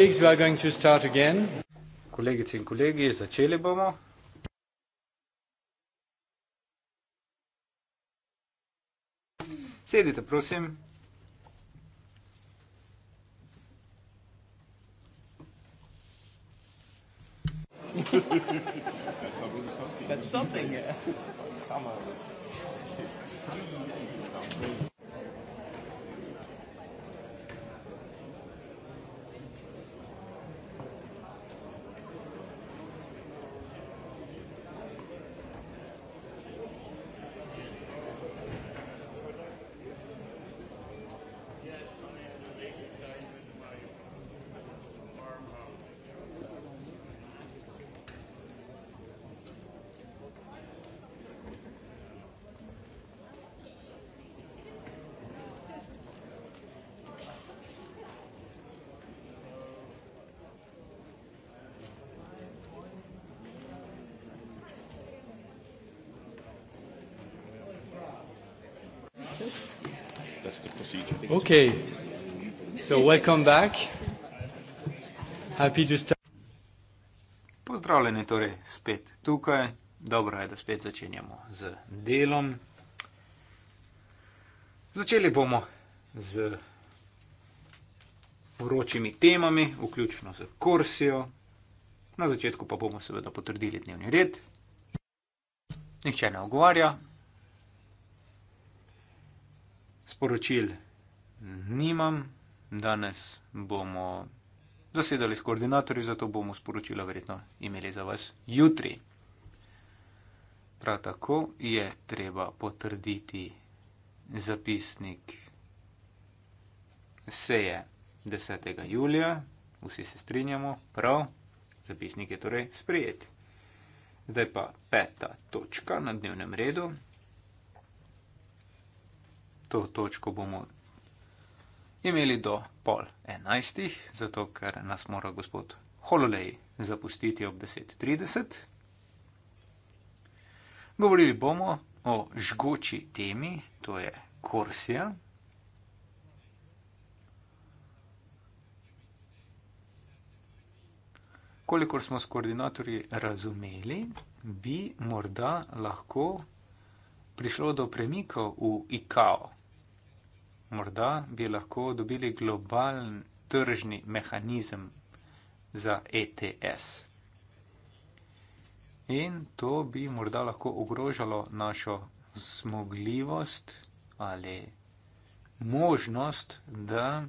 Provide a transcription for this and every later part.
colleagues, we are going to start again. Kolegice in kolegi, začeli bomo. Sedite, prosim. That's something. Yeah. Okay, so welcome back. Happy to start. Pozdravljeni torej spet tukaj. Dobro je, da spet začenjamo z delom. Začeli bomo z vročimi temami, vključno z korsijo. Na začetku pa bomo seveda potrdili dnevni red. Nihče ne ogovarja. Sporočil nimam. Danes bomo zasedali s koordinatorji, zato bomo sporočila verjetno imeli za vas jutri. Prav tako je treba potrditi zapisnik seje 10. julija. Vsi se strinjamo, prav, zapisnik je torej sprejet. Zdaj pa peta točka na dnevnem redu. To točko bomo imeli do pol enajstih, zato ker nas mora gospod Hololej zapustiti ob 10.30. Govorili bomo o žgoči temi, to je Korsija. Kolikor smo s koordinatorji razumeli, bi morda lahko prišlo do premikov v IKO, morda bi lahko dobili globalen tržni mehanizem za ETS. In to bi morda lahko ogrožalo našo zmogljivost ali možnost, da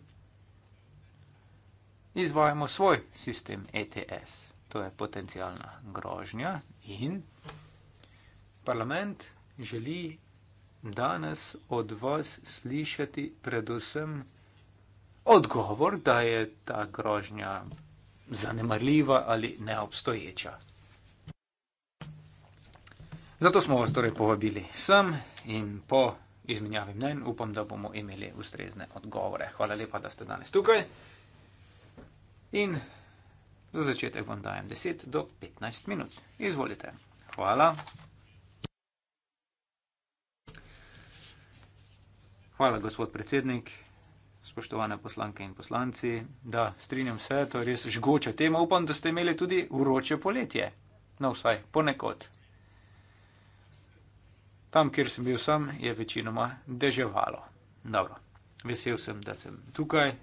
izvajamo svoj sistem ETS. To je potencijalna grožnja in parlament želi danes od vas slišati predvsem odgovor, da je ta grožnja zanemarljiva ali neobstoječa. Zato smo vas torej povabili sem in po izmenjavi mnen upam, da bomo imeli ustrezne odgovore. Hvala lepa, da ste danes tukaj. In za začetek vam dajem 10 do 15 minut. Izvolite. Hvala. Hvala, gospod predsednik. Spoštovane poslanke in poslanci, da strinjam se, to je res žgoča tema. Upam, da ste imeli tudi vroče poletje. No, vsaj ponekod. Tam, kjer sem bil sam, je večinoma deževalo. Dobro, vesel sem, da sem tukaj.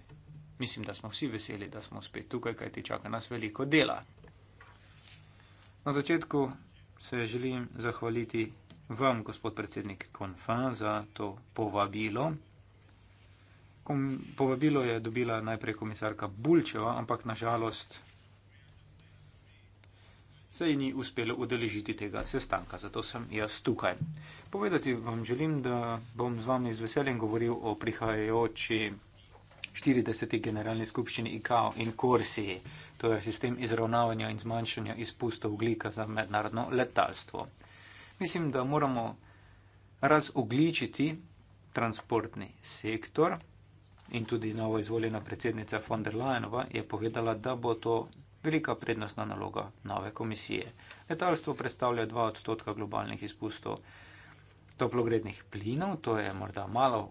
Mislim, da smo vsi veseli, da smo spet tukaj, kajti čaka nas veliko dela. Na začetku se želim zahvaliti vam, gospod predsednik Konfan, za to povabilo. Kom, povabilo je dobila najprej komisarka Bulčeva, ampak nažalost se ji ni uspelo udeležiti tega sestanka, zato sem jaz tukaj. Povedati vam želim, da bom z vami z veseljem govoril o prihajajoči 40. generalni skupščini ICAO in Korsiji, to je sistem izravnavanja in zmanjšanja izpustov oglika za mednarodno letalstvo. Mislim, da moramo razogličiti transportni sektor in tudi novo izvoljena predsednica von der Leyenova je povedala, da bo to velika prednostna naloga nove komisije. Letalstvo predstavlja 2 odstotka globalnih izpustov toplogrednih plinov, to je morda malo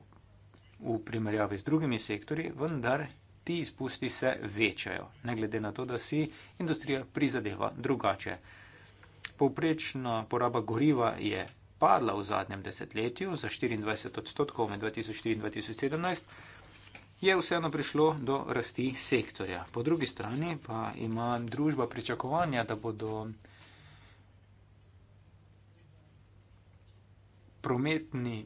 v primerjavi z drugimi sektori, vendar ti izpusti se večajo, ne glede na to, da si industrija prizadeva drugače povprečna poraba goriva je padla v zadnjem desetletju za 24 odstotkov med 2004 in 2017, je vseeno prišlo do rasti sektorja. Po drugi strani pa ima družba pričakovanja, da bodo prometni,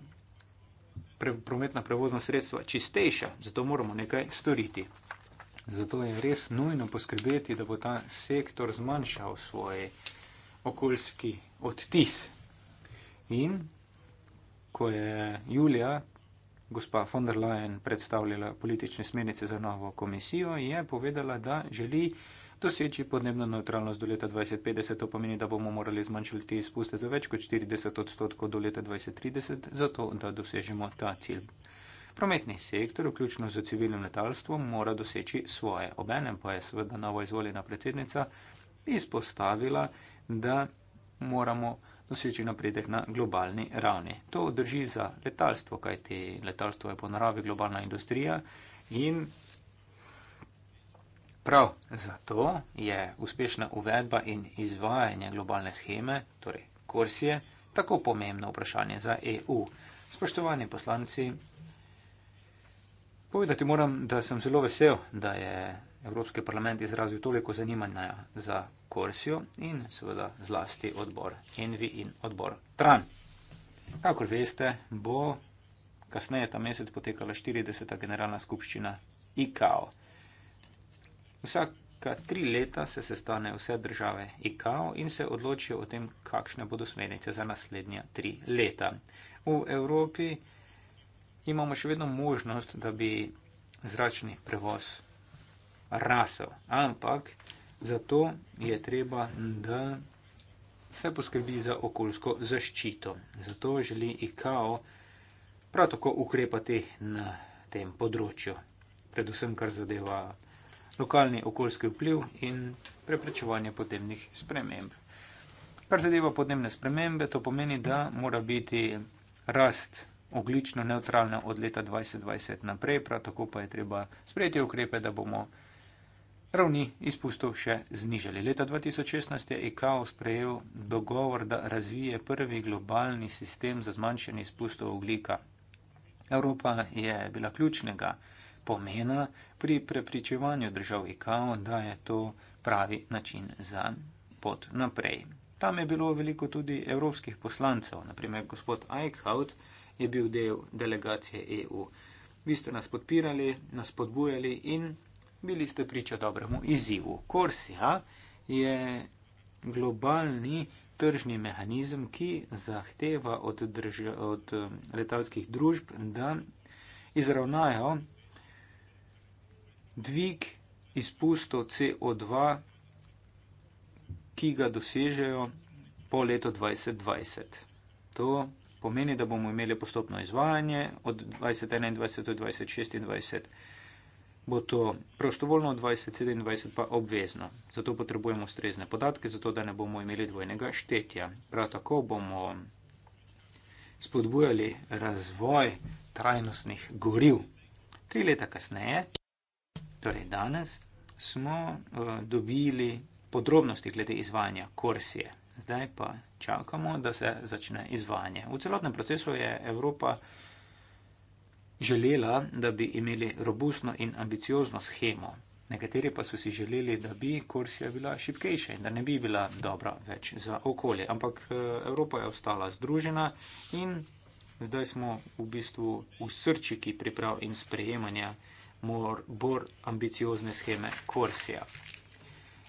pre, prometna prevozna sredstva čistejša, zato moramo nekaj storiti. Zato je res nujno poskrbeti, da bo ta sektor zmanjšal svoje okoljski odtis. In ko je Julija, gospa von der Leyen, predstavljala politične smernice za novo komisijo, je povedala, da želi doseči podnebno neutralnost do leta 2050. To pomeni, da bomo morali zmanjšati izpuste za več kot 40 odstotkov do leta 2030, zato da dosežemo ta cilj. Prometni sektor, vključno z civilnim letalstvom, mora doseči svoje. Obenem pa je seveda novo izvoljena predsednica izpostavila, da moramo doseči napredek na globalni ravni. To drži za letalstvo, kajti letalstvo je po naravi globalna industrija in prav zato je uspešna uvedba in izvajanje globalne scheme, torej korsije, tako pomembno vprašanje za EU. Spoštovani poslanci, povedati moram, da sem zelo vesel, da je Evropski parlament izrazil toliko zanimanja za Korsijo in seveda zlasti odbor Envi in odbor Tran. Kakor veste, bo kasneje ta mesec potekala 40. generalna skupščina IKAO. Vsaka tri leta se sestane vse države IKAO in se odločijo o tem, kakšne bodo smernice za naslednja tri leta. V Evropi imamo še vedno možnost, da bi zračni prevoz rasel. Ampak zato je treba, da se poskrbi za okoljsko zaščito. Zato želi IKO prav tako ukrepati na tem področju, predvsem kar zadeva lokalni okoljski vpliv in preprečevanje podnebnih sprememb. Kar zadeva podnebne spremembe, to pomeni, da mora biti rast oglično neutralna od leta 2020 naprej, prav tako pa je treba sprejeti ukrepe, da bomo ravni izpustov še znižali. Leta 2016 je ICAO sprejel dogovor, da razvije prvi globalni sistem za zmanjšanje izpustov oglika. Evropa je bila ključnega pomena pri prepričevanju držav ICAO, da je to pravi način za pot naprej. Tam je bilo veliko tudi evropskih poslancev, naprimer gospod Eichhout je bil del delegacije EU. Vi ste nas podpirali, nas podbujali in bili ste priča dobremu izzivu. Korsija je globalni tržni mehanizem, ki zahteva od, drži, od um, letalskih družb, da izravnajo dvig izpustov CO2, ki ga dosežejo po letu 2020. To pomeni, da bomo imeli postopno izvajanje od 2021 do 2026 bo to prostovoljno, 2027 pa obvezno. Zato potrebujemo ustrezne podatke, zato da ne bomo imeli dvojnega štetja. Prav tako bomo spodbujali razvoj trajnostnih goriv. Tri leta kasneje, torej danes, smo eh, dobili podrobnosti glede izvajanja korsije. Zdaj pa čakamo, da se začne izvajanje. V celotnem procesu je Evropa želela, da bi imeli robustno in ambiciozno schemo. Nekateri pa so si želeli, da bi Korsija bila šipkejša in da ne bi bila dobra več za okolje. Ampak eh, Evropa je ostala združena in zdaj smo v bistvu v srčiki priprav in sprejemanja bolj ambiciozne scheme Korsija.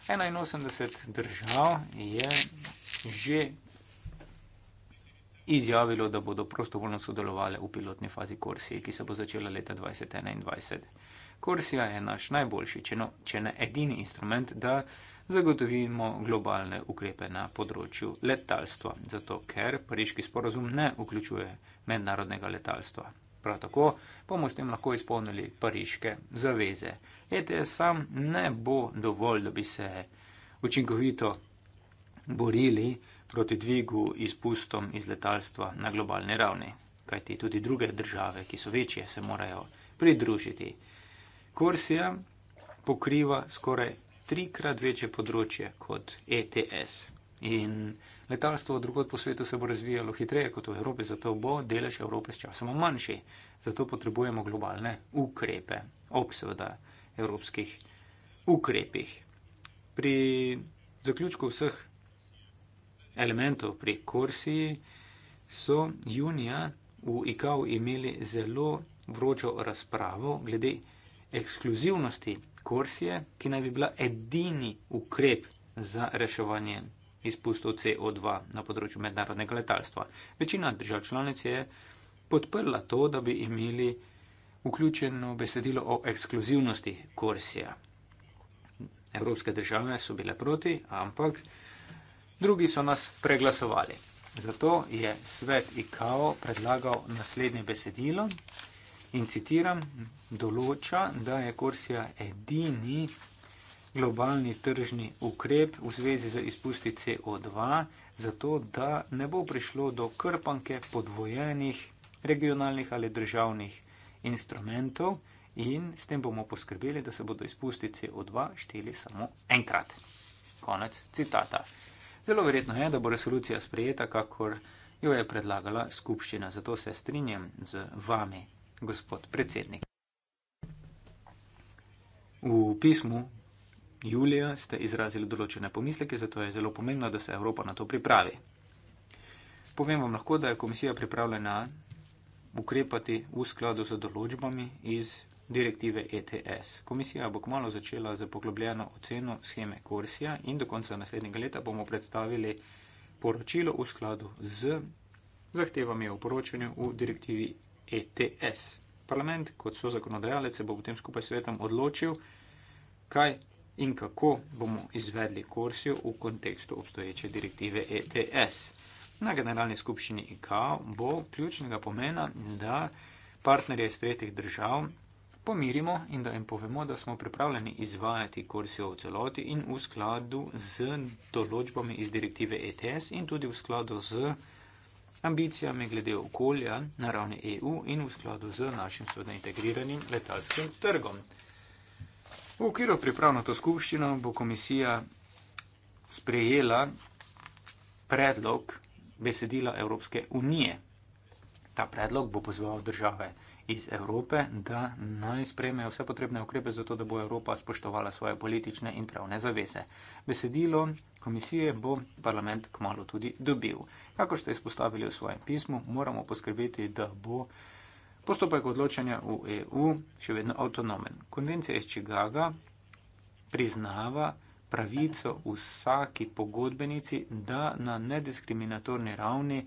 81 držav je že izjavilo, da bodo prostovoljno sodelovali v pilotni fazi Korsije, ki se bo začela leta 2021. Korsija je naš najboljši, če, no, če ne edini instrument, da zagotovimo globalne ukrepe na področju letalstva, zato ker pariški sporozum ne vključuje mednarodnega letalstva. Prav tako bomo s tem lahko izpolnili pariške zaveze. ETS sam ne bo dovolj, da bi se učinkovito borili proti dvigu izpustom iz letalstva na globalni ravni. Kajti tudi druge države, ki so večje, se morajo pridružiti. Korsija pokriva skoraj trikrat večje področje kot ETS. In letalstvo drugot po svetu se bo razvijalo hitreje kot v Evropi, zato bo delež Evrope s časom manjši. Zato potrebujemo globalne ukrepe, ob seveda evropskih ukrepih. Pri zaključku vseh elementov pri Kursiji, so junija v IKAV imeli zelo vročo razpravo glede ekskluzivnosti Kursije, ki naj bi bila edini ukrep za reševanje izpustov CO2 na področju mednarodnega letalstva. Večina držav članic je podprla to, da bi imeli vključeno besedilo o ekskluzivnosti Kursija. Evropske države so bile proti, ampak drugi so nas preglasovali. Zato je svet IKAO predlagal naslednje besedilo in citiram: določa, da je Korsija edini globalni tržni ukrep v zvezi z izpusti CO2, zato da ne bo prišlo do krpanke podvojenih regionalnih ali državnih instrumentov in s tem bomo poskrbeli, da se bodo izpusti CO2 šteli samo enkrat. Konec citata. Zelo verjetno je, da bo resolucija sprejeta, kakor jo je predlagala skupščina. Zato se strinjam z vami, gospod predsednik. V pismu Julija ste izrazili določene pomisleke, zato je zelo pomembno, da se Evropa na to pripravi. Povem vam lahko, da je komisija pripravljena ukrepati v skladu z določbami iz direktive ETS. Komisija bo kmalo začela za poglobljeno oceno scheme Korsija in do konca naslednjega leta bomo predstavili poročilo v skladu z zahtevami o poročanju v direktivi ETS. Parlament kot so zakonodajalec se bo potem skupaj s svetom odločil, kaj in kako bomo izvedli Korsijo v kontekstu obstoječe direktive ETS. Na generalni skupščini IKA bo ključnega pomena, da partnerje iz tretjih držav pomirimo in da jim povemo, da smo pripravljeni izvajati kursijo v celoti in v skladu z določbami iz direktive ETS in tudi v skladu z ambicijami glede okolja na ravni EU in v skladu z našim sodno integriranim letalskim trgom. V okviru pripravno to skupščino bo komisija sprejela predlog besedila Evropske unije. Ta predlog bo pozval države iz Evrope, da naj sprejmejo vse potrebne ukrepe za to, da bo Evropa spoštovala svoje politične in pravne zaveze. Besedilo komisije bo parlament kmalo tudi dobil. Kako ste izpostavili v svojem pismu, moramo poskrbeti, da bo postopek odločanja v EU še vedno avtonomen. Konvencija iz Čigaga priznava pravico vsaki pogodbenici, da na nediskriminatorni ravni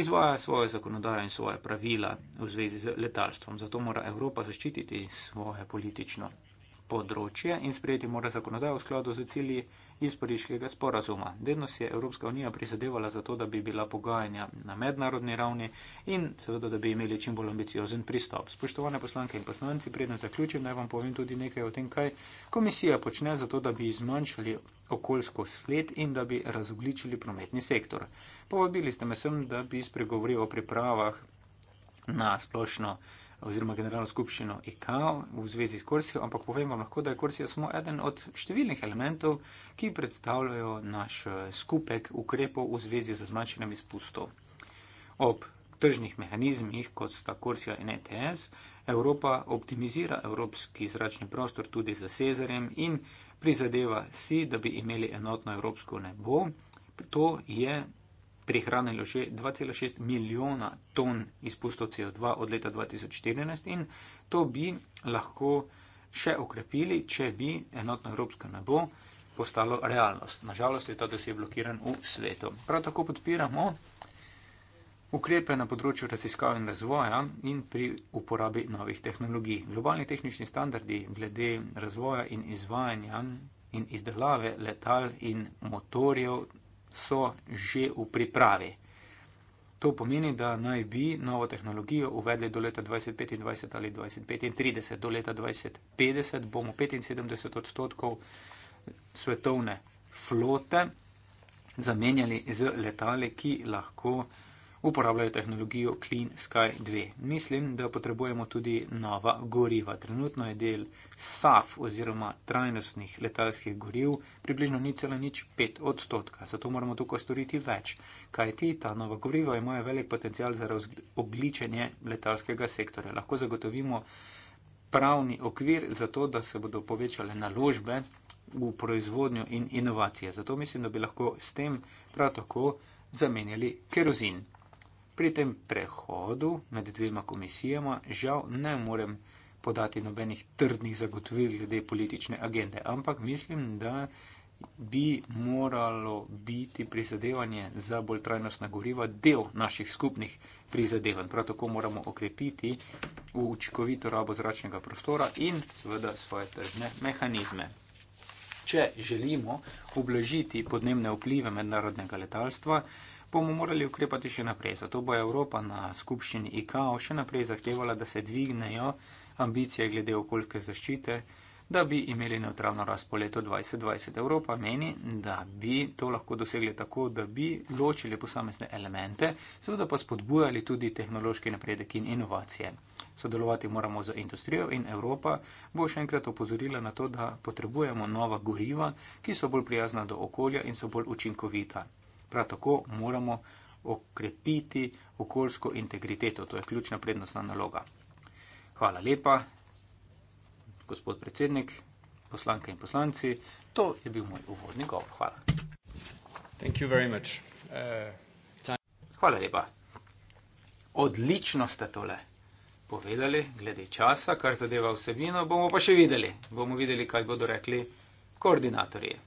izvaja svojo zakonodajo in svoje pravila v zvezi z letalstvom. Zato mora Evropa zaščititi svoje politično področje in sprejeti mora zakonodajo v skladu z cilji iz pariškega sporazuma. Vedno si je Evropska unija prizadevala za to, da bi bila pogajanja na mednarodni ravni in seveda, da bi imeli čim bolj ambiciozen pristop. Spoštovane poslanke in poslanci, predem zaključim, naj vam povem tudi nekaj o tem, kaj komisija počne za to, da bi zmanjšali okoljsko sled in da bi razogličili prometni sektor. Povabili ste me sem, da bi spregovoril o pripravah na splošno oziroma generalno skupščino IKAO v zvezi s Korsijo, ampak povem vam lahko, da je Korsija samo eden od številnih elementov, ki predstavljajo naš eh, skupek ukrepov v zvezi z zmanjšanjem izpustov. Ob tržnih mehanizmih, kot sta Korsija in ETS, Evropa optimizira evropski zračni prostor tudi za Cezarjem in prizadeva si, da bi imeli enotno evropsko nebo. To je prihranilo že 2,6 milijona ton izpustov CO2 od leta 2014 in to bi lahko še okrepili, če bi enotno evropsko nebo postalo realnost. Nažalost je ta dosje blokiran v svetu. Prav tako podpiramo ukrepe na področju raziskav in razvoja in pri uporabi novih tehnologij. Globalni tehnični standardi glede razvoja in izvajanja in izdelave letal in motorjev so že v pripravi. To pomeni, da naj bi novo tehnologijo uvedli do leta 2025 ali 2035. Do leta 2050 bomo 75 odstotkov svetovne flote zamenjali z letali, ki lahko uh, uporabljajo tehnologijo Clean Sky 2. Mislim, da potrebujemo tudi nova goriva. Trenutno je del SAF oziroma trajnostnih letalskih goriv približno ni celo nič 5 odstotka, zato moramo tukaj storiti več, kaj ti ta nova goriva imajo velik potencial za razogličenje letalskega sektorja. Lahko zagotovimo pravni okvir za to, da se bodo povečale naložbe v proizvodnjo in inovacije. Zato mislim, da bi lahko s tem prav tako zamenjali kerozin. Pri tem prehodu med dvema komisijama žal ne morem podati nobenih trdnih zagotovil glede politične agende, ampak mislim, da bi moralo biti prizadevanje za bolj trajnostna goriva del naših skupnih prizadevanj. Prav tako moramo okrepiti učinkovito rabo zračnega prostora in seveda svoje tržne mehanizme. Če želimo ublažiti podnebne vplive mednarodnega letalstva, bomo morali ukrepati še naprej. Zato bo Evropa na skupščini ICAO še naprej zahtevala, da se dvignejo ambicije glede okoljske zaščite, da bi imeli neutralno rast po letu 2020. Evropa meni, da bi to lahko dosegli tako, da bi ločili posamezne elemente, seveda pa spodbujali tudi tehnološki napredek in inovacije. Sodelovati moramo z industrijo in Evropa bo še enkrat opozorila na to, da potrebujemo nova goriva, ki so bolj prijazna do okolja in so bolj učinkovita. Prav tako moramo okrepiti okoljsko integriteto, to je ključna prednostna naloga. Hvala lepa, gospod predsednik, poslanke in poslanci, to je bil moj uvodni govor. Hvala. Uh, Hvala lepa. Odlično ste tole povedali, glede časa, kar zadeva vsebino, bomo pa še videli. Bomo videli, kaj bodo rekli koordinatorje.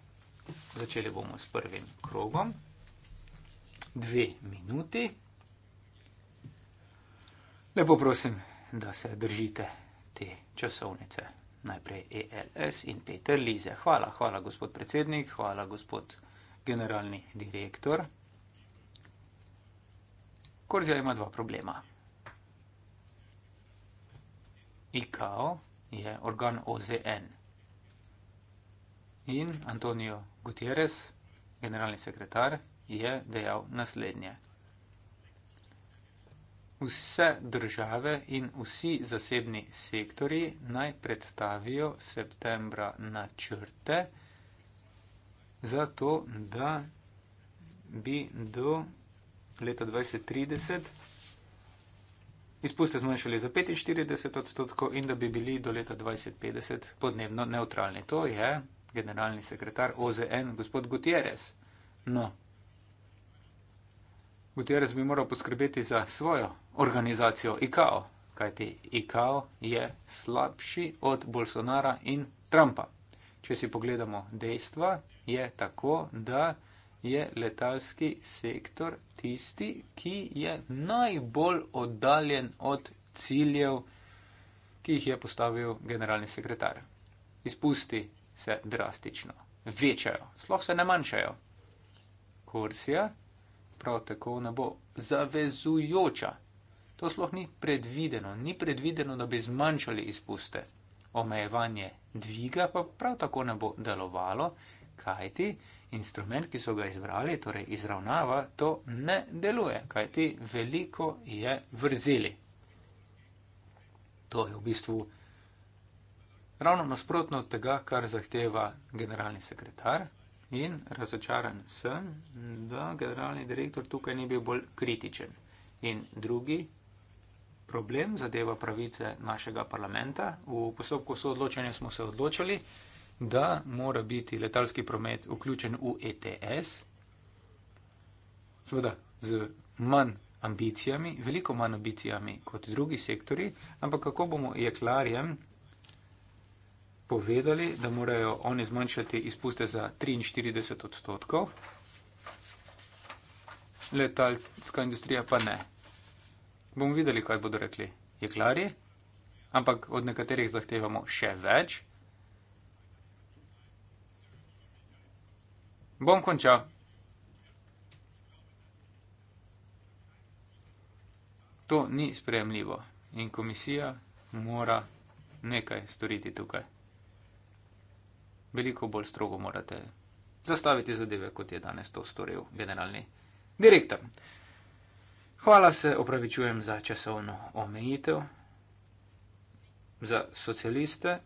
Začeli bomo s prvim krogom dve minuti. Lepo prosim, da se držite te časovnice. Najprej ELS in Peter Lize. Hvala, hvala gospod predsednik, hvala gospod generalni direktor. Korzija ima dva problema. IKAO je organ OZN in Antonijo Gutierrez, generalni sekretar, je dejal naslednje. Vse države in vsi zasebni sektori naj predstavijo septembra načrte za to, da bi do leta 2030 izpuste zmanjšali za 45 odstotkov in da bi bili do leta 2050 podnebno neutralni. To je generalni sekretar OZN gospod Gutierrez. No, Gutierrez bi moral poskrbeti za svojo organizacijo IKO, kajti IKO je slabši od Bolsonara in Trumpa. Če si pogledamo dejstva, je tako, da je letalski sektor tisti, ki je najbolj oddaljen od ciljev, ki jih je postavil generalni sekretar. Izpusti se drastično večajo, sploh se ne manjšajo. Korsija prav tako ne bo zavezujoča. To sploh ni predvideno, ni predvideno, da bi zmanjšali izpuste. Omejevanje dviga pa prav tako ne bo delovalo, kajti instrument, ki so ga izbrali, torej izravnava, to ne deluje, kajti veliko je vrzeli. To je v bistvu ravno nasprotno od tega, kar zahteva generalni sekretar, In razočaran sem, da generalni direktor tukaj ni bil bolj kritičen. In drugi problem zadeva pravice našega parlamenta. V postopku soodločanja smo se odločili, da mora biti letalski promet vključen v ETS, seveda z manj ambicijami, veliko manj ambicijami kot drugi sektori, ampak kako bomo jeklarjem povedali, da morajo oni zmanjšati izpuste za 43 odstotkov, letalska industrija pa ne. Bomo videli, kaj bodo rekli jeklari, ampak od nekaterih zahtevamo še več. Bom končal. To ni sprejemljivo in komisija mora nekaj storiti tukaj veliko bolj strogo morate zastaviti zadeve, kot je danes to storil generalni direktor. Hvala se, opravičujem za časovno omejitev, za socialiste,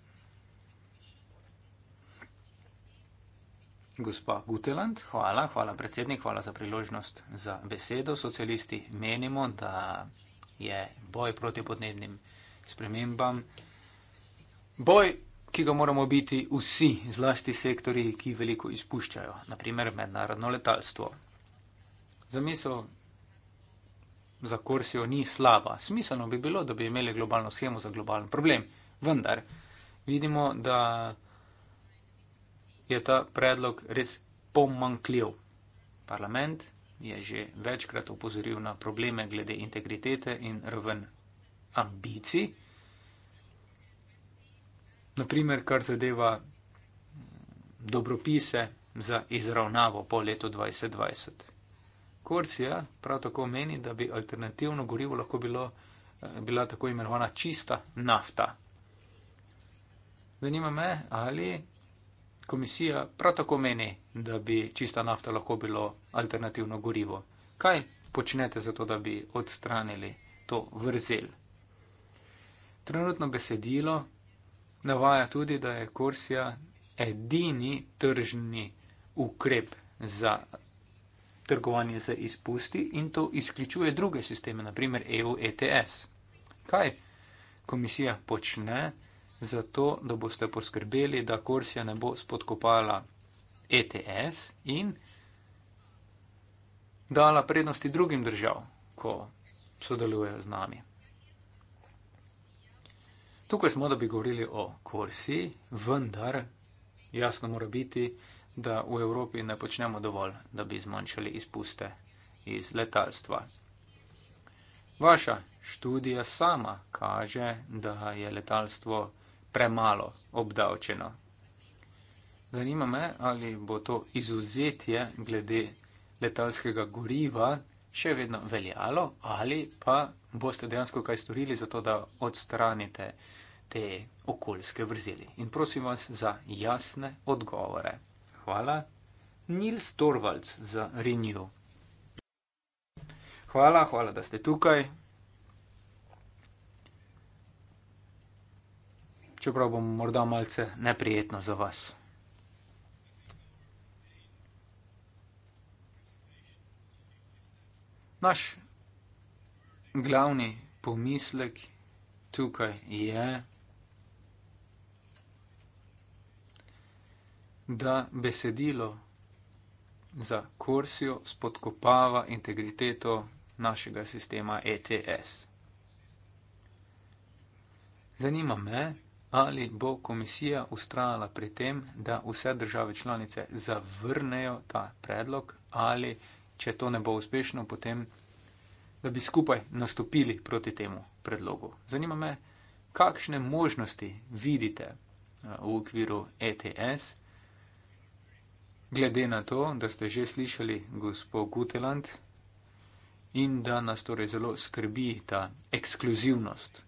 gospa Guteland, hvala, hvala predsednik, hvala za priložnost za besedo. Socialisti menimo, da je boj proti podnebnim spremembam boj ki ga moramo biti vsi, zlasti sektori, ki veliko izpuščajo, naprimer mednarodno letalstvo. Zamisel za Korsijo ni slaba. Smiselno bi bilo, da bi imeli globalno schemo za globalen problem, vendar vidimo, da je ta predlog res pomankljiv. Parlament je že večkrat upozoril na probleme glede integritete in raven ambicij naprimer, kar zadeva dobropise za izravnavo po letu 2020. Korcija prav tako meni, da bi alternativno gorivo lahko bilo, eh, bila tako imenovana čista nafta. Zanima me, ali komisija prav tako meni, da bi čista nafta lahko bilo alternativno gorivo. Kaj počnete za to, da bi odstranili to vrzel? Trenutno besedilo Navaja tudi, da je Korsija edini tržni ukrep za trgovanje z izpusti in to izključuje druge sisteme, naprimer EU ETS. Kaj komisija počne za to, da boste poskrbeli, da Korsija ne bo spodkopala ETS in dala prednosti drugim držav, ko sodelujejo z nami? Tukaj smo, da bi govorili o korsi, vendar jasno mora biti, da v Evropi ne počnemo dovolj, da bi zmanjšali izpuste iz letalstva. Vaša študija sama kaže, da je letalstvo premalo obdavčeno. Zanima me, ali bo to izuzetje glede letalskega goriva še vedno veljalo ali pa boste dejansko kaj storili za to, da odstranite te okoljske vrzeli. In prosim vas za jasne odgovore. Hvala. Nils Torvalds za Renew. Hvala, hvala, da ste tukaj. Čeprav bom morda malce neprijetno za vas. Naš glavni pomislek tukaj je, da besedilo za korsijo spodkopava integriteto našega sistema ETS. Zanima me, ali bo komisija ustrajala pri tem, da vse države članice zavrnejo ta predlog, ali če to ne bo uspešno, potem, da bi skupaj nastopili proti temu predlogu. Zanima me, kakšne možnosti vidite eh, v okviru ETS, Glede na to, da ste že slišali gospod Guteland in da nas torej zelo skrbi ta ekskluzivnost.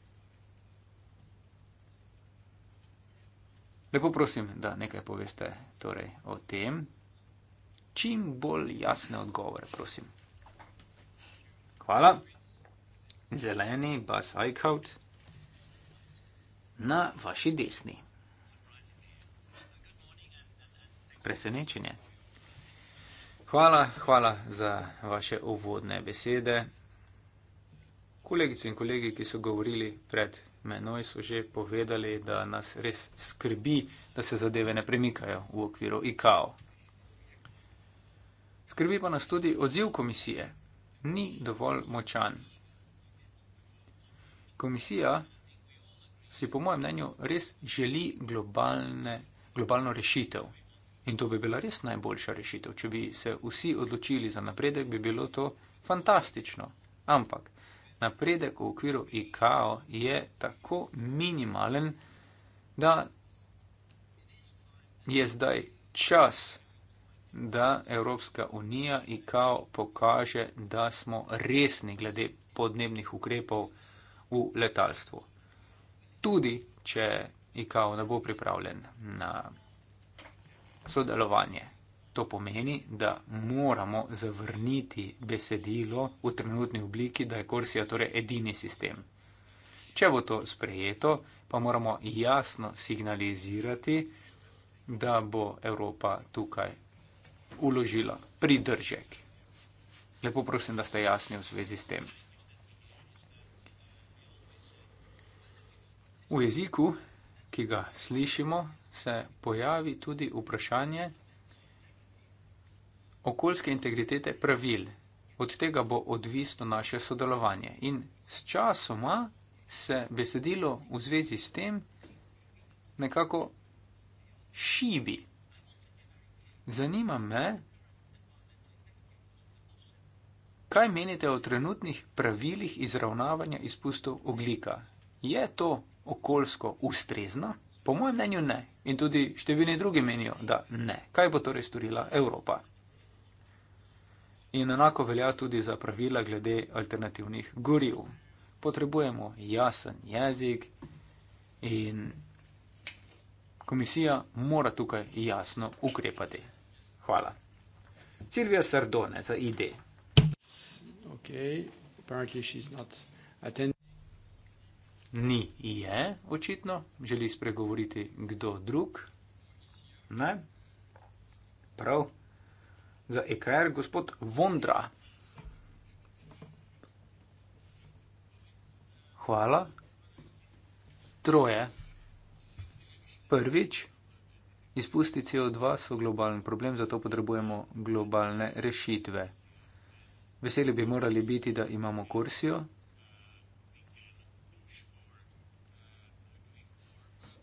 Lepo prosim, da nekaj poveste torej, o tem. Čim bolj jasne odgovore, prosim. Hvala. Zeleni, bas Eichhout, na vaši desni. presenečenje. Hvala, hvala za vaše uvodne besede. Kolegice in kolegi, ki so govorili pred menoj, so že povedali, da nas res skrbi, da se zadeve ne premikajo v okviru IKAO. Skrbi pa nas tudi odziv komisije. Ni dovolj močan. Komisija si po mojem mnenju res želi globalne, globalno rešitev In to bi bila res najboljša rešitev. Če bi se vsi odločili za napredek, bi bilo to fantastično. Ampak napredek v okviru IKO je tako minimalen, da je zdaj čas, da Evropska unija IKO pokaže, da smo resni glede podnebnih ukrepov v letalstvu. Tudi, če IKO ne bo pripravljen na sodelovanje. To pomeni, da moramo zavrniti besedilo v trenutni obliki, da je Korsija torej edini sistem. Če bo to sprejeto, pa moramo jasno signalizirati, da bo Evropa tukaj uložila pridržek. Lepo prosim, da ste jasni v zvezi s tem. V jeziku, ki ga slišimo, se pojavi tudi vprašanje okoljske integritete pravil. Od tega bo odvisno naše sodelovanje. In s časoma se besedilo v zvezi s tem nekako šibi. Zanima me, kaj menite o trenutnih pravilih izravnavanja izpustov oglika. Je to okoljsko ustrezno? Po mojem mnenju ne. In tudi številni drugi menijo, da ne. Kaj bo torej storila Evropa? In enako velja tudi za pravila glede alternativnih goriv. Potrebujemo jasen jezik in komisija mora tukaj jasno ukrepati. Hvala. Silvija Sardone za ID. Okay ni je, očitno, želi spregovoriti kdo drug. Ne? Prav, za EKR gospod Vondra. Hvala. Troje. Prvič, izpusti CO2 so globalen problem, zato potrebujemo globalne rešitve. Veseli bi morali biti, da imamo kursijo,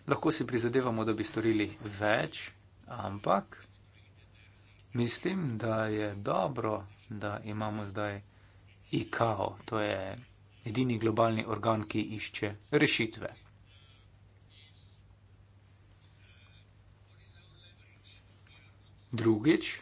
lahko si prizadevamo, da bi storili več, ampak mislim, da je dobro, da imamo zdaj IKO, to je edini globalni organ, ki išče rešitve. Drugič,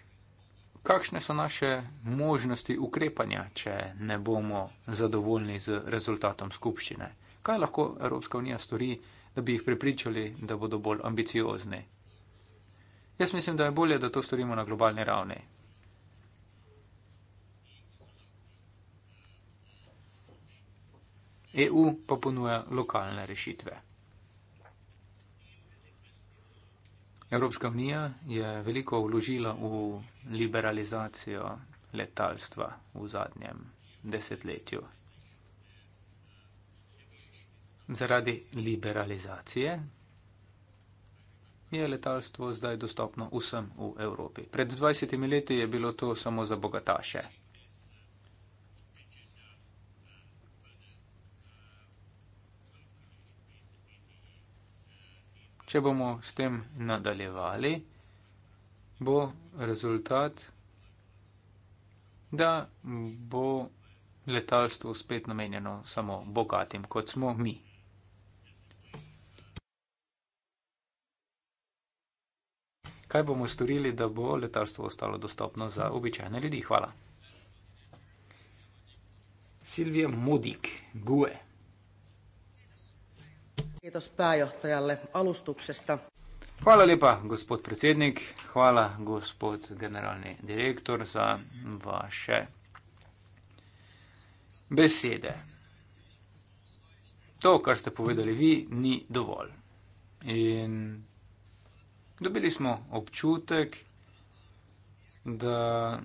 kakšne so naše možnosti ukrepanja, če ne bomo zadovoljni z rezultatom skupščine? Kaj lahko Evropska unija stori? da bi jih prepričali, da bodo bolj ambiciozni. Jaz mislim, da je bolje, da to storimo na globalni ravni. EU pa ponuja lokalne rešitve. Evropska unija je veliko vložila v liberalizacijo letalstva v zadnjem desetletju. Zaradi liberalizacije je letalstvo zdaj dostopno vsem v Evropi. Pred 20 leti je bilo to samo za bogataše. Če bomo s tem nadaljevali, bo rezultat, da bo letalstvo spet namenjeno samo bogatim, kot smo mi. kaj bomo storili, da bo letalstvo ostalo dostopno za običajne ljudi. Hvala. Silvija Mudik, GUE. Hvala lepa, gospod predsednik, hvala, gospod generalni direktor, za vaše besede. To, kar ste povedali vi, ni dovolj. In Dobili smo občutek, da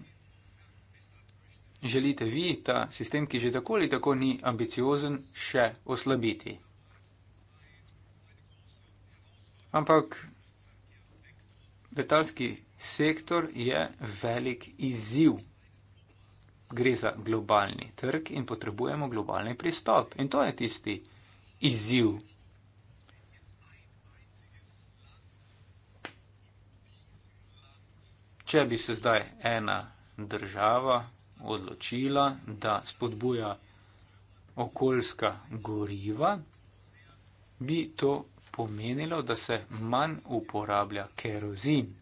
želite vi ta sistem, ki že tako ali tako ni ambiciozen, še oslabiti. Ampak letalski sektor je velik izziv. Gre za globalni trg in potrebujemo globalni pristop. In to je tisti izziv, Če bi se zdaj ena država odločila, da spodbuja okoljska goriva, bi to pomenilo, da se manj uporablja kerozin.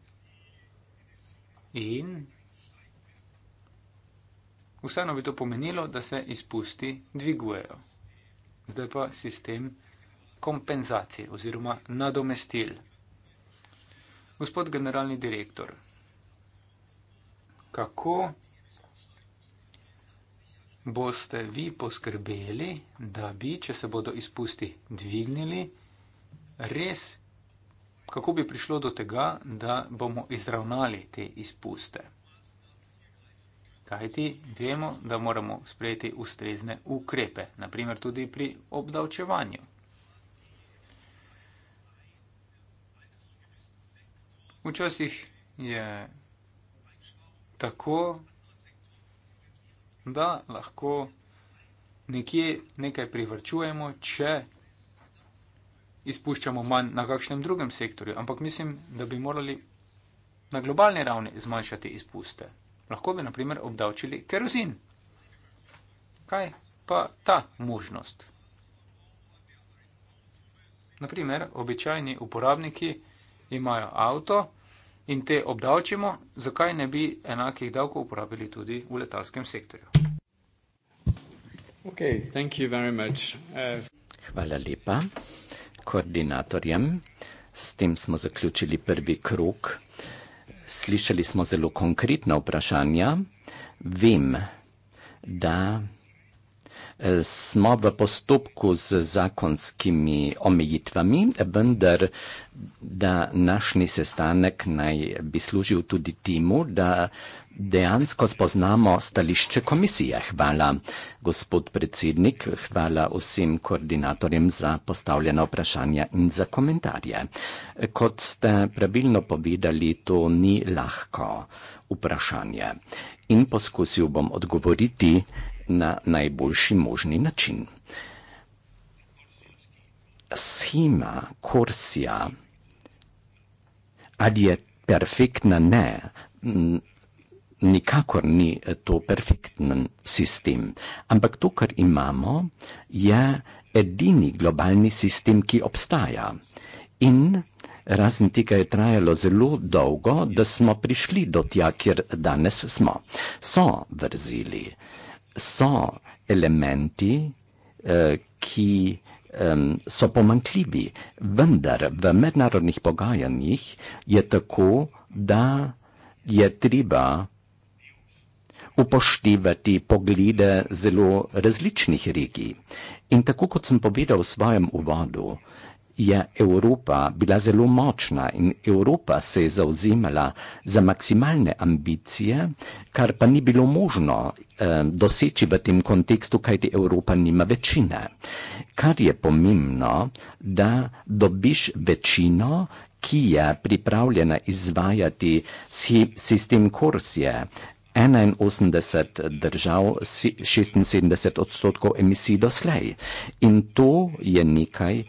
In vseeno bi to pomenilo, da se izpusti dvigujejo. Zdaj pa sistem kompenzacije oziroma nadomestil. Gospod generalni direktor, kako boste vi poskrbeli, da bi, če se bodo izpusti dvignili, res, kako bi prišlo do tega, da bomo izravnali te izpuste. Kajti vemo, da moramo sprejeti ustrezne ukrepe, naprimer tudi pri obdavčevanju. Včasih je tako, da lahko nekje nekaj privrčujemo, če izpuščamo manj na kakšnem drugem sektorju. Ampak mislim, da bi morali na globalni ravni zmanjšati izpuste. Lahko bi, na primer, obdavčili kerozin. Kaj pa ta možnost? Naprimer, običajni uporabniki imajo avto, in te obdavčimo, zakaj ne bi enakih davkov uporabili tudi v letalskem sektorju? Okay, uh... Hvala lepa koordinatorjem. S tem smo zaključili prvi krok. Slišali smo zelo konkretna vprašanja. Vem, da smo v postopku z zakonskimi omejitvami, vendar da našni sestanek naj bi služil tudi timu, da dejansko spoznamo stališče komisije. Hvala, gospod predsednik, hvala vsem koordinatorjem za postavljena vprašanja in za komentarje. Kot ste pravilno povedali, to ni lahko vprašanje. In poskusil bom odgovoriti, na najboljši možni način. Sima kursija. Ali je perfektna? Ne. Nikakor ni eh, to perfektnen sistem. Ampak to, kar imamo, je edini globalni sistem, ki obstaja. In razen tega je trajalo zelo dolgo, da smo prišli do tja, kjer danes smo. So vrzili so elementi, eh, ki so pomankljivi, vendar v mednarodnih pogajanjih je tako, da je treba upoštevati poglede zelo različnih regij. In tako kot sem povedal v svojem uvodu, je Evropa bila zelo močna in Evropa se je zauzemala za maksimalne ambicije, kar pa ni bilo možno eh, doseči v tem kontekstu, kajti Evropa nima večine. Kar je pomembno, da dobiš večino, ki je pripravljena izvajati sistem korsije. 81 držav 76 odstotkov emisij doslej. In to je nekaj,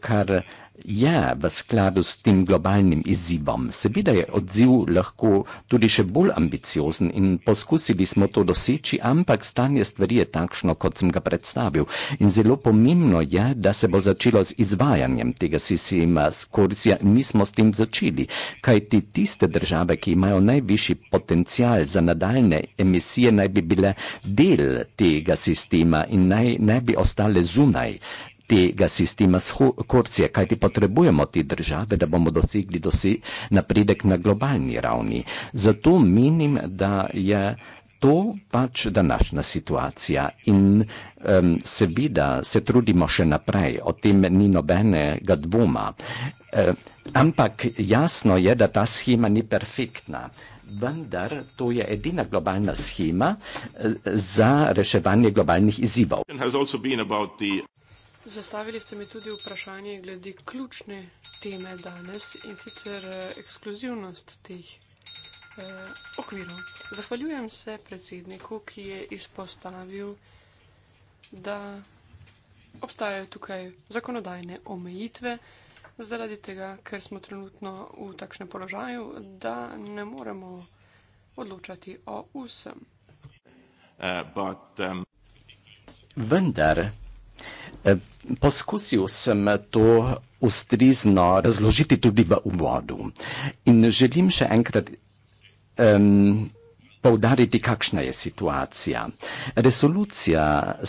kar je v skladu s tem globalnim izzivom. Seveda je odziv lahko tudi še bolj ambiciozen in poskusili smo to doseči, ampak stanje stvari je takšno, kot sem ga predstavil. In zelo pomembno je, da se bo začelo z izvajanjem tega sistema skorzija. Mi smo s tem začeli, kajti tiste države, ki imajo najvišji potencial za nadaljne emisije, naj bi bile del tega sistema in naj ne bi ostale zunaj tega sistema korcije, kaj ti potrebujemo te države, da bomo dosegli dosi napredek na globalni ravni. Zato menim, da je to pač današnja situacija in um, seveda se trudimo še naprej, o tem ni nobenega dvoma. Um, ampak jasno je, da ta schema ni perfektna. Vendar to je edina globalna schema za reševanje globalnih izzivov. Zastavili ste mi tudi vprašanje glede ključne teme danes in sicer eh, ekskluzivnost teh eh, okvirov. Zahvaljujem se predsedniku, ki je izpostavil, da obstajajo tukaj zakonodajne omejitve, zaradi tega, ker smo trenutno v takšnem položaju, da ne moremo odločati o vsem. Uh, but, um... Vendar Eh, poskusil sem to ustrizno razložiti tudi v uvodu in želim še enkrat um, povdariti, kakšna je situacija. Resolucija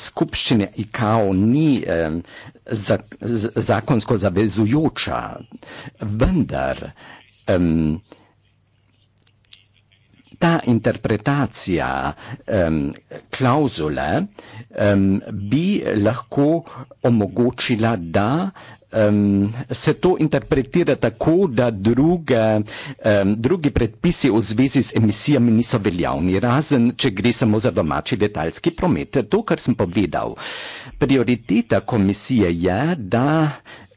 skupščine ICAO ni um, za, z, zakonsko zavezujoča, vendar um, ta interpretacija um, klauzule um, bi lahko omogočila, da um, se to interpretira tako, da druge, um, drugi predpisi v zvezi z emisijami niso veljavni, razen če gre samo za domači letalski promet. To, kar sem povedal, prioriteta komisije je, da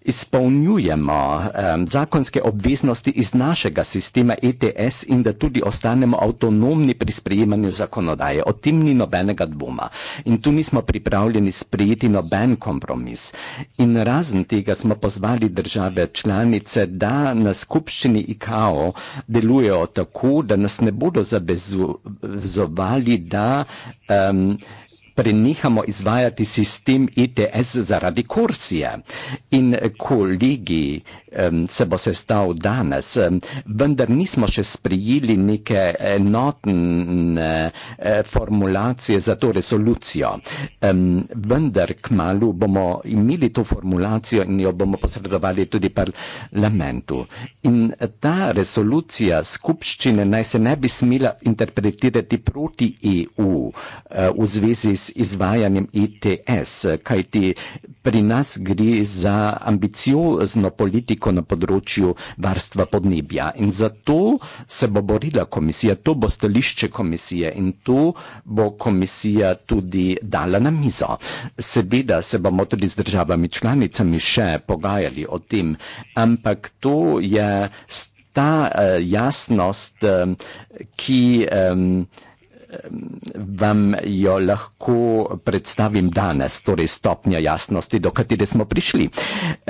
izpolnjujemo um, zakonske obveznosti iz našega sistema ETS in da tudi ostanemo avtonomni pri sprejemanju zakonodaje. O tem ni nobenega dvoma. In tu nismo pripravljeni sprejeti noben kompromis. In razen tega smo pozvali države članice, da na skupščini IKO delujejo tako, da nas ne bodo zavezovali, da um, prenehamo izvajati sistem ETS zaradi korsije. In kolegi, se bo sestal danes, vendar nismo še sprijeli neke enotne eh, formulacije za to resolucijo. Vendar k malu bomo imeli to formulacijo in jo bomo posredovali tudi parlamentu. In ta resolucija skupščine naj se ne bi smela interpretirati proti EU eh, v zvezi z izvajanjem ETS, kajti pri nas gre za ambiciozno politiko, veliko na področju varstva podnebja. In zato se bo borila komisija, to bo stališče komisije in to bo komisija tudi dala na mizo. Seveda se bomo tudi z državami članicami še pogajali o tem, ampak to je ta uh, jasnost, uh, ki. Um, Vam jo lahko predstavim danes, torej stopnja jasnosti, do katere smo prišli.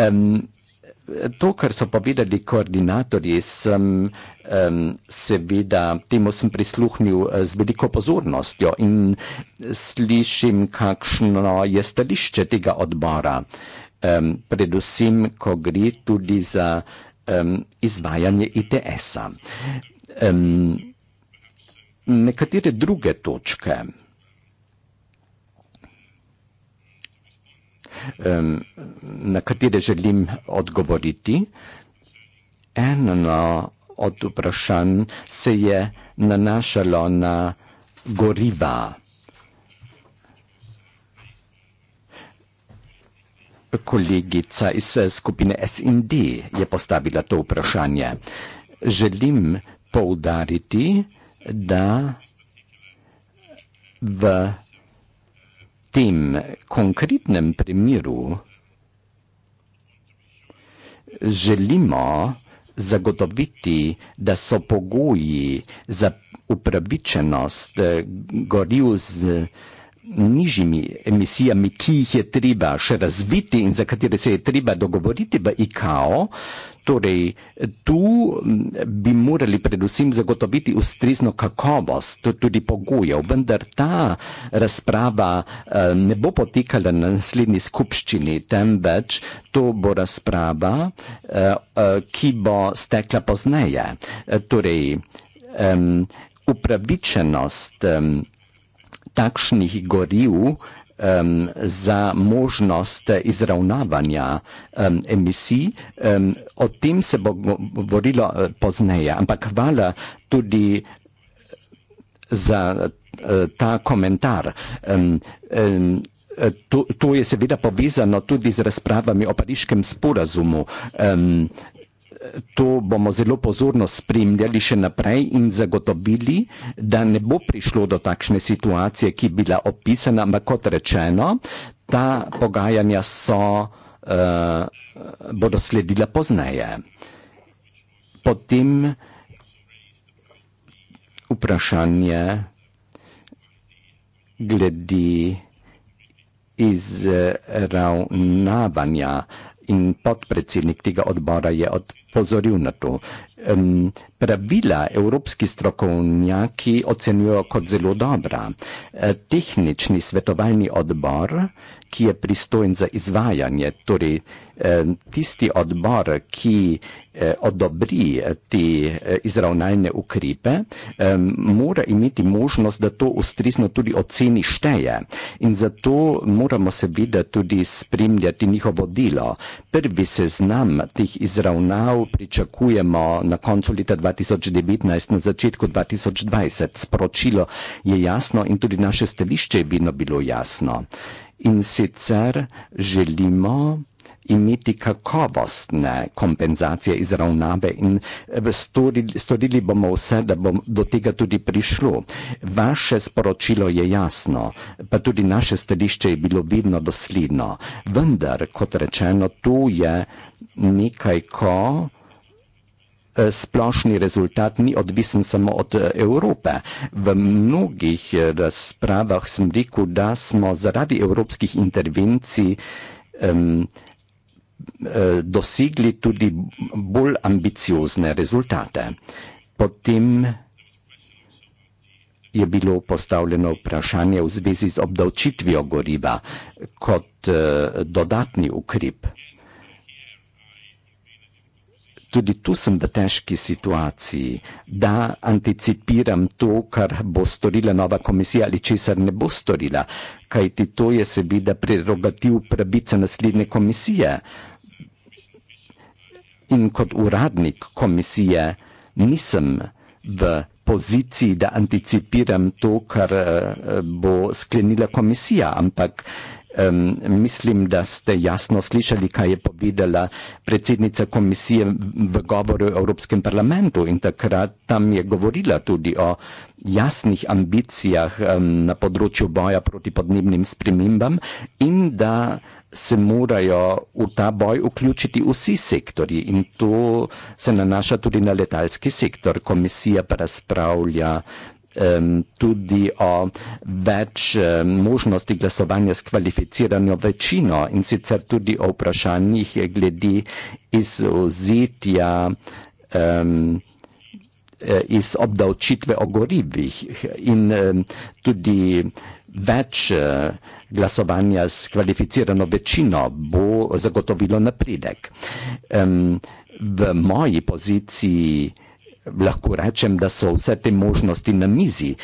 Um, To, kar so povedali koordinatorji, sem um, seveda temu sem prisluhnil eh, z veliko pozornostjo in slišim, kakšno je stališče tega odbora, um, predvsem, ko gre tudi za um, izvajanje ITS-a. Um, nekatere druge točke. na katere želim odgovoriti. Eno no od vprašanj se je nanašalo na goriva. Kolegica iz eh, skupine SND je postavila to vprašanje. Želim poudariti, da v tem konkretnem primeru želimo zagotoviti, da so pogoji za upravičenost eh, goril z nižjimi emisijami, ki jih je treba še razviti in za katere se je treba dogovoriti v IKO, Torej, tu bi morali predvsem zagotoviti ustrezno kakovost, tudi pogojev, vendar ta razprava eh, ne bo potekala na naslednji skupščini, temveč to bo razprava, eh, eh, ki bo stekla pozneje. Torej, upravičenost takšnih goril, um, za možnost izravnavanja um, emisij. Um, o tem se bo govorilo uh, pozneje, ampak hvala tudi uh, za uh, ta komentar. Um, um, to, to je seveda povezano tudi z razpravami o pariškem sporazumu. Um, to bomo zelo pozorno spremljali še naprej in zagotovili, da ne bo prišlo do takšne situacije, ki je bila opisana, ampak kot rečeno, ta pogajanja so, uh, bodo sledila pozneje. Potem vprašanje glede izravnavanja. Uh, in podpredsednik tega odbora je odpozoril na to, um, pravila evropski strokovnjaki ocenjujejo kot zelo dobra. E, tehnični svetovalni odbor, ki je pristojen za izvajanje, torej e, tisti odbor, ki e, odobri te izravnalne ukrepe, mora imeti možnost, da to ustrezno tudi oceni šteje. In zato moramo seveda tudi spremljati njihovo delo. Prvi seznam teh izravnav pričakujemo na koncu leta 2019, na začetku 2020. Sporočilo je jasno in tudi naše stališče je vedno bilo jasno. In sicer želimo imeti kakovostne kompenzacije izravnave in eh, storili, storili bomo vse, da bo do tega tudi prišlo. Vaše sporočilo je jasno, pa tudi naše stališče je bilo vedno dosledno. Vendar, kot rečeno, tu je nekaj, ko Eh, splošni rezultat ni odvisen samo od eh, Evrope. V mnogih eh, razpravah sem rekel, da smo zaradi evropskih intervencij um, dosegli tudi bolj ambiciozne rezultate. Potem je bilo postavljeno vprašanje v zvezi z obdavčitvijo goriva kot uh, dodatni ukrep tudi tu sem v težki situaciji, da anticipiram to, kar bo storila nova komisija ali česar ne bo storila, kajti to je seveda prerogativ pravice naslednje komisije. In kot uradnik komisije nisem v poziciji, da anticipiram to, kar eh, bo sklenila komisija, ampak um, mislim, da ste jasno slišali, kaj je povedala predsednica komisije v govoru o Evropskem parlamentu in takrat tam je govorila tudi o jasnih ambicijah um, na področju boja proti podnebnim spremembam in da se morajo v ta boj vključiti vsi sektori in to se nanaša tudi na letalski sektor. Komisija pa razpravlja Ehm, tudi o več ehm, možnosti glasovanja s kvalificirano večino in sicer tudi o vprašanjih glede izuzetja um, ehm, eh, iz obdavčitve o gorivih in tudi več eh, glasovanja s kvalificirano večino bo zagotovilo napredek. Um, v moji poziciji lahko rečem, da so vse te možnosti na mizi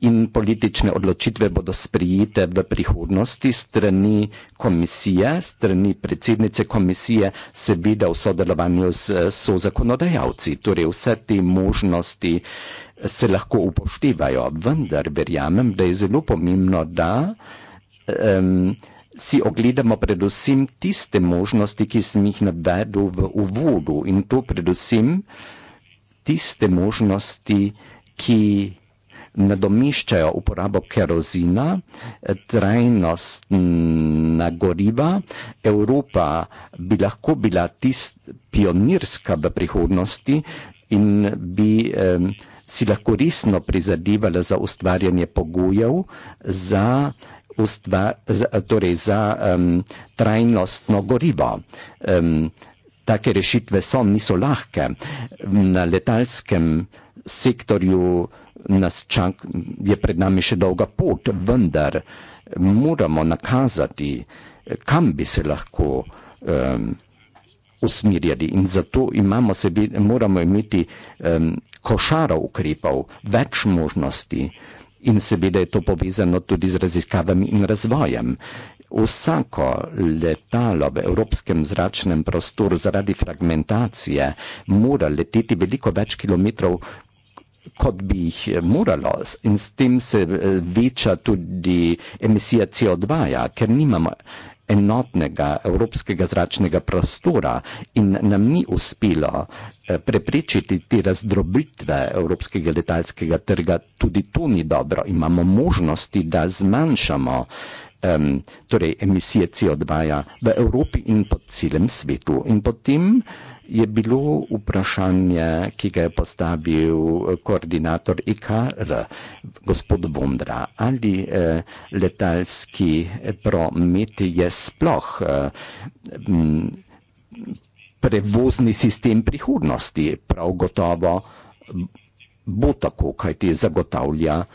in politične odločitve bodo sprijete v prihodnosti strani komisije, strani predsednice komisije, seveda v sodelovanju s so zakonodajalci. Torej vse te možnosti se lahko upoštevajo, vendar verjamem, da je zelo pomembno, da um, si ogledamo predvsem tiste možnosti, ki sem jih navedel v uvodu in to predvsem tiste možnosti, ki nadomiščajo uporabo kerozina, trajnostna goriva. Evropa bi lahko bila tist pionirska v prihodnosti in bi eh, si lahko resno prizadevala za ustvarjanje pogojev za, ustva, za, torej za um, trajnostno gorivo. Um, Take rešitve so, niso lahke. Na letalskem sektorju čak, je pred nami še dolga pot, vendar moramo nakazati, kam bi se lahko um, usmirjali. In zato imamo sebi, moramo imeti um, košaro ukrepov, več možnosti. In seveda je to povezano tudi z raziskavami in razvojem. Vsako letalo v evropskem zračnem prostoru zaradi fragmentacije mora leteti veliko več kilometrov, kot bi jih eh, moralo in s tem se eh, veča tudi emisija CO2, -ja, ker nimamo enotnega evropskega zračnega prostora in nam ni uspelo eh, preprečiti te razdrobitve evropskega letalskega trga. Tudi to ni dobro. Imamo možnosti, da zmanjšamo uh, um, torej emisije CO2 -ja v Evropi in po celem svetu. In potem je bilo vprašanje, ki ga je postavil eh, koordinator IKR, e gospod Bondra, ali eh, letalski eh, promet je sploh eh, m, prevozni sistem prihodnosti. Prav gotovo bo tako, kaj ti zagotavlja eh,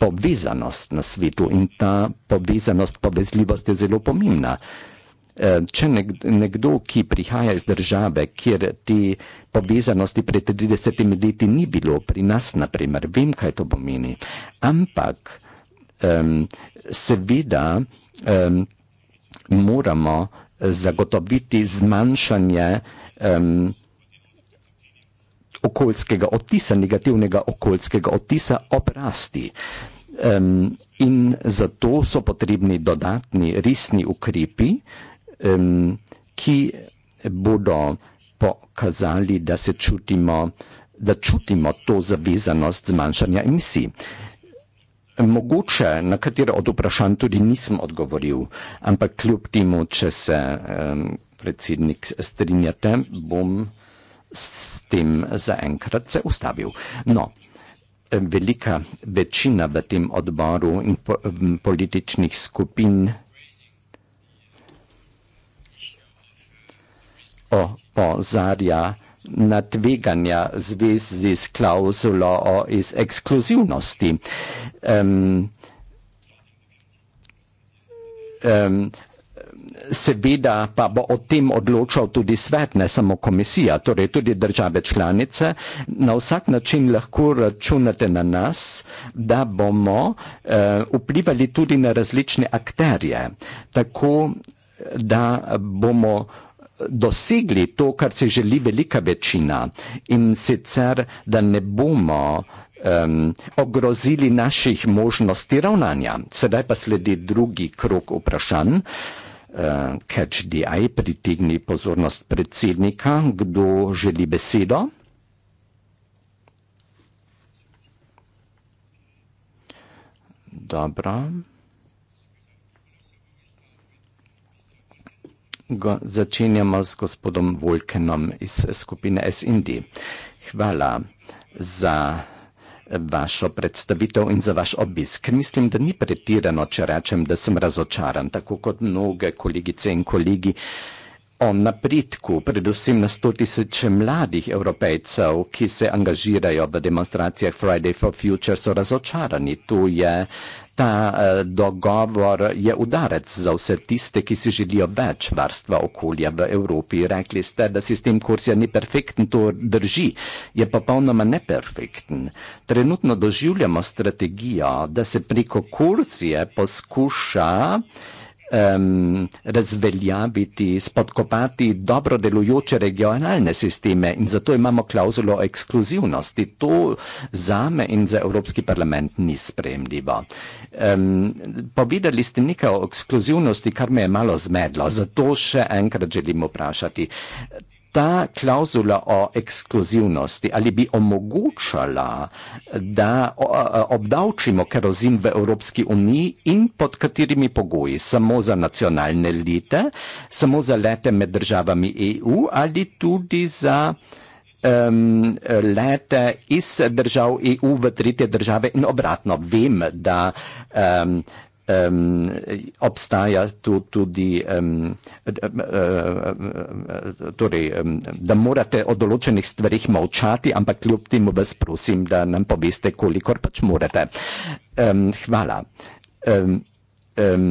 povezanost na svetu in ta povezanost, povezljivost je zelo pomembna. E, če nekdo, ki prihaja iz države, kjer te povezanosti pred 30 leti ni bilo pri nas, naprimer, vem, kaj to pomeni, ampak um, seveda um, moramo zagotoviti zmanjšanje um, okoljskega otisa, negativnega okoljskega otisa obrasti. Um, in zato so potrebni dodatni resni ukrepi, um, ki bodo pokazali, da se čutimo, da čutimo to zavezanost zmanjšanja emisij. Mogoče na katero od vprašanj tudi nisem odgovoril, ampak kljub temu, če se um, predsednik strinjate, bom s tem zaenkrat se ustavil. No velika večina v tem odboru in po, m, političnih skupin opozarja na tveganja zvezi z klauzulo o iz ekskluzivnosti. Um, um, seveda pa bo o tem odločal tudi svet, ne samo komisija, torej tudi države članice. Na vsak način lahko računate na nas, da bomo eh, vplivali tudi na različne akterje, tako da bomo eh, dosegli to, kar se želi velika večina in sicer, da ne bomo um, ogrozili naših možnosti ravnanja. Sedaj pa sledi drugi krok vprašanj uh, eh, catch.di pritegni pozornost predsednika, kdo želi besedo. Dobro. Go, začenjamo s gospodom Volkenom iz skupine SND. Hvala za vašo predstavitev in za vaš obisk. Mislim, da ni pretirano, če rečem, da sem razočaran, tako kot mnoge kolegice in kolegi. O napredku, predvsem na 100 tisoče mladih evropejcev, ki se angažirajo v demonstracijah Friday for Future, so razočarani. To je ta uh, dogovor je udarec za vse tiste, ki si želijo več varstva okolja v Evropi. Rekli ste, da sistem kursija ni perfekten, to drži, je popolnoma neperfekten. Trenutno doživljamo strategijo, da se preko kursije poskuša uh, um, razveljaviti, spodkopati dobro delujoče regionalne sisteme in zato imamo klauzulo o ekskluzivnosti. To za me in za Evropski parlament ni spremljivo. Um, povedali ste nekaj o ekskluzivnosti, kar me je malo zmedlo, zato še enkrat želim vprašati ta klauzula o ekskluzivnosti ali bi omogočala, da obdavčimo kerozin v Evropski uniji in pod katerimi pogoji? Samo za nacionalne lete, samo za lete med državami EU ali tudi za um, lete iz držav EU v tretje države in obratno. Vem, da um, um, obstaja tu, tudi, um, torej, um, da morate o določenih stvarih molčati, ampak kljub temu vas prosim, da nam poveste, kolikor pač morate. Um, hvala. Um, um,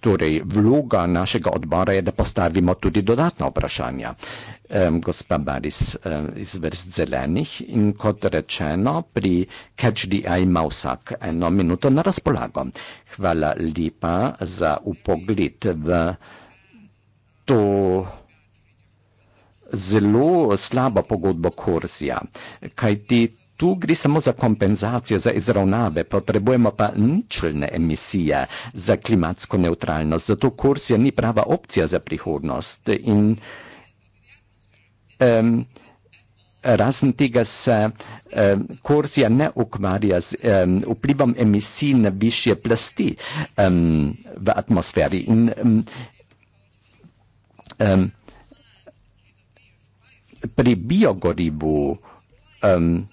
torej, vloga našega odbora je, da postavimo tudi dodatna vprašanja gospa Baris iz vrst zelenih in kot rečeno, pri KGDI ima vsak eno minuto na razpolago. Hvala lepa za upogled v to zelo slabo pogodbo Korzija, kaj ti Tu gre samo za kompenzacijo, za izravnave, potrebujemo pa ničelne emisije za klimatsko neutralnost, zato kursija ni prava opcija za prihodnost. In um, razen tega se um, Korzija ne ukvarja z um, vplivom emisij na višje plasti um, v atmosferi. In, um, um, pri biogorivu um,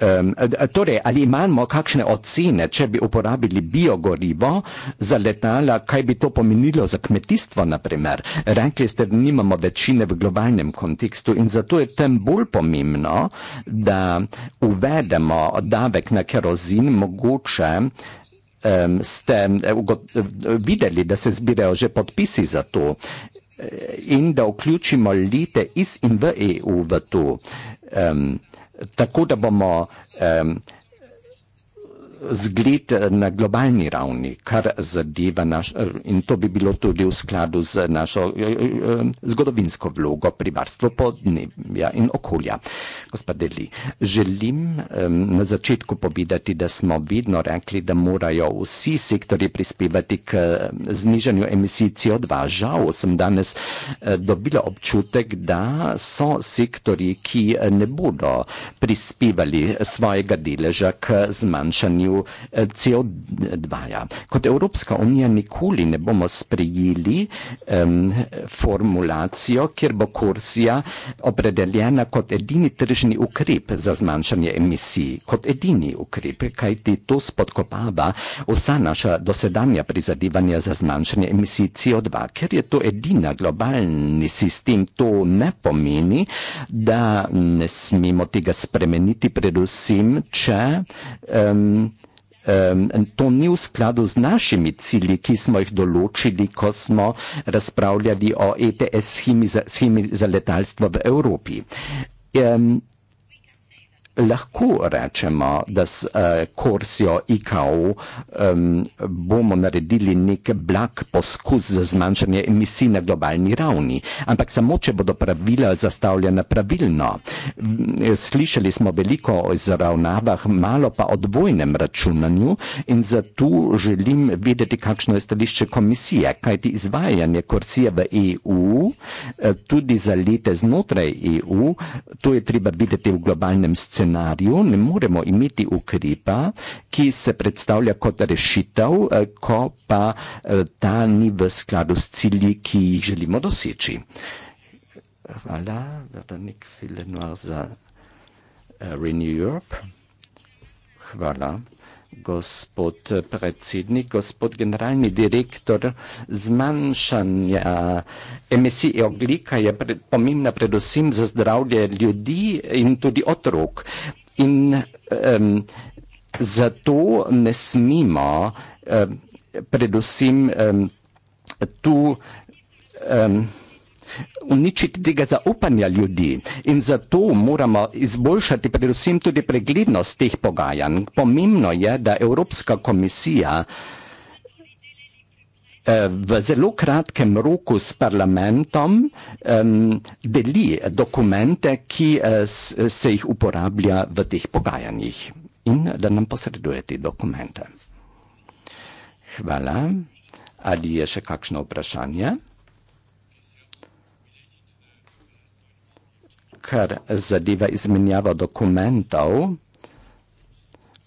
Um, torej, ali imamo kakšne ocene, če bi uporabili biogorivo za letala, kaj bi to pomenilo za kmetijstvo, naprimer? Rekli ste, da nimamo večine v globalnem kontekstu in zato je tem bolj pomembno, da uvedemo davek na kerozin, mogoče um, ste videli, da se zbirajo že podpisi za to eh, in da vključimo lite iz in v EU v to. Um, tako da bomo um, zgled eh, na globalni ravni, kar zadeva naš, eh, in to bi bilo tudi v skladu z našo eh, zgodovinsko vlogo pri varstvu podnebja in okolja. Gospod Deli, želim na začetku povedati, da smo vedno rekli, da morajo vsi sektori prispevati k znižanju emisij CO2. Žal sem danes dobila občutek, da so sektori, ki ne bodo prispevali svojega deleža k zmanjšanju tiju CO2. -ja. Kot Evropska unija nikoli ne bomo sprejeli um, formulacijo, kjer bo kursija opredeljena kot edini tržni ukrep za zmanjšanje emisij, kot edini ukrep, kajti to spodkopava vsa naša dosedanja prizadevanja za zmanjšanje emisij CO2, ker je to edina globalni sistem, to ne pomeni, da ne smemo tega spremeniti predvsem, če um, to ni v skladu z našimi cilji, ki smo jih določili, ko smo razpravljali o ETS schemi za, za letalstvo v Evropi. Um, lahko rečemo, da s uh, eh, korsijo IKO um, bomo naredili nek blag poskus za zmanjšanje emisij na globalni ravni, ampak samo, če bodo pravila zastavljena pravilno. Slišali smo veliko o izravnavah, malo pa o dvojnem računanju in zato želim videti, kakšno je stališče komisije, kajti izvajanje korsije v EU, eh, tudi za lete znotraj EU, to je treba videti v globalnem scenariju scenariju ne moremo imeti ukrepa, ki se predstavlja kot rešitev, eh, ko pa eh, ta ni v skladu s cilji, ki jih želimo doseči. Hvala, Veronik Filenoir za eh, Renew Europe. Hvala gospod predsednik, gospod generalni direktor, zmanjšanja emisij oglika je pomembna predvsem za zdravlje ljudi in tudi otrok. In um, zato ne smemo um, predvsem um, tu um, uničiti tega zaupanja ljudi in zato moramo izboljšati predvsem tudi preglednost teh pogajanj. Pomembno je, da Evropska komisija eh, v zelo kratkem roku s parlamentom deli dokumente, ki eh, se jih uporablja v teh pogajanjih in da nam posreduje te dokumente. Hvala. Ali je še kakšno vprašanje? kar zadeva izmenjavo dokumentov,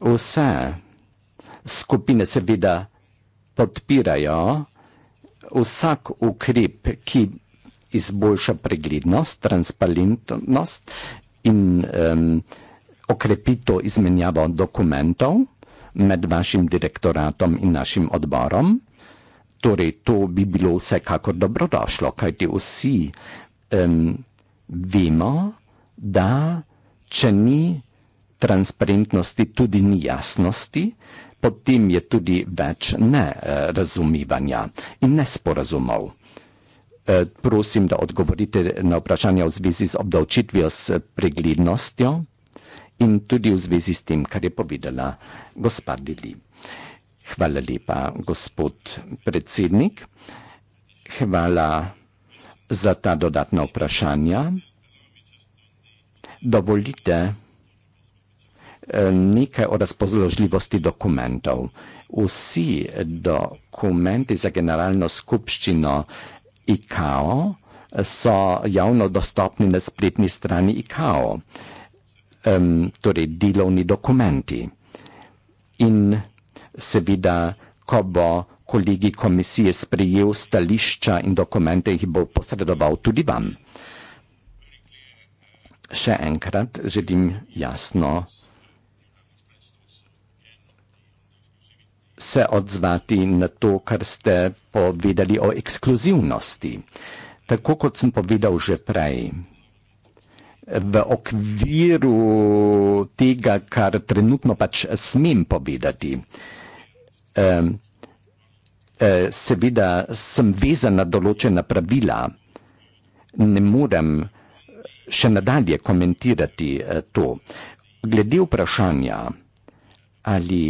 vse skupine seveda podpirajo vsak ukrep, ki izboljša preglednost, transparentnost in um, okrepito izmenjavo dokumentov med vašim direktoratom in našim odborom. Torej, to bi bilo vsekakor dobrodošlo, kajti vsi um, vemo, da če ni transparentnosti, tudi ni jasnosti, potem je tudi več nerazumivanja in nesporazumov. Eh, prosim, da odgovorite na vprašanje v zvezi z obdavčitvijo s preglednostjo in tudi v zvezi s tem, kar je povedala gospa Dili. Hvala lepa, gospod predsednik. Hvala za ta dodatna vprašanja. Dovolite eh, nekaj o razpoložljivosti dokumentov. Vsi dokumenti za generalno skupščino ICAO so javno dostopni na spletni strani ICAO, torej delovni dokumenti. In seveda, ko bo vsega, kolegi komisije sprejel stališča in dokumente in jih bo posredoval tudi vam. Še enkrat želim jasno se odzvati na to, kar ste povedali o ekskluzivnosti. Tako kot sem povedal že prej, v okviru tega, kar trenutno pač smem povedati, um, Eh, seveda sem vezan na določena pravila, ne morem eh, še nadalje komentirati eh, to. Glede vprašanja, ali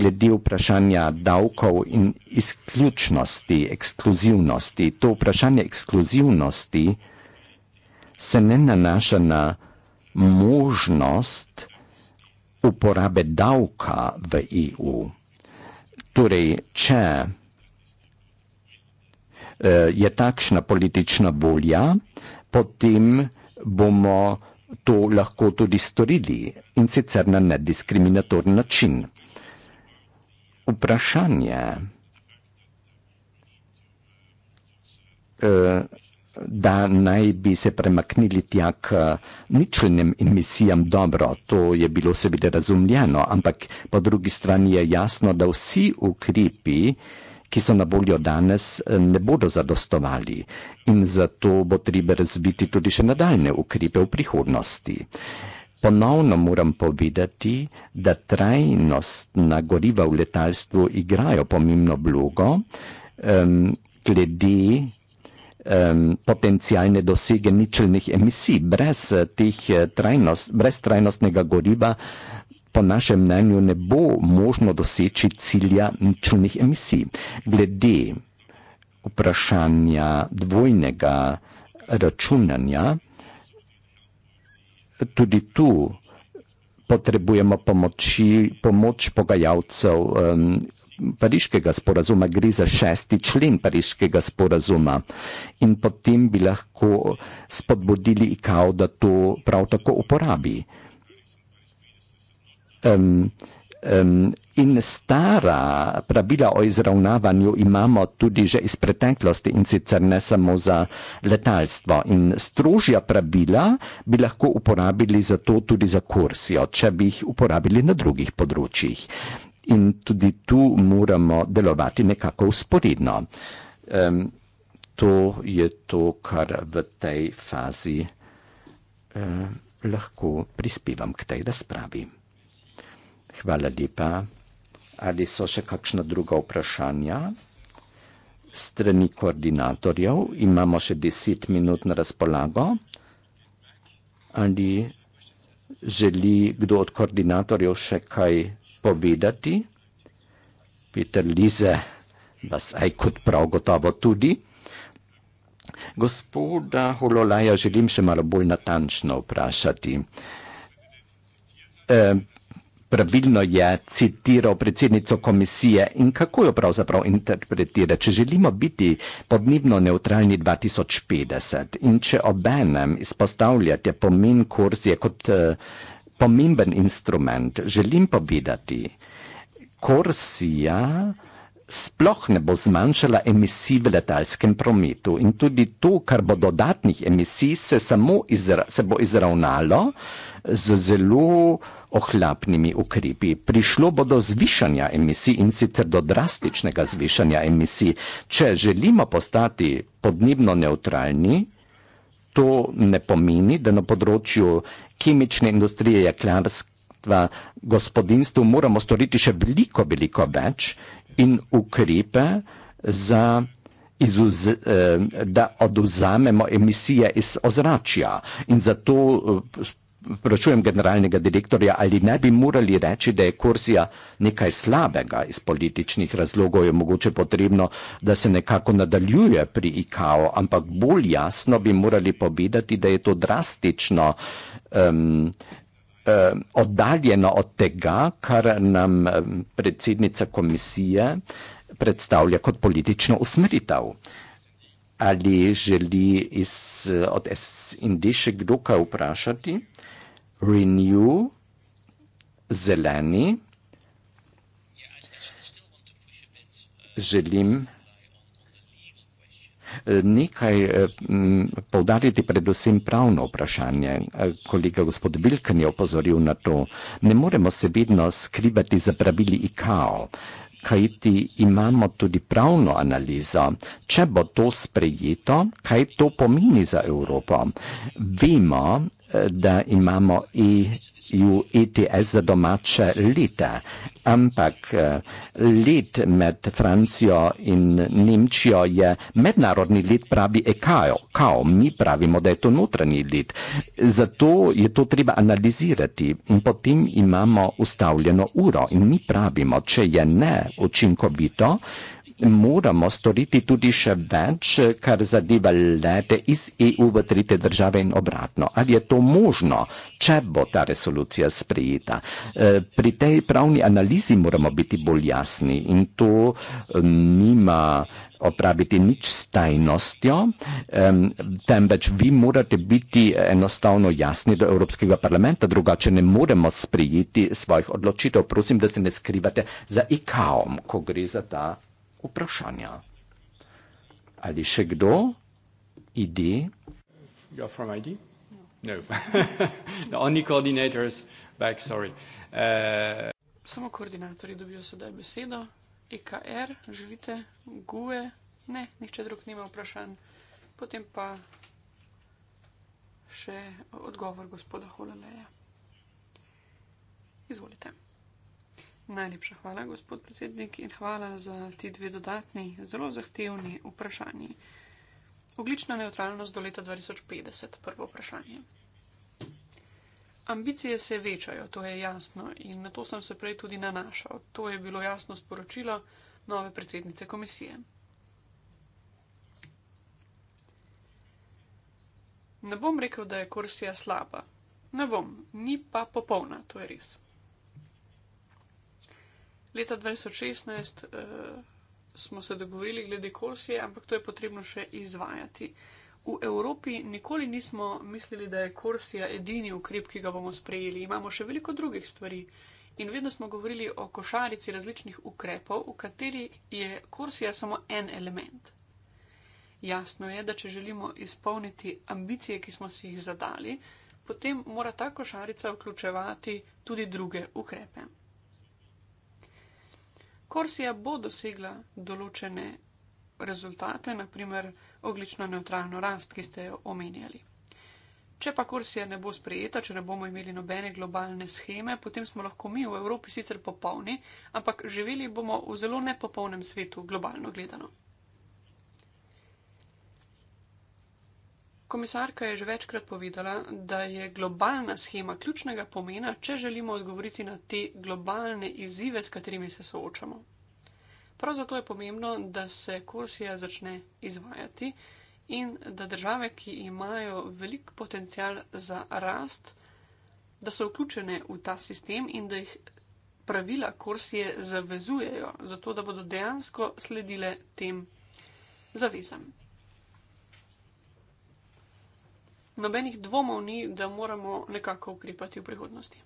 glede vprašanja davkov in izključnosti, ekskluzivnosti, to vprašanje ekskluzivnosti se ne nanaša na možnost uporabe davka v EU. Torej, če eh, je takšna politična volja, potem bomo to lahko tudi storili in sicer na nediskriminatorni način. Vprašanje. Eh, da naj bi se premaknili tja k eh, ničelnim emisijam dobro. To je bilo seveda razumljeno, ampak po drugi strani je jasno, da vsi ukrepi, ki so na voljo danes, eh, ne bodo zadostovali in zato bo treba razviti tudi še nadaljne ukrepe v prihodnosti. Ponovno moram povedati, da trajnostna goriva v letalstvu igrajo pomembno blogo, um, ehm, glede um, potencijalne dosege ničelnih emisij. Brez, eh, teh, eh, trajnost, brez trajnostnega goriva, po našem mnenju, ne bo možno doseči cilja ničelnih emisij. Glede vprašanja dvojnega računanja, tudi tu. Potrebujemo pomoči, pomoč pogajalcev, pariškega sporazuma, gre za šesti člen pariškega sporazuma in potem bi lahko spodbudili IKAO, da to prav tako uporabi. Um, um, in stara pravila o izravnavanju imamo tudi že iz preteklosti in sicer ne samo za letalstvo. In strožja pravila bi lahko uporabili za to tudi za kursijo, če bi jih uporabili na drugih področjih in tudi tu moramo delovati nekako usporedno. Um, to je to, kar v tej fazi um, lahko prispevam k tej razpravi. Hvala lepa. Ali so še kakšna druga vprašanja? Strani koordinatorjev imamo še deset minut na razpolago. Ali želi kdo od koordinatorjev še kaj povedati. Peter Lize vas aj kot prav gotovo tudi. Gospoda Hololaja želim še malo bolj natančno vprašati. E, pravilno je citiral predsednico komisije in kako jo pravzaprav interpretira, če želimo biti podnebno neutralni 2050 in če obenem izpostavljate pomen korzije kot e, pomemben instrument. Želim povedati, korsija sploh ne bo zmanjšala emisij v letalskem prometu in tudi to, kar bo dodatnih emisij, se, izra, se bo izravnalo z zelo ohlapnimi ukrepi. Prišlo bo do zvišanja emisij in sicer do drastičnega zvišanja emisij. Če želimo postati podnebno neutralni, to ne pomeni, da na področju kemične industrije, jeklarstva, gospodinstvu moramo storiti še veliko, veliko več in ukrepe za Izuz, eh, da oduzamemo emisije iz ozračja. In zato vprašujem eh, generalnega direktorja, ali ne bi morali reči, da je kursija nekaj slabega iz političnih razlogov, je mogoče potrebno, da se nekako nadaljuje pri IKO, ampak bolj jasno bi morali povedati, da je to drastično eh, um, oddaljeno od tega, kar nam predsednica komisije predstavlja kot politično usmeritev. Ali želi iz, od SND še kdo kaj vprašati? Renew, zeleni. Želim. Yeah, nekaj eh, povdariti, predvsem pravno vprašanje. Kolega gospod Vilken je opozoril na to, ne moremo se vedno skrivati za pravili IKAO. Kaj ti imamo tudi pravno analizo, če bo to sprejeto, kaj to pomeni za Evropo? Vemo, eh, da imamo e EU ETS za domače lete, ampak eh, let med Francijo in Nemčijo je mednarodni let, pravi EKO, kao mi pravimo, da je to notranji let. Zato je to treba analizirati in potem imamo ustavljeno uro in mi pravimo, če je ne učinkovito, moramo storiti tudi še več, kar zadeva lete iz EU v trite države in obratno. Ali je to možno, če bo ta resolucija sprejeta? Eh, pri tej pravni analizi moramo biti bolj jasni in to eh, nima opraviti nič s tajnostjo, temveč vi morate biti enostavno jasni do Evropskega parlamenta, drugače ne moremo sprejeti svojih odločitev. Prosim, da se ne skrivate za ikaom, ko gre za ta vprašanja. Ali še kdo? Idi. Ja, from ID? No. no. Only coordinators back, sorry. Uh... Samo koordinatorji dobijo sedaj besedo. EKR, er, želite? GUE? Ne, nihče drug nima vprašanj. Potem pa še odgovor gospoda Holeleja. Izvolite. Najlepša hvala, gospod predsednik, in hvala za ti dve dodatni, zelo zahtevni vprašanji. Oglična neutralnost do leta 2050, prvo vprašanje. Ambicije se večajo, to je jasno, in na to sem se prej tudi nanašal. To je bilo jasno sporočilo nove predsednice komisije. Ne bom rekel, da je kursija slaba. Ne bom, ni pa popolna, to je res. Leta 2016 uh, eh, smo se dogovorili glede kolsije, ampak to je potrebno še izvajati. V Evropi nikoli nismo mislili, da je kolsija edini ukrep, ki ga bomo sprejeli. Imamo še veliko drugih stvari in vedno smo govorili o košarici različnih ukrepov, v kateri je kolsija samo en element. Jasno je, da če želimo izpolniti ambicije, ki smo si jih zadali, potem mora ta košarica vključevati tudi druge ukrepe. Korsija bo dosegla določene rezultate, naprimer oglično neutralno rast, ki ste jo omenjali. Če pa Korsija ne bo sprejeta, če ne bomo imeli nobene globalne scheme, potem smo lahko mi v Evropi sicer popolni, ampak živeli bomo v zelo nepopolnem svetu globalno gledano. Komisarka je že večkrat povedala, da je globalna schema ključnega pomena, če želimo odgovoriti na te globalne izzive, s katerimi se soočamo. Prav zato je pomembno, da se kursija začne izvajati in da države, ki imajo velik potencial za rast, da so vključene v ta sistem in da jih pravila kursije zavezujejo, zato da bodo dejansko sledile tem zavezam. nobenih dvomov ni, da moramo nekako ukrepati v prihodnosti.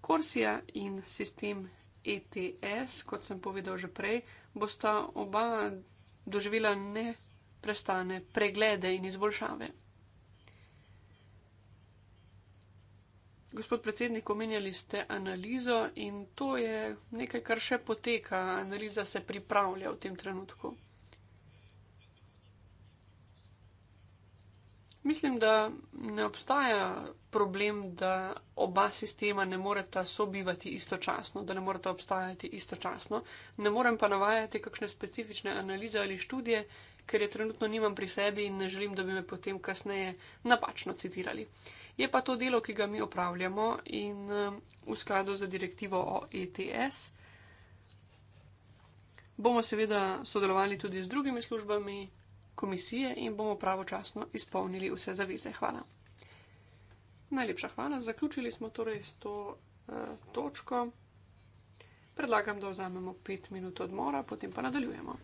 Korsija in sistem ETS, kot sem povedal že prej, bosta oba doživela neprestane preglede in izboljšave. Gospod predsednik, omenjali ste analizo in to je nekaj, kar še poteka. Analiza se pripravlja v tem trenutku. Mislim, da ne obstaja problem, da oba sistema ne moreta sobivati istočasno, da ne moreta obstajati istočasno. Ne morem pa navajati kakšne specifične analize ali študije, ker je trenutno nimam pri sebi in ne želim, da bi me potem kasneje napačno citirali. Je pa to delo, ki ga mi opravljamo in eh, v skladu z direktivo o ETS bomo seveda sodelovali tudi z drugimi službami, komisije in bomo pravočasno izpolnili vse zaveze. Hvala. Najlepša hvala. Zaključili smo torej s to uh, točko. Predlagam, da vzamemo pet minut odmora, potem pa nadaljujemo.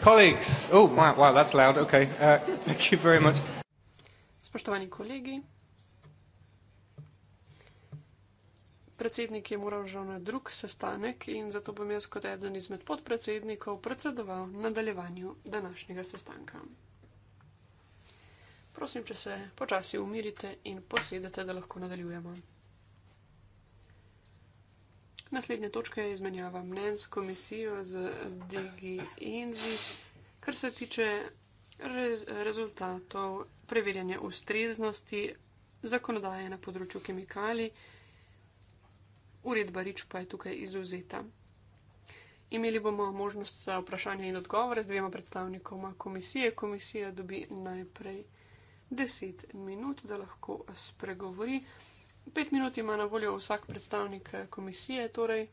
Colleagues. Oh, wow, wow that's loud. Okay. Uh, thank you very much. Spoštovani kolegi. Predsednik je moral žal na drug sestanek in zato bom jaz kot eden izmed podpredsednikov predsedoval nadaljevanju današnjega sestanka. Prosim, če se počasi umirite in posedete, da lahko nadaljujemo. Naslednja točka je izmenjava mnen s komisijo za DigiEnvi, kar se tiče rez rezultatov preverjanja ustreznosti zakonodaje na področju kemikali. Uredba Rič pa je tukaj izuzeta. Imeli bomo možnost za vprašanje in odgovore z dvema predstavnikoma komisije. Komisija dobi najprej 10 minut, da lahko spregovori. Pet minut ima na voljo vsak predstavnik eh, komisije, torej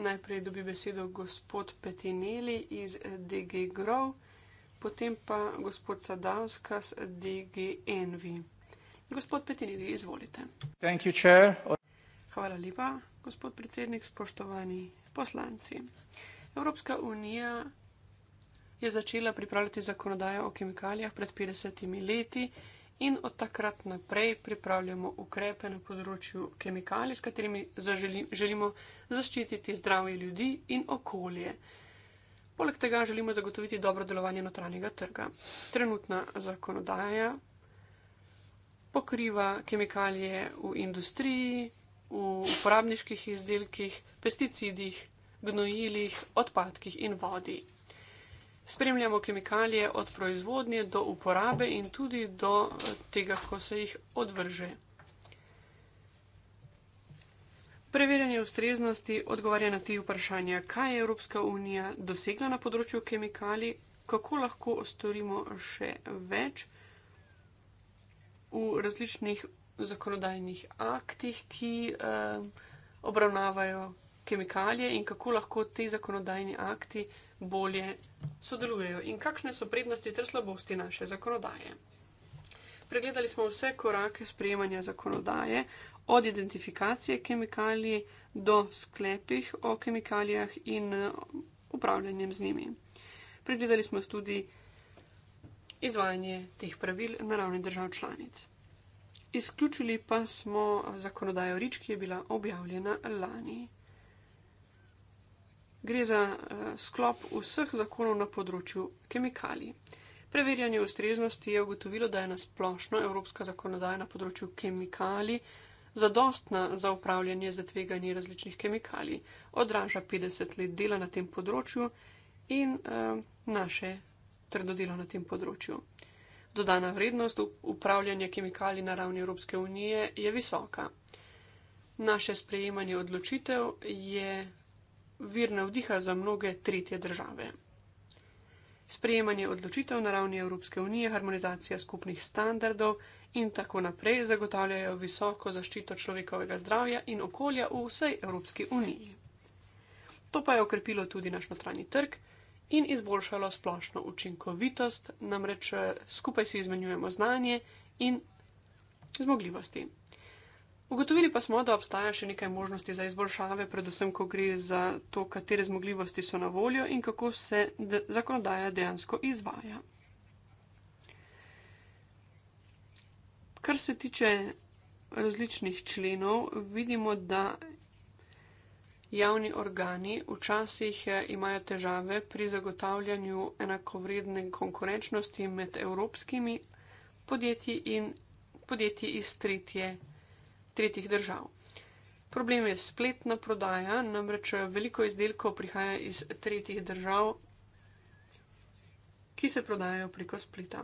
najprej dobi besedo gospod Petineli iz eh, DG Grow, potem pa gospod Sadavska z eh, DG Envi. Gospod Petineli, izvolite. You, Hvala lepa, gospod predsednik, spoštovani poslanci. Evropska unija je začela pripravljati zakonodajo o kemikalijah pred 50 leti in od takrat naprej pripravljamo ukrepe na področju kemikalij, s katerimi zaželi, želimo zaščititi zdravje ljudi in okolje. Poleg tega želimo zagotoviti dobro delovanje notranjega trga. Trenutna zakonodaja pokriva kemikalije v industriji, v uporabniških izdelkih, pesticidih, gnojilih, odpadkih in vodi spremljamo kemikalije od proizvodnje do uporabe in tudi do eh, tega, ko se jih odvrže. Preverjanje ustreznosti odgovarja na te vprašanja, kaj je Evropska unija dosegla na področju kemikalij, kako lahko storimo še več v različnih zakonodajnih aktih, ki eh, obravnavajo kemikalije in kako lahko te zakonodajni akti bolje sodelujejo in kakšne so prednosti ter slabosti naše zakonodaje. Pregledali smo vse korake sprejemanja zakonodaje, od identifikacije kemikalij do sklepih o kemikalijah in eh, upravljanjem z njimi. Pregledali smo tudi izvajanje teh pravil na ravni držav članic. Izključili pa smo eh, zakonodajo Rič, ki je bila objavljena lani. Gre za uh, sklop vseh zakonov na področju kemikalij. Preverjanje ustreznosti je ugotovilo, da je nasplošno evropska zakonodaja na področju kemikalij zadostna za upravljanje z tveganji različnih kemikalij, odraža 50 let dela na tem področju in uh, naše trdo delo na tem področju. Dodana vrednost upravljanja kemikalij na ravni Evropske unije je visoka. Naše sprejemanje odločitev je vir navdiha za mnoge tretje države. Sprejemanje odločitev na ravni Evropske unije, harmonizacija skupnih standardov in tako naprej zagotavljajo visoko zaščito človekovega zdravja in okolja v vsej Evropski uniji. To pa je okrepilo tudi naš notranji trg in izboljšalo splošno učinkovitost, namreč eh, skupaj si izmenjujemo znanje in zmogljivosti. Ugotovili pa smo, da obstaja še nekaj možnosti za izboljšave, predvsem, ko gre za to, katere zmogljivosti so na voljo in kako se de zakonodaja dejansko izvaja. Kar se tiče različnih členov, vidimo, da javni organi včasih eh, imajo težave pri zagotavljanju enakovredne konkurenčnosti med evropskimi podjetji in podjetji iz tretje tretjih držav. Problem je spletna prodaja, namreč veliko izdelkov prihaja iz tretjih držav, ki se prodajajo preko spleta.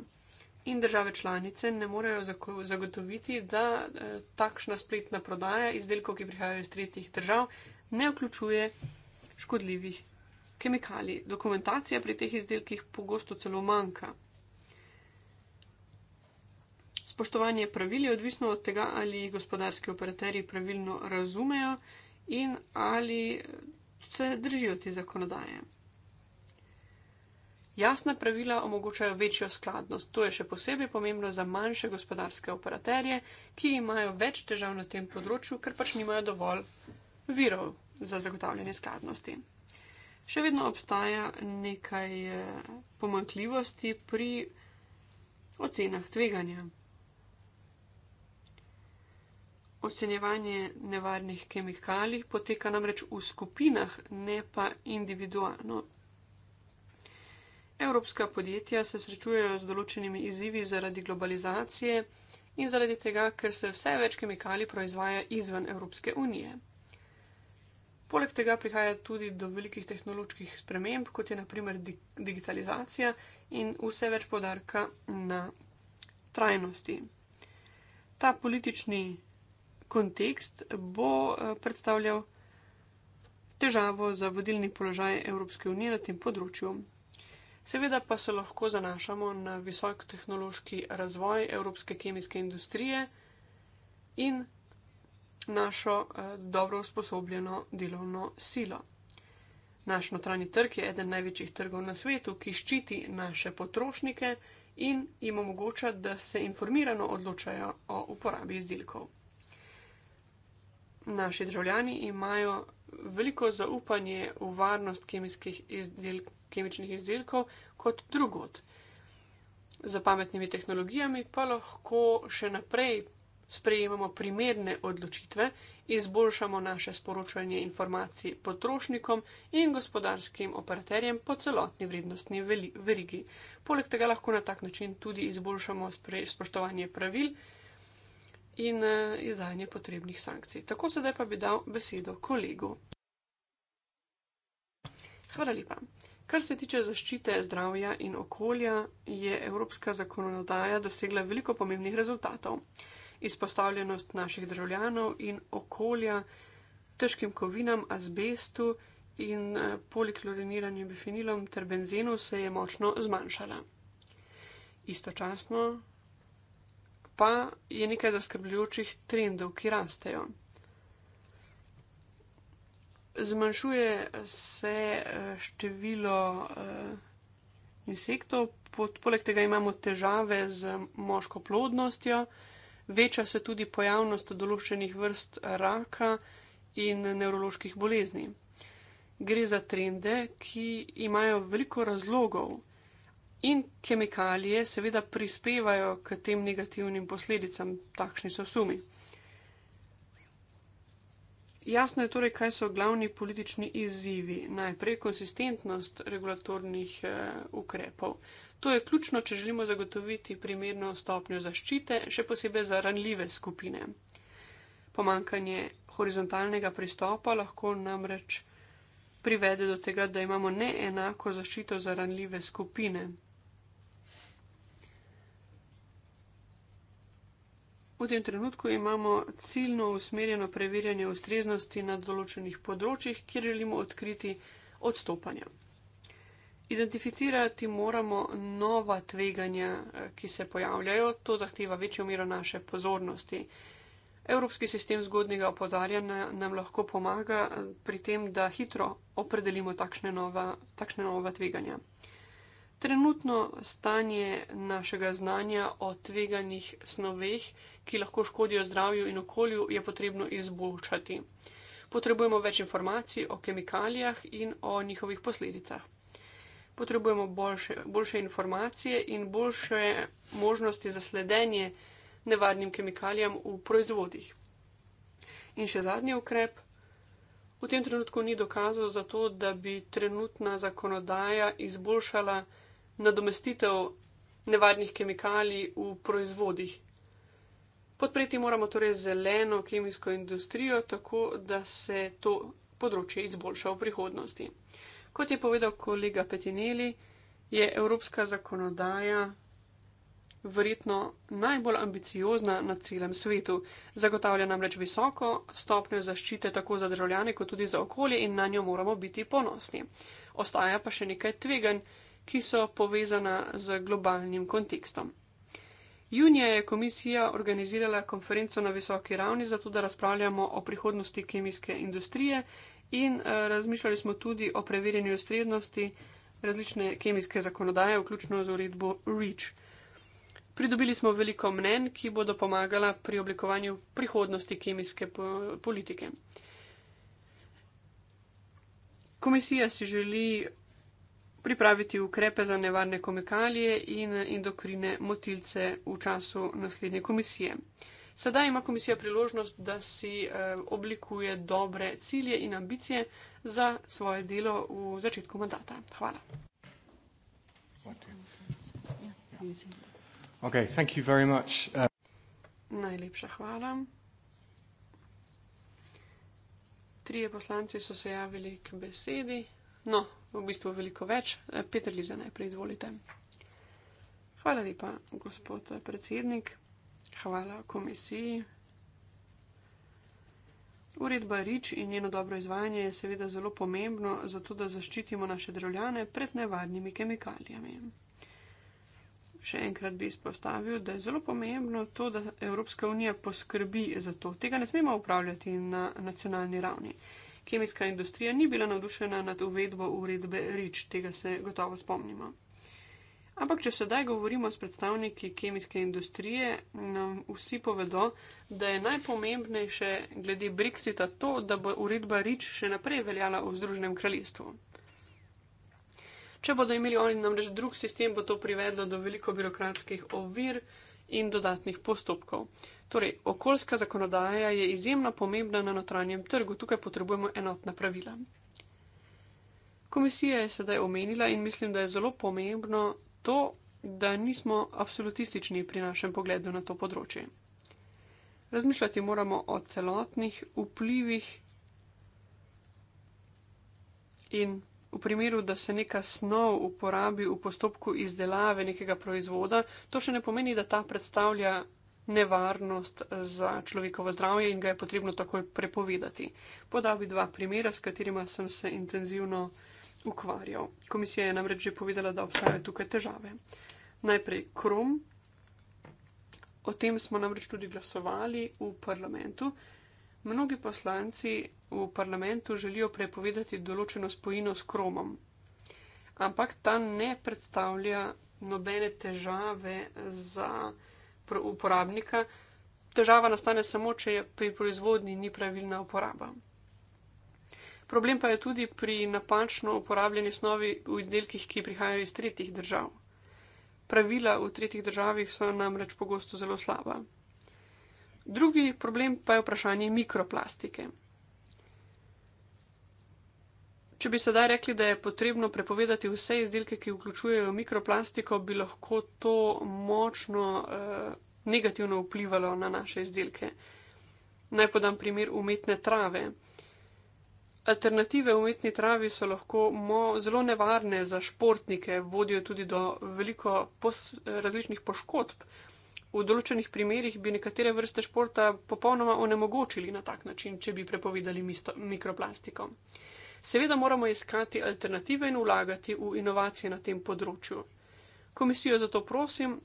In države članice ne morejo zagotoviti, da eh, takšna spletna prodaja izdelkov, ki prihajajo iz tretjih držav, ne vključuje škodljivih kemikalij. Dokumentacija pri teh izdelkih pogosto celo manjka spoštovanje pravil je odvisno od tega, ali gospodarski operaterji pravilno razumejo in ali se držijo te zakonodaje. Jasna pravila omogočajo večjo skladnost. To je še posebej pomembno za manjše gospodarske operaterje, ki imajo več težav na tem področju, ker pač nimajo dovolj virov za zagotavljanje skladnosti. Še vedno obstaja nekaj eh, pomankljivosti pri ocenah tveganja. ocenjevanje nevarnih kemikalij poteka namreč v skupinah, ne pa individualno. Evropska podjetja se srečujejo z določenimi izzivi zaradi globalizacije in zaradi tega, ker se vse več kemikalij proizvaja izven Evropske unije. Poleg tega prihaja tudi do velikih tehnoloških sprememb, kot je naprimer digitalizacija in vse več podarka na trajnosti. Ta politični kontekst bo eh, predstavljal težavo za vodilni položaj Evropske unije na tem področju. Seveda pa se lahko zanašamo na visokotehnološki razvoj evropske kemijske industrije in našo eh, dobro usposobljeno delovno silo. Naš notranji trg je eden največjih trgov na svetu, ki ščiti naše potrošnike in jim omogoča, da se informirano odločajo o uporabi izdelkov naši državljani imajo veliko zaupanje v varnost izdel, kemičnih izdelkov kot drugot. Za pametnimi tehnologijami pa lahko še naprej sprejemamo primerne odločitve, izboljšamo naše sporočanje informacij potrošnikom in gospodarskim operaterjem po celotni vrednostni verigi. Poleg tega lahko na tak način tudi izboljšamo spoštovanje pravil in eh, izdanje potrebnih sankcij. Tako sedaj pa bi dal besedo kolegu. Hvala lepa. Kar se tiče zaščite zdravja in okolja, je evropska zakonodaja dosegla veliko pomembnih rezultatov. Izpostavljenost naših državljanov in okolja težkim kovinam, azbestu in eh, polikloriniranim bifenilom ter benzenu se je močno zmanjšala. Istočasno pa je nekaj zaskrbljujočih trendov, ki rastejo. Zmanjšuje se eh, število eh, insektov, poleg tega imamo težave z moško plodnostjo, veča se tudi pojavnost določenih vrst raka in nevroloških bolezni. Gre za trende, ki imajo veliko razlogov in kemikalije seveda prispevajo k tem negativnim posledicam, takšni so sumi. Jasno je torej, kaj so glavni politični izzivi. Najprej konsistentnost regulatornih eh, ukrepov. To je ključno, če želimo zagotoviti primerno stopnjo zaščite, še posebej za ranljive skupine. Pomankanje horizontalnega pristopa lahko namreč privede do tega, da imamo neenako zaščito za ranljive skupine, V tem trenutku imamo ciljno usmerjeno preverjanje ustreznosti na določenih področjih, kjer želimo odkriti odstopanja. Identificirati moramo nova tveganja, eh, ki se pojavljajo, to zahteva večjo mero naše pozornosti. Evropski sistem zgodnega opozarjanja nam lahko pomaga eh, pri tem, da hitro opredelimo takšne nova, takšne nova tveganja. Trenutno stanje našega znanja o tveganih snoveh ki lahko škodijo zdravju in okolju, je potrebno izboljšati. Potrebujemo več informacij o kemikalijah in o njihovih posledicah. Potrebujemo boljše, boljše informacije in boljše možnosti za sledenje nevarnim kemikalijam v proizvodih. In še zadnji ukrep. V tem trenutku ni dokazov za to, da bi trenutna zakonodaja izboljšala nadomestitev nevarnih kemikalij v proizvodih, Podpreti moramo torej zeleno kemijsko industrijo, tako da se to področje izboljša v prihodnosti. Kot je povedal kolega Petineli, je evropska zakonodaja verjetno najbolj ambiciozna na celem svetu. Zagotavlja namreč visoko stopnjo zaščite tako za državljane, kot tudi za okolje in na njo moramo biti ponosni. Ostaja pa še nekaj tvegan, ki so povezana z globalnim kontekstom. Junija je komisija organizirala konferenco na visoki ravni, zato da razpravljamo o prihodnosti kemijske industrije in uh, razmišljali smo tudi o preverjanju ustrednosti različne kemijske zakonodaje, vključno z uredbo REACH. Pridobili smo veliko mnen, ki bodo pomagala pri oblikovanju prihodnosti kemijske po politike. Komisija si želi pripraviti ukrepe za nevarne komikalije in endokrine motilce v času naslednje komisije. Sedaj ima komisija priložnost, da si eh, oblikuje dobre cilje in ambicije za svoje delo v začetku mandata. Hvala. Okay, thank you very much. Uh... Najlepša hvala. Trije poslanci so se javili k besedi. No, v bistvu veliko več. Eh, Petr Liza, najprej izvolite. Hvala lepa, gospod eh, predsednik. Hvala komisiji. Uredba Rič in njeno dobro izvajanje je seveda zelo pomembno, zato da zaščitimo naše državljane pred nevarnimi kemikalijami. Še enkrat bi izpostavil, da je zelo pomembno to, da Evropska unija poskrbi za to. Tega ne smemo upravljati na nacionalni ravni. Kemijska industrija ni bila navdušena nad uvedbo uredbe REACH, tega se gotovo spomnimo. Ampak, če sedaj govorimo s predstavniki kemijske industrije, nam vsi povedo, da je najpomembnejše glede Brexita to, da bo uredba REACH še naprej veljala v Združenem kraljestvu. Če bodo imeli oni namreč drug sistem, bo to privedlo do veliko birokratskih ovir, in dodatnih postopkov. Torej, okoljska zakonodaja je izjemno pomembna na notranjem trgu, tukaj potrebujemo enotna pravila. Komisija je sedaj omenila in mislim, da je zelo pomembno to, da nismo absolutistični pri našem pogledu na to področje. Razmišljati moramo o celotnih vplivih in v primeru, da se neka snov uporabi v postopku izdelave nekega proizvoda, to še ne pomeni, da ta predstavlja nevarnost za človekovo zdravje in ga je potrebno takoj prepovedati. Podal bi dva primera, s katerima sem se intenzivno ukvarjal. Komisija je namreč že povedala, da obstajajo tukaj težave. Najprej krom. O tem smo namreč tudi glasovali v parlamentu. Mnogi poslanci v parlamentu želijo prepovedati določeno spojino s kromom, ampak ta ne predstavlja nobene težave za uporabnika. Težava nastane samo, če je pri proizvodnji ni pravilna uporaba. Problem pa je tudi pri napačno uporabljeni snovi v izdelkih, ki prihajajo iz tretjih držav. Pravila v tretjih državah so namreč pogosto zelo slaba drugi problem pa je vprašanje mikroplastike. Če bi sedaj rekli, da je potrebno prepovedati vse izdelke, ki vključujejo mikroplastiko, bi lahko to močno eh, negativno vplivalo na naše izdelke. Naj podam primer umetne trave. Alternative umetni travi so lahko mo, zelo nevarne za športnike, vodijo tudi do veliko pos, različnih poškodb, v določenih primerjih bi nekatere vrste športa popolnoma onemogočili na tak način, če bi prepovedali misto, mikroplastiko. Seveda moramo iskati alternative in vlagati v inovacije na tem področju. Komisijo zato prosim,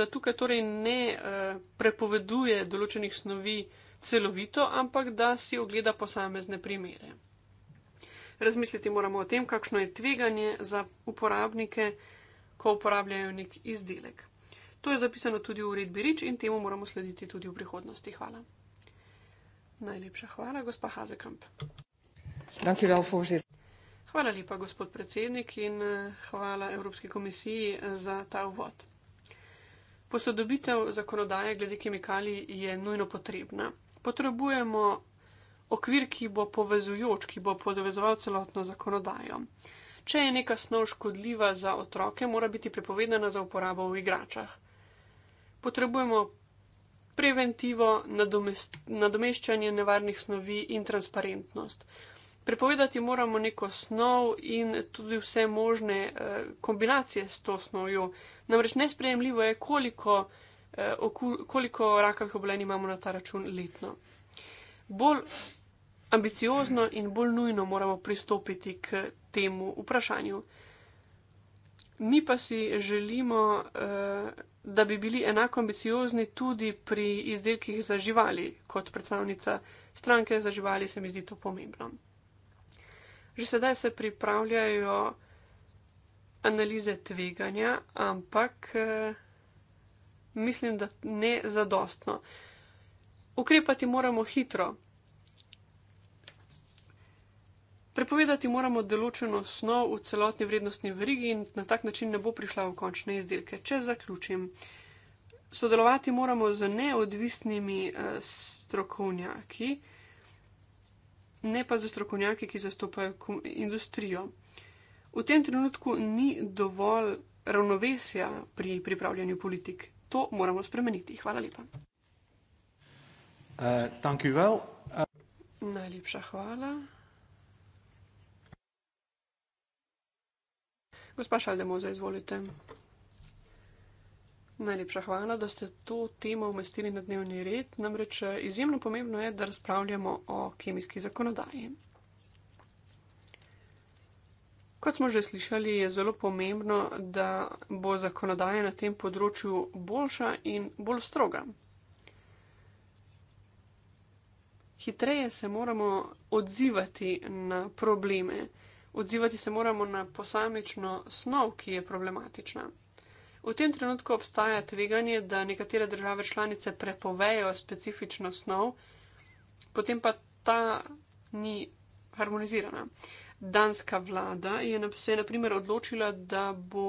da tukaj torej ne uh, prepoveduje določenih snovi celovito, ampak da si ogleda posamezne primere. Razmisliti moramo o tem, kakšno je tveganje za uporabnike, ko uporabljajo nek izdelek. To je zapisano tudi v uredbi Rič in temu moramo slediti tudi v prihodnosti. Hvala. Najlepša hvala, gospa Hazekamp. Hvala lepa, gospod predsednik, in eh, hvala Evropski komisiji eh, za ta uvod. Posodobitev zakonodaje glede kemikalij je nujno potrebna. Potrebujemo okvir, ki bo povezujoč, ki bo povezoval celotno zakonodajo. Če je neka snov škodljiva za otroke, mora biti prepovedana za uporabo v igračah potrebujemo preventivo, nadomeščanje nevarnih snovi in transparentnost. Prepovedati moramo neko snov in tudi vse možne eh, kombinacije s to snovjo. Namreč nesprejemljivo je, koliko, eh, koliko rakavih obolenj imamo na ta račun letno. Bolj ambiciozno in bolj nujno moramo pristopiti k temu vprašanju. Mi pa si želimo. Uh, da bi bili enako ambiciozni tudi pri izdelkih za živali, kot predstavnica stranke za živali, se mi zdi to pomembno. Že sedaj se pripravljajo analize tveganja, ampak eh, mislim, da ne zadostno. Ukrepati moramo hitro, Prepovedati moramo določeno snov v celotni vrednostni verigi in na tak način ne bo prišla v končne izdelke. Če zaključim, sodelovati moramo z neodvisnimi eh, strokovnjaki, ne pa z strokovnjaki, ki zastopajo industrijo. V tem trenutku ni dovolj ravnovesja pri pripravljanju politik. To moramo spremeniti. Hvala lepa. Uh, well. uh... Najlepša hvala. Gospa Šaldemoza, izvolite. Najlepša hvala, da ste to temo umestili na dnevni red. Namreč eh, izjemno pomembno je, da razpravljamo o kemijski zakonodaji. Kot smo že slišali, je zelo pomembno, da bo zakonodaja na tem področju boljša in bolj stroga. Hitreje se moramo odzivati na probleme. Odzivati se moramo na posamično snov, ki je problematična. V tem trenutku obstaja tveganje, da nekatere države članice prepovejo specifično snov, potem pa ta ni harmonizirana. Danska vlada je se je naprimer odločila, da bo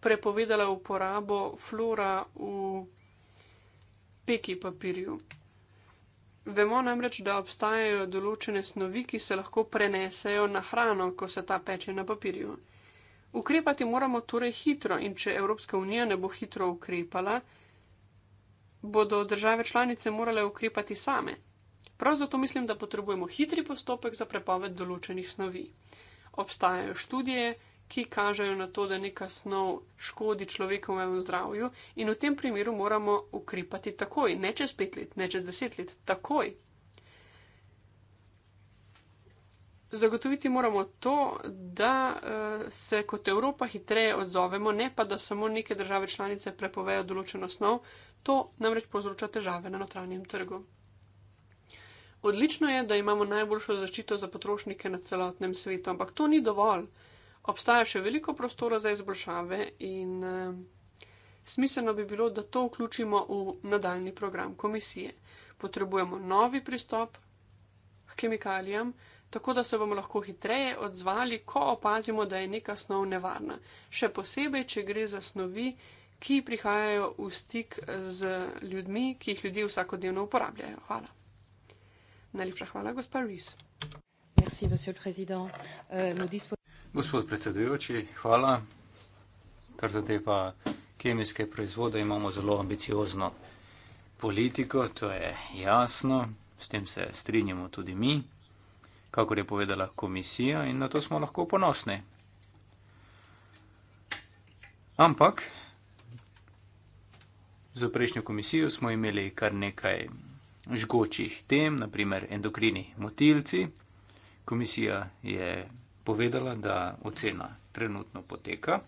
prepovedala uporabo flora v peki papirju. Vemo namreč, da obstajajo določene snovi, ki se lahko prenesejo na hrano, ko se ta peče na papirju. Ukrepati moramo torej hitro in če Evropska unija ne bo hitro ukrepala, bodo države članice morale ukrepati same. Prav zato mislim, da potrebujemo hitri postopek za prepoved določenih snovi. Obstajajo študije, ki kažejo na to, da neka snov škodi človekovemu zdravju in v tem primeru moramo ukrepati takoj, ne čez pet let, ne čez deset let, takoj. Zagotoviti moramo to, da eh, se kot Evropa hitreje odzovemo, ne pa da samo neke države članice prepovejo določeno snov, to namreč povzroča težave na notranjem trgu. Odlično je, da imamo najboljšo zaščito za potrošnike na celotnem svetu, ampak to ni dovolj obstaja še veliko prostora za izboljšave in eh, smiselno bi bilo, da to vključimo v nadaljni program komisije. Potrebujemo novi pristop k kemikalijam, tako da se bomo lahko hitreje odzvali, ko opazimo, da je neka snov nevarna. Še posebej, če gre za snovi, ki prihajajo v stik z ljudmi, ki jih ljudje vsakodnevno uporabljajo. Hvala. Najlepša hvala, gospa Ruiz. Merci, monsieur le Président. Euh, nous disposons... Gospod predsedujoči, hvala. Kar zadeva kemijske proizvode, imamo zelo ambiciozno politiko, to je jasno, s tem se strinjamo tudi mi, kakor je povedala komisija in na to smo lahko ponosni. Ampak z prejšnjo komisijo smo imeli kar nekaj žgočih tem, naprimer endokrini motilci. Komisija je povedala, da ocena trenutno poteka.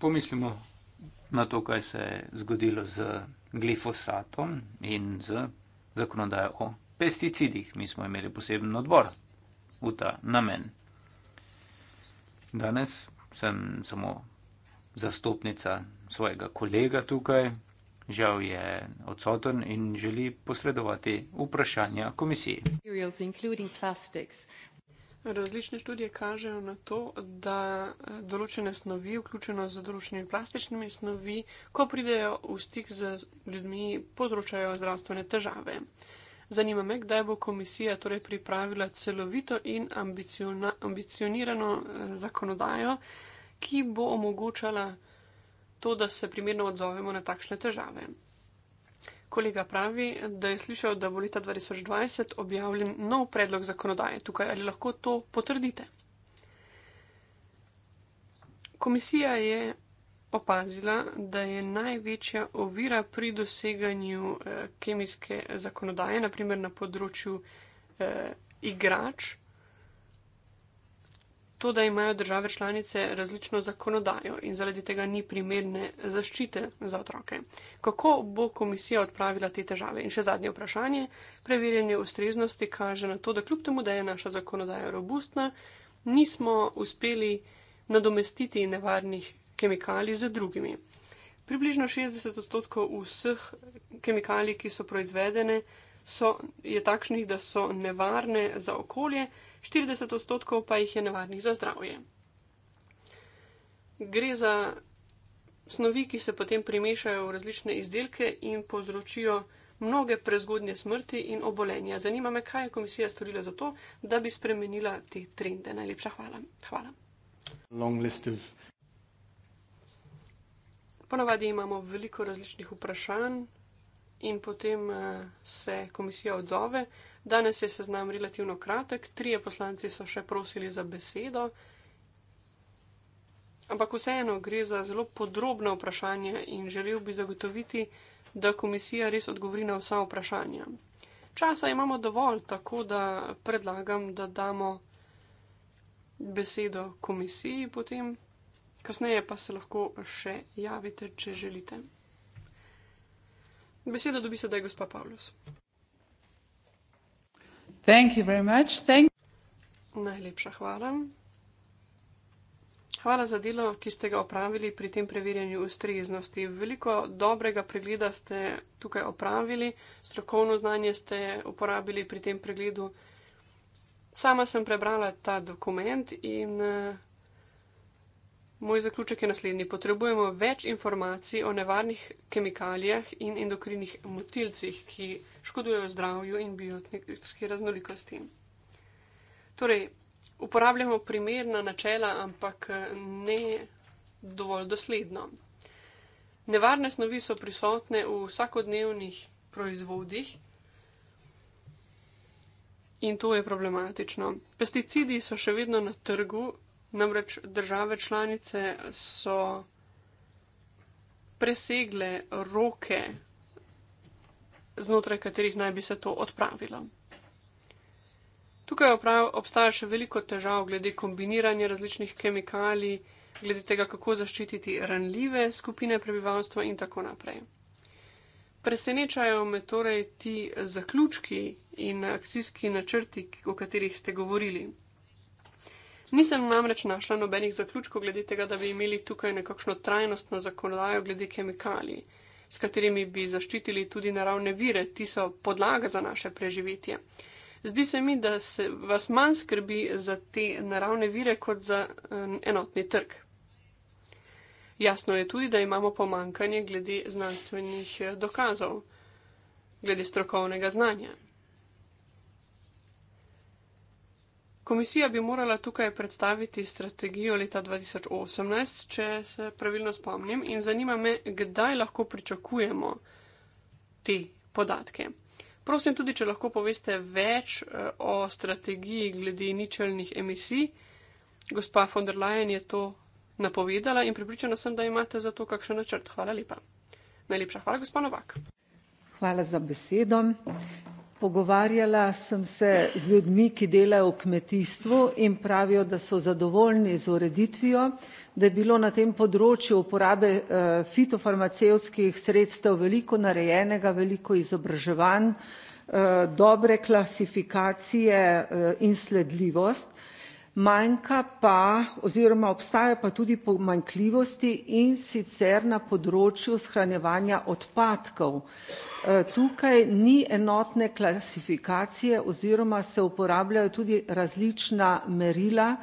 Pomislimo na to, kaj se je zgodilo z glifosatom in z zakonodajo o pesticidih. Mi smo imeli poseben odbor v ta namen. Danes sem samo zastopnica svojega kolega tukaj, Žal je odsoten in želi posredovati vprašanja komisiji. Različne študije kažejo na to, da določene snovi, vključeno z določenimi plastičnimi snovi, ko pridejo v stik z ljudmi, povzročajo zdravstvene težave. Zanima me, kdaj bo komisija torej pripravila celovito in ambicionirano eh, zakonodajo, ki bo omogočala to, da se primerno odzovemo na takšne težave. Kolega pravi, da je slišal, da bo leta 2020 objavljen nov predlog zakonodaje tukaj. Ali lahko to potrdite? Komisija je opazila, da je največja ovira pri doseganju eh, kemijske zakonodaje, naprimer na področju eh, igrač, to, da imajo države članice različno zakonodajo in zaradi tega ni primerne zaščite za otroke. Kako bo komisija odpravila te težave? In še zadnje vprašanje. Preverjanje ustreznosti kaže na to, da kljub temu, da je naša zakonodaja robustna, nismo uspeli nadomestiti nevarnih kemikalij z drugimi. Približno 60 odstotkov vseh kemikalij, ki so proizvedene, so, je takšnih, da so nevarne za okolje. 40 odstotkov pa jih je nevarnih za zdravje. Gre za snovi, ki se potem primešajo v različne izdelke in povzročijo mnoge prezgodnje smrti in obolenja. Zanima me, kaj je komisija storila za to, da bi spremenila te trende. Najlepša hvala. hvala. Ponavadi imamo veliko različnih vprašanj in potem eh, se komisija odzove. Danes je seznam relativno kratek, trije poslanci so še prosili za besedo. Ampak vseeno gre za zelo podrobno vprašanje in želel bi zagotoviti, da komisija res odgovori na vsa vprašanja. Časa imamo dovolj, tako da predlagam, da damo besedo komisiji potem, kasneje pa se lahko še javite, če želite. Beseda dobi sedaj gospa Pavlos. Najlepša hvala. Hvala za delo, ki ste ga opravili pri tem preverjanju ustreznosti. Veliko dobrega pregleda ste tukaj opravili, strokovno znanje ste uporabili pri tem pregledu. Sama sem prebrala ta dokument in eh, moj zaključek je naslednji. Potrebujemo več informacij o nevarnih kemikalijah in endokrinih motilcih, ki škodujejo zdravju in biotski raznolikosti. Torej, uporabljamo primerna načela, ampak ne dovolj dosledno. Nevarne snovi so prisotne v vsakodnevnih proizvodih in to je problematično. Pesticidi so še vedno na trgu, namreč države članice so presegle roke znotraj katerih naj bi se to odpravilo. Tukaj obstaja še veliko težav glede kombiniranja različnih kemikalij, glede tega, kako zaščititi ranljive skupine prebivalstva in tako naprej. Presenečajo me torej ti zaključki in akcijski načrti, o katerih ste govorili. Nisem namreč našla nobenih zaključkov glede tega, da bi imeli tukaj nekakšno trajnostno zakonodajo glede kemikalij s katerimi bi zaščitili tudi naravne vire, ti so podlaga za naše preživetje. Zdi se mi, da se vas manj skrbi za te naravne vire kot za eh, enotni trg. Jasno je tudi, da imamo pomankanje glede znanstvenih eh, dokazov, glede strokovnega znanja. Komisija bi morala tukaj predstaviti strategijo leta 2018, če se pravilno spomnim, in zanima me, kdaj lahko pričakujemo te podatke. Prosim tudi, če lahko poveste več eh, o strategiji glede ničelnih emisij. Gospa von der Leyen je to napovedala in pripričana sem, da imate za to kakšen načrt. Hvala lepa. Najlepša hvala, gospa Novak. Hvala za besedo. Pogovarjala sem se z ljudmi, ki delajo v kmetijstvu in pravijo, da so zadovoljni z ureditvijo, da je bilo na tem področju uporabe eh, fitofarmacevskih sredstev veliko narejenega, veliko izobraževanj, eh, dobre klasifikacije eh, in sledljivost manjka pa oziroma obstajajo pa tudi pomanjkljivosti, in sicer na področju shranjevanja odpadkov. E, tukaj ni enotne klasifikacije oziroma se uporabljajo tudi različna merila.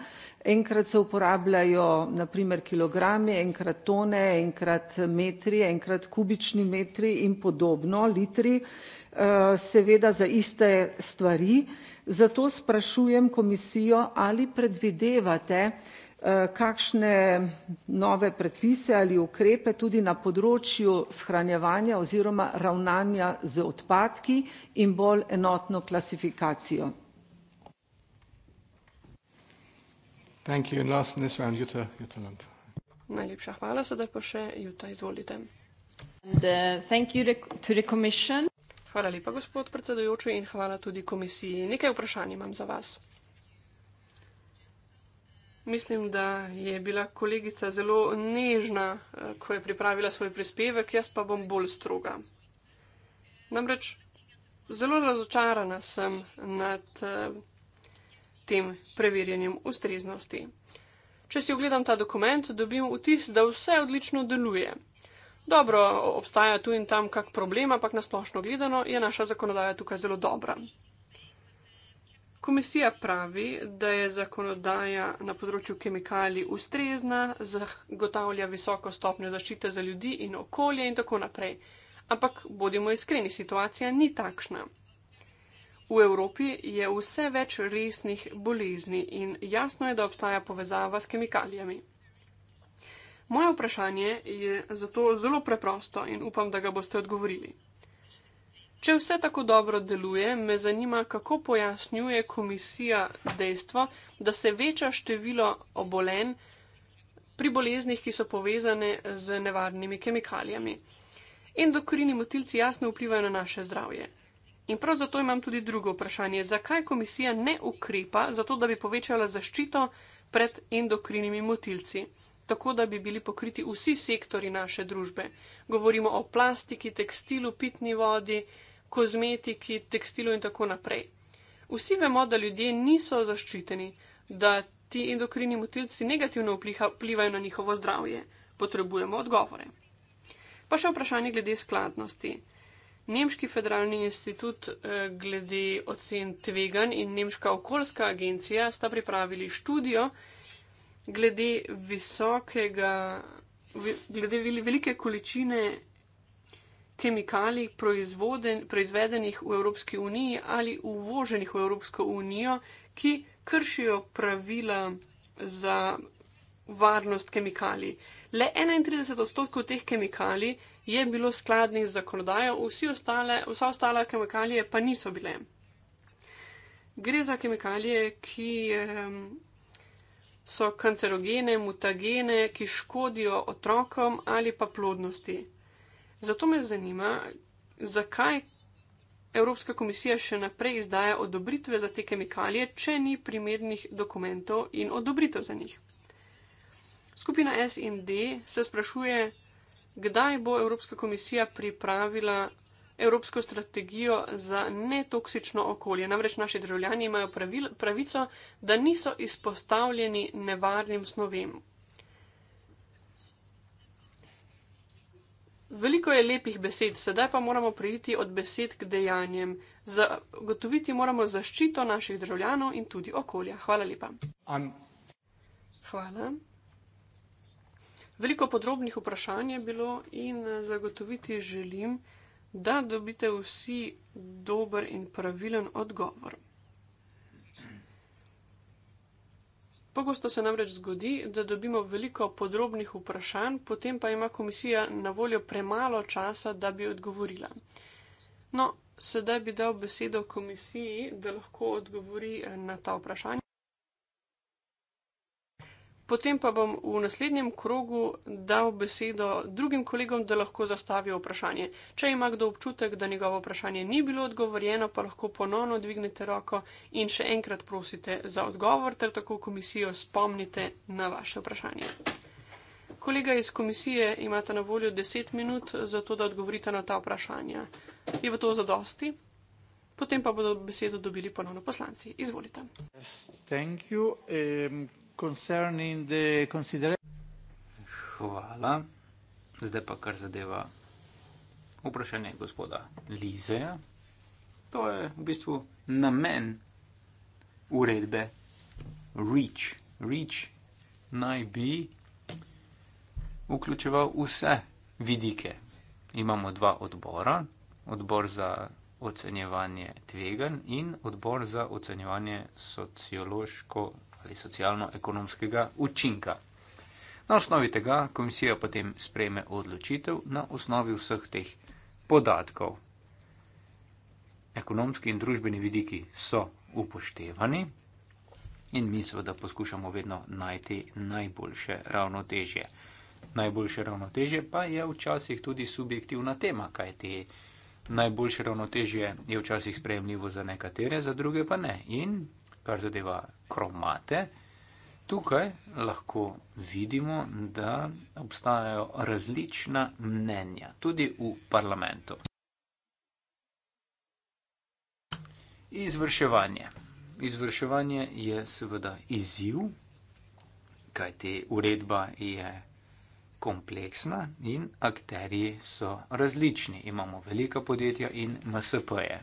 Enkrat se uporabljajo na primer kilogrami, enkrat tone, enkrat metri, enkrat kubični metri in podobno, litri, e, seveda za iste stvari. Zato sprašujem komisijo, ali predvidevate eh, kakšne nove predpise ali ukrepe tudi na področju shranjevanja oziroma ravnanja z odpadki in bolj enotno klasifikacijo. Thank you. Last this round, Jutta, Jutta Land. Najlepša hvala, sedaj pa še Jutta, izvolite. And, uh, thank you to the commission. Hvala lepa, gospod predsedujoči, in hvala tudi komisiji. Nekaj vprašanj imam za vas. Mislim, da je bila kolegica zelo nežna, eh, ko je pripravila svoj prispevek, jaz pa bom bolj stroga. Namreč zelo razočarana sem nad eh, tem preverjanjem ustreznosti. Če si ogledam ta dokument, dobim vtis, da vse odlično deluje. Dobro, obstaja tu in tam kak problem, ampak nasplošno gledano je naša zakonodaja tukaj zelo dobra. Komisija pravi, da je zakonodaja na področju kemikalij ustrezna, zagotavlja visoko stopnjo zaščite za ljudi in okolje in tako naprej. Ampak bodimo iskreni, situacija ni takšna. V Evropi je vse več resnih bolezni in jasno je, da obstaja povezava s kemikalijami. Moje vprašanje je zato zelo preprosto in upam, da ga boste odgovorili. Če vse tako dobro deluje, me zanima, kako pojasnjuje komisija dejstvo, da se veča število obolenj pri boleznih, ki so povezane z nevarnimi kemikalijami. Endokrini motilci jasno vplivajo na naše zdravje. In prav zato imam tudi drugo vprašanje. Zakaj komisija ne ukrepa, zato da bi povečala zaščito pred endokrinimi motilci? tako da bi bili pokriti vsi sektori naše družbe. Govorimo o plastiki, tekstilu, pitni vodi, kozmetiki, tekstilu in tako naprej. Vsi vemo, da ljudje niso zaščiteni, da ti endokrini motilci negativno vplivajo na njihovo zdravje. Potrebujemo odgovore. Pa še vprašanje glede skladnosti. Nemški federalni institut eh, glede ocen tvegan in Nemška okoljska agencija sta pripravili študijo, glede visokega, glede velike količine kemikalij proizvedenih v Evropski uniji ali uvoženih v Evropsko unijo, ki kršijo pravila za varnost kemikalij. Le 31 odstotkov teh kemikalij je bilo skladnih z zakonodajo, ostale, vsa ostala kemikalije pa niso bile. Gre za kemikalije, ki. Eh, so kancerogene, mutagene, ki škodijo otrokom ali pa plodnosti. Zato me zanima, zakaj Evropska komisija še naprej izdaja odobritve za te kemikalije, če ni primernih dokumentov in odobritev za njih. Skupina S in D se sprašuje, kdaj bo Evropska komisija pripravila evropsko strategijo za netoksično okolje. Namreč naši državljani imajo pravil, pravico, da niso izpostavljeni nevarnim snovem. Veliko je lepih besed, sedaj pa moramo preiti od besed k dejanjem. Zagotoviti moramo zaščito naših državljanov in tudi okolja. Hvala lepa. Um. Hvala. Veliko podrobnih vprašanj je bilo in eh, zagotoviti želim da dobite vsi dober in pravilen odgovor. Pogosto se namreč zgodi, da dobimo veliko podrobnih vprašanj, potem pa ima komisija na voljo premalo časa, da bi odgovorila. No, sedaj bi dal besedo komisiji, da lahko odgovori na ta vprašanja. Potem pa bom v naslednjem krogu dal besedo drugim kolegom, da lahko zastavijo vprašanje. Če ima kdo občutek, da njegovo vprašanje ni bilo odgovorjeno, pa lahko ponovno dvignete roko in še enkrat prosite za odgovor, ter tako komisijo spomnite na vaše vprašanje. Kolega iz komisije imate na voljo 10 minut za to, da odgovorite na ta vprašanja. Je v to zadosti? Potem pa bodo besedo dobili ponovno poslanci. Izvolite. Yes, Hvala. Zdaj pa kar zadeva vprašanje gospoda Lizeja. To je v bistvu namen uredbe REACH. REACH naj bi vključeval vse vidike. Imamo dva odbora. Odbor za ocenjevanje tvegan in odbor za ocenjevanje sociološko ali socialno-ekonomskega učinka. Na osnovi tega komisija potem sprejme odločitev na osnovi vseh teh podatkov. Ekonomski in družbeni vidiki so upoštevani in mi seveda poskušamo vedno najti najboljše ravnotežje. Najboljše ravnotežje pa je včasih tudi subjektivna tema, kaj te najboljše ravnotežje je včasih sprejemljivo za nekatere, za druge pa ne. In kar zadeva kromate. Tukaj lahko vidimo, da obstajajo različna mnenja, tudi v parlamentu. Izvrševanje. Izvrševanje je seveda izziv, kajti uredba je kompleksna in akteri so različni. Imamo velika podjetja in MSP-je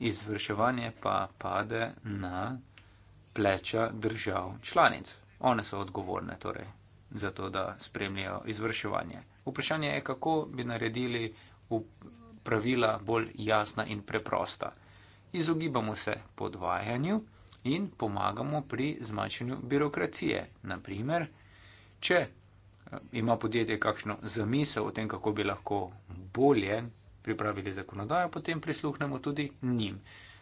izvrševanje pa pade na pleča držav članic. One so odgovorne torej za to, da spremljajo izvrševanje. Vprašanje je, kako bi naredili pravila bolj jasna in preprosta. Izogibamo se podvajanju in pomagamo pri zmanjšanju birokracije. Naprimer, če eh, ima podjetje kakšno zamisel o tem, kako bi lahko bolje pripravili zakonodajo, potem prisluhnemo tudi njim.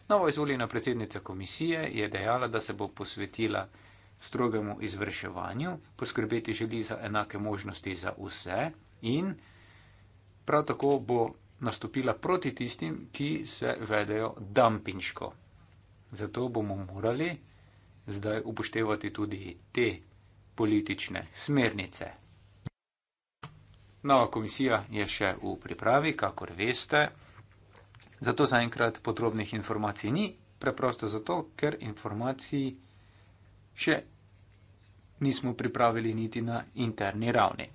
Novo izvoljena predsednica komisije je dejala, da se bo posvetila strogemu izvrševanju, poskrbeti želi za enake možnosti za vse in prav tako bo nastopila proti tistim, ki se vedejo dampinško. Zato bomo morali zdaj upoštevati tudi te politične smernice. Nova komisija je še v pripravi, kakor veste. Zato zaenkrat podrobnih informacij ni, preprosto zato, ker informacij še nismo pripravili niti na interni ravni.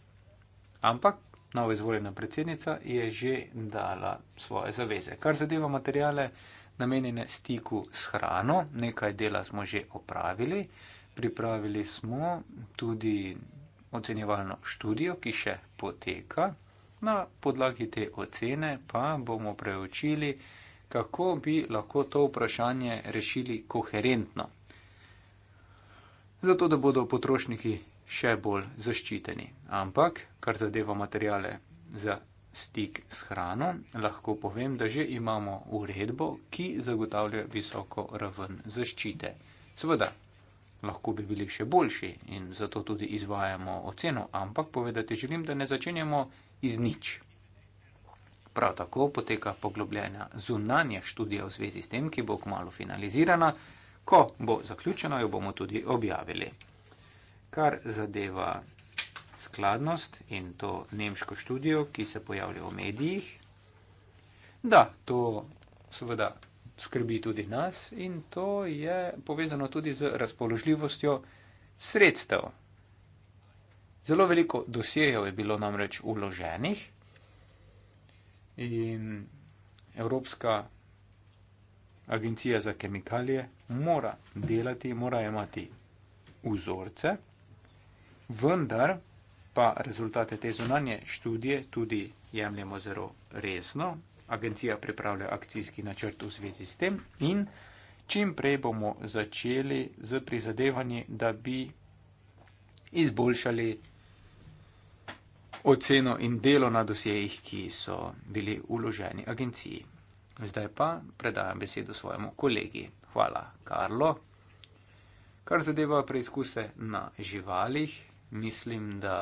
Ampak novo izvoljena predsednica je že dala svoje zaveze. Kar zadeva materijale namenjene stiku s hrano, nekaj dela smo že opravili, pripravili smo tudi ocenjevalno študijo, ki še poteka. Na podlagi te ocene pa bomo preučili, kako bi lahko to vprašanje rešili koherentno, zato da bodo potrošniki še bolj zaščiteni. Ampak, kar zadeva materijale za stik s hrano, lahko povem, da že imamo uredbo, ki zagotavlja visoko raven zaščite. Seveda, lahko bi bili še boljši in zato tudi izvajamo oceno, ampak povedati želim, da ne začenjamo iz nič. Prav tako poteka poglobljena zunanja študija v zvezi s tem, ki bo kmalo finalizirana. Ko bo zaključena, jo bomo tudi objavili. Kar zadeva skladnost in to nemško študijo, ki se pojavlja v medijih, da to seveda skrbi tudi nas in to je povezano tudi z razpoložljivostjo sredstev. Zelo veliko dosjejev je bilo namreč uloženih in Evropska agencija za kemikalije mora delati, mora imati vzorce, vendar pa rezultate te zunanje študije tudi jemljemo zelo resno agencija pripravlja akcijski načrt v zvezi s tem in čim prej bomo začeli z prizadevanji, da bi izboljšali oceno in delo na dosjejih, ki so bili uloženi agenciji. Zdaj pa predajam besedo svojemu kolegi. Hvala, Karlo. Kar zadeva preizkuse na živalih, mislim, da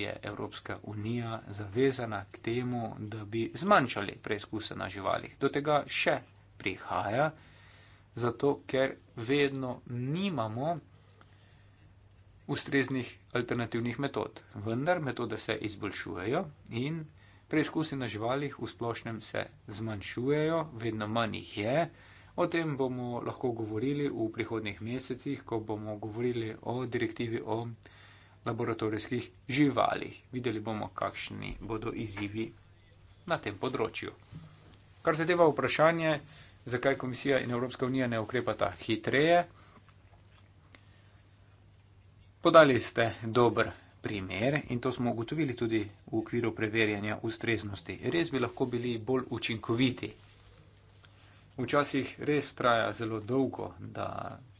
je Evropska unija zavezana k temu, da bi zmanjšali preizkuse na živalih. Do tega še prihaja, zato ker vedno nimamo ustreznih alternativnih metod. Vendar metode se izboljšujejo in preizkusi na živalih v splošnem se zmanjšujejo, vedno manj jih je. O tem bomo lahko govorili v prihodnih mesecih, ko bomo govorili o direktivi o laboratorijskih živalih. Videli bomo, kakšni bodo izzivi na tem področju. Kar se deva vprašanje, zakaj komisija in Evropska unija ne ukrepata hitreje, podali ste dober primer in to smo ugotovili tudi v okviru preverjanja ustreznosti. Res bi lahko bili bolj učinkoviti. Včasih res traja zelo dolgo, da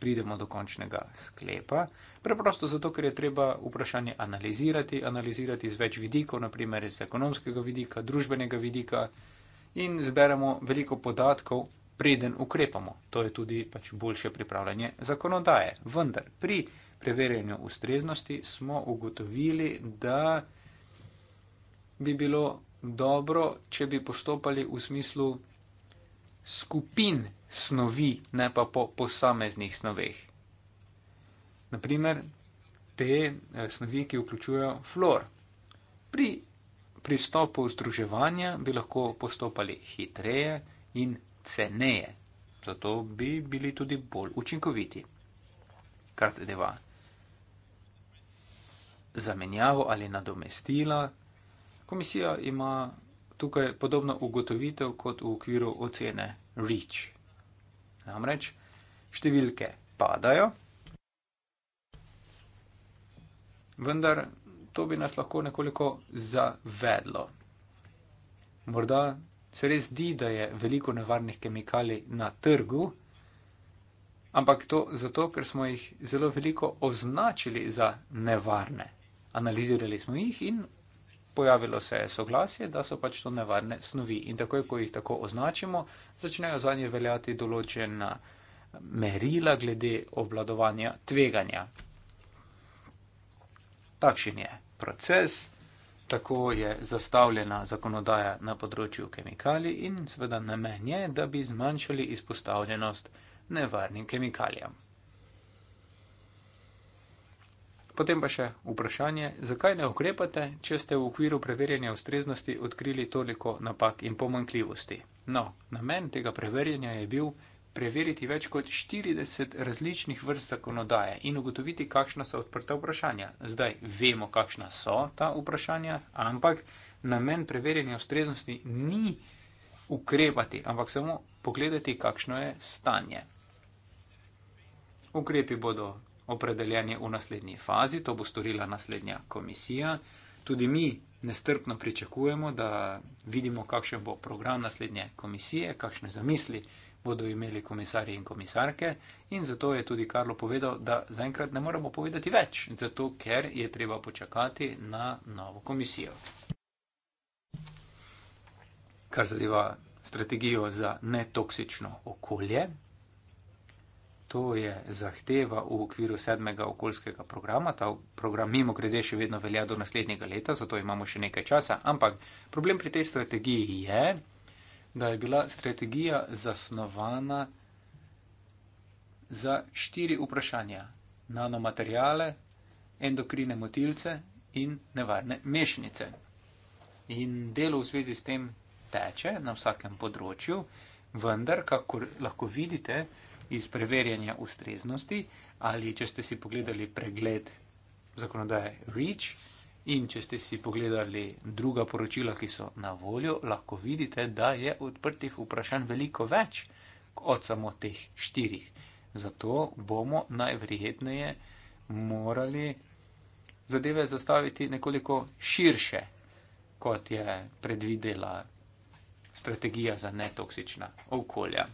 pridemo do končnega sklepa, preprosto zato, ker je treba vprašanje analizirati, analizirati z več vidikov, naprimer z ekonomskega vidika, družbenega vidika in zberemo veliko podatkov, preden ukrepamo. To je tudi pač boljše pripravljanje zakonodaje. Vendar pri preverjanju ustreznosti smo ugotovili, da bi bilo dobro, če bi postopali v smislu skupin snovi, ne pa po posameznih snoveh. Naprimer, te eh, snovi, ki vključujejo flor. Pri pristopu združevanja bi lahko postopali hitreje in ceneje, zato bi bili tudi bolj učinkoviti. Kar zadeva zamenjavo ali nadomestila, komisija ima tukaj podobno ugotovitev kot v okviru ocene REACH. Namreč številke padajo, vendar to bi nas lahko nekoliko zavedlo. Morda se res zdi, da je veliko nevarnih kemikalij na trgu, ampak to zato, ker smo jih zelo veliko označili za nevarne. Analizirali smo jih in pojavilo se je soglasje, da so pač to nevarne snovi in takoj, ko jih tako označimo, začnejo za nje veljati določena merila glede obladovanja tveganja. Takšen je proces, tako je zastavljena zakonodaja na področju kemikalij in seveda namen je, da bi zmanjšali izpostavljenost nevarnim kemikalijam. Potem pa še vprašanje, zakaj ne ukrepate, če ste v okviru preverjanja ustreznosti odkrili toliko napak in pomankljivosti. No, namen tega preverjanja je bil preveriti več kot 40 različnih vrst zakonodaje in ugotoviti, kakšna so odprta vprašanja. Zdaj vemo, kakšna so ta vprašanja, ampak namen preverjanja ustreznosti ni ukrepati, ampak samo pogledati, kakšno je stanje. Ukrepi bodo opredeljen je v naslednji fazi, to bo storila naslednja komisija. Tudi mi nestrpno pričakujemo, da vidimo, kakšen bo program naslednje komisije, kakšne zamisli bodo imeli komisarji in komisarke. In zato je tudi Karlo povedal, da zaenkrat ne moremo povedati več, zato ker je treba počakati na novo komisijo. Kar zadeva strategijo za netoksično okolje, To je zahteva v okviru sedmega okoljskega programa. Ta program mimo grede še vedno velja do naslednjega leta, zato imamo še nekaj časa. Ampak problem pri tej strategiji je, da je bila strategija zasnovana za štiri vprašanja: nanomaterjale, endokrine motilce in nevarne mešanice. In delo v zvezi s tem teče na vsakem področju, vendar, kako lahko vidite, iz preverjanja ustreznosti, ali če ste si pogledali pregled zakonodaje REACH in če ste si pogledali druga poročila, ki so na voljo, lahko vidite, da je odprtih vprašanj veliko več od samo teh štirih. Zato bomo najverjetneje morali zadeve zastaviti nekoliko širše, kot je predvidela strategija za netoksična okolja.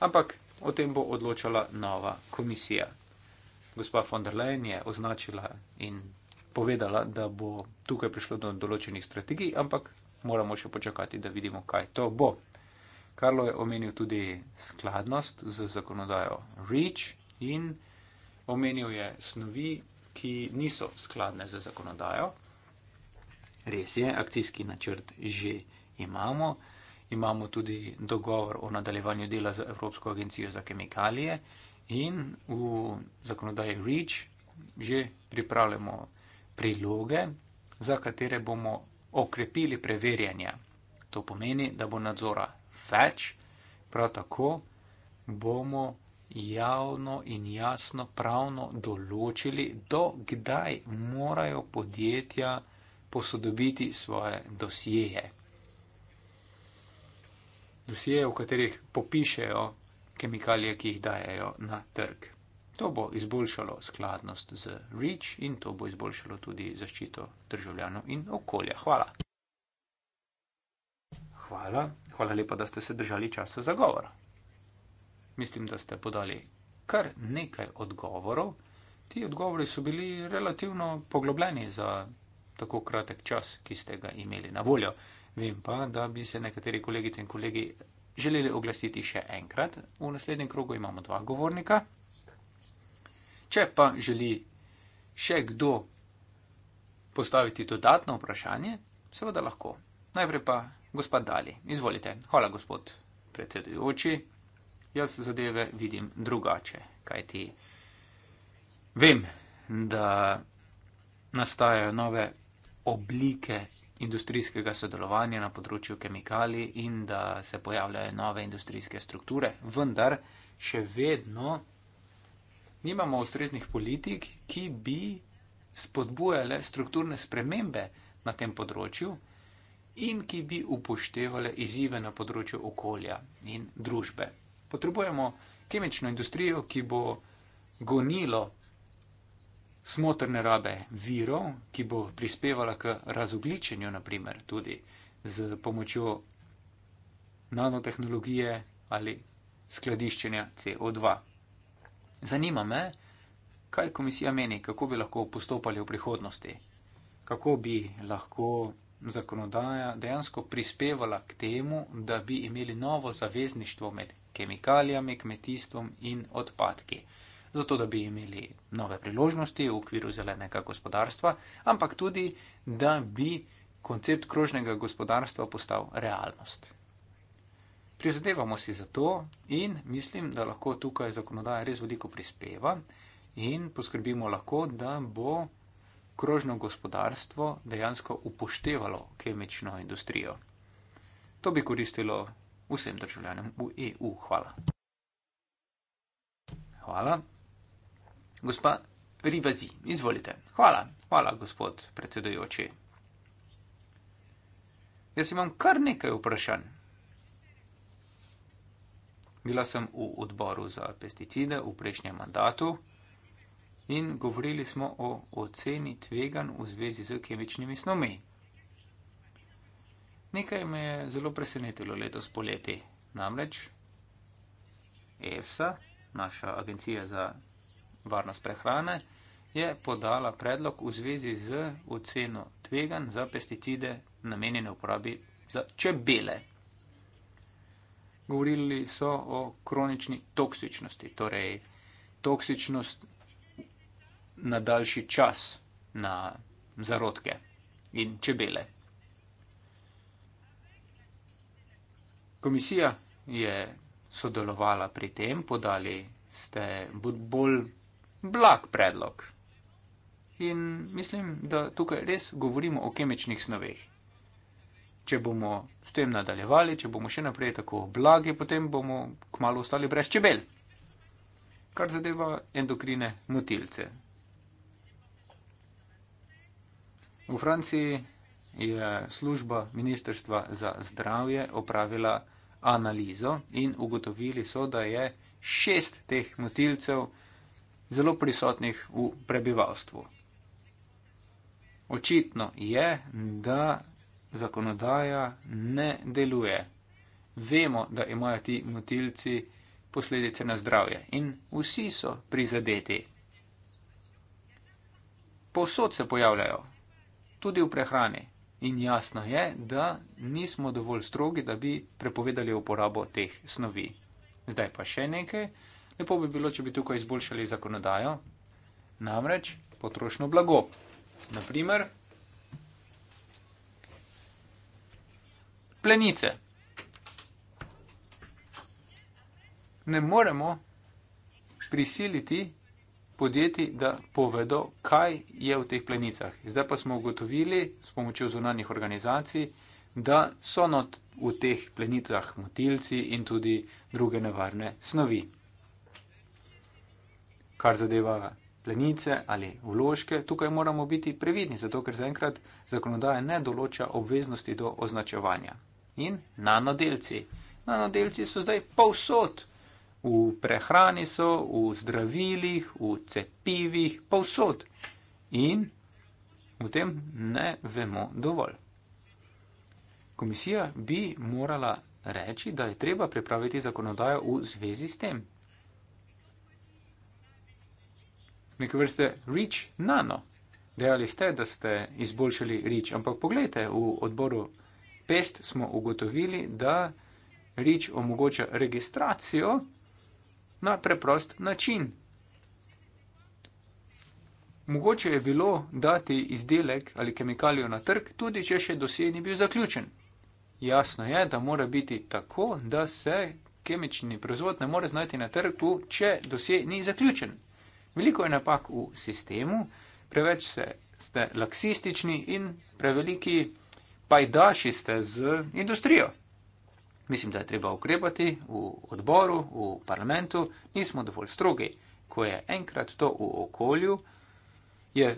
Ampak O tem bo odločala nova komisija. Gospa von der Leyen je označila in povedala, da bo tukaj prišlo do določenih strategij, ampak moramo še počakati, da vidimo, kaj to bo. Karlo je omenil tudi skladnost z zakonodajo REACH in omenil je snovi, ki niso skladne z zakonodajo. Res je, akcijski načrt že imamo imamo tudi dogovor o nadaljevanju dela z Evropsko agencijo za kemikalije in v zakonodaji REACH že pripravljamo priloge, za katere bomo okrepili preverjanja. To pomeni, da bo nadzora več, prav tako bomo javno in jasno pravno določili, do kdaj morajo podjetja posodobiti svoje dosjeje dosije, v katerih popišejo kemikalije, ki jih dajajo na trg. To bo izboljšalo skladnost z REACH in to bo izboljšalo tudi zaščito državljanov in okolja. Hvala. Hvala. Hvala lepa, da ste se držali časa za govor. Mislim, da ste podali kar nekaj odgovorov. Ti odgovori so bili relativno poglobljeni za tako kratek čas, ki ste ga imeli na voljo. Vem pa, da bi se nekateri kolegice in kolegi želeli oglasiti še enkrat. V naslednjem krogu imamo dva govornika. Če pa želi še kdo postaviti dodatno vprašanje, seveda lahko. Najprej pa gospod Dali. Izvolite. Hvala, gospod predsedujoči. Jaz zadeve vidim drugače, kajti vem, da nastajajo nove oblike industrijskega sodelovanja na področju kemikalij in da se pojavljajo nove industrijske strukture, vendar še vedno nimamo ustreznih politik, ki bi spodbujale strukturne spremembe na tem področju in ki bi upoštevale izzive na področju okolja in družbe. Potrebujemo kemično industrijo, ki bo gonilo smotrne rabe virov, ki bo prispevala k razogličenju, naprimer tudi z pomočjo nanotehnologije ali skladiščenja CO2. Zanima me, kaj komisija meni, kako bi lahko postopali v prihodnosti, kako bi lahko zakonodaja dejansko prispevala k temu, da bi imeli novo zavezništvo med kemikalijami, kmetijstvom in odpadki zato da bi imeli nove priložnosti v okviru zelenega gospodarstva, ampak tudi, da bi koncept krožnega gospodarstva postal realnost. Prizadevamo si za to in mislim, da lahko tukaj zakonodaja res veliko prispeva in poskrbimo lahko, da bo krožno gospodarstvo dejansko upoštevalo kemično industrijo. To bi koristilo vsem državljanom v EU. Hvala. Hvala. Gospa Rivazi, izvolite. Hvala, hvala, gospod predsedujoči. Jaz imam kar nekaj vprašanj. Bila sem v odboru za pesticide v prejšnjem mandatu in govorili smo o oceni tvegan v zvezi z kemičnimi snovmi. Nekaj me je zelo presenetilo letos poleti, namreč EFSA, naša agencija za varnost prehrane, je podala predlog v zvezi z oceno tvegan za pesticide namenjene uporabi za čebele. Govorili so o kronični toksičnosti, torej toksičnost na daljši čas na zarodke in čebele. Komisija je sodelovala pri tem, podali ste bolj blag predlog. In mislim, da tukaj res govorimo o kemičnih snoveh. Če bomo s tem nadaljevali, če bomo še naprej tako blagi, potem bomo kmalo ostali brez čebel, kar zadeva endokrine motilce. V Franciji je služba Ministrstva za zdravje opravila analizo in ugotovili so, da je šest teh motilcev zelo prisotnih v prebivalstvu. Očitno je, da zakonodaja ne deluje. Vemo, da imajo ti motilci posledice na zdravje in vsi so prizadeti. Povsod se pojavljajo, tudi v prehrani. In jasno je, da nismo dovolj strogi, da bi prepovedali uporabo teh snovi. Zdaj pa še nekaj. Lepo bi bilo, če bi tukaj izboljšali zakonodajo, namreč potrošno blago. Naprimer, plenice. Ne moremo prisiliti podjetij, da povedo, kaj je v teh plenicah. Zdaj pa smo ugotovili s pomočjo zunanjih organizacij, da so not v teh plenicah motilci in tudi druge nevarne snovi kar zadeva plenice ali vložke, tukaj moramo biti previdni, zato ker zaenkrat zakonodaja ne določa obveznosti do označevanja. In nanodelci. Nanodelci so zdaj povsod. V prehrani so, v zdravilih, v cepivih, povsod. In v tem ne vemo dovolj. Komisija bi morala reči, da je treba pripraviti zakonodajo v zvezi s tem. neke vrste reč nano. Dejali ste, da ste izboljšali reč, ampak pogledajte, v odboru PEST smo ugotovili, da reč omogoča registracijo na preprost način. Mogoče je bilo dati izdelek ali kemikalijo na trg, tudi če še dosje ni bil zaključen. Jasno je, da mora biti tako, da se kemični proizvod ne more znajti na trgu, če dosje ni zaključen. Veliko je napak v sistemu, preveč ste laksistični in preveliki pajdaši ste z industrijo. Mislim, da je treba ukrepati v odboru, v parlamentu, nismo dovolj strogi, ko je enkrat to v okolju, je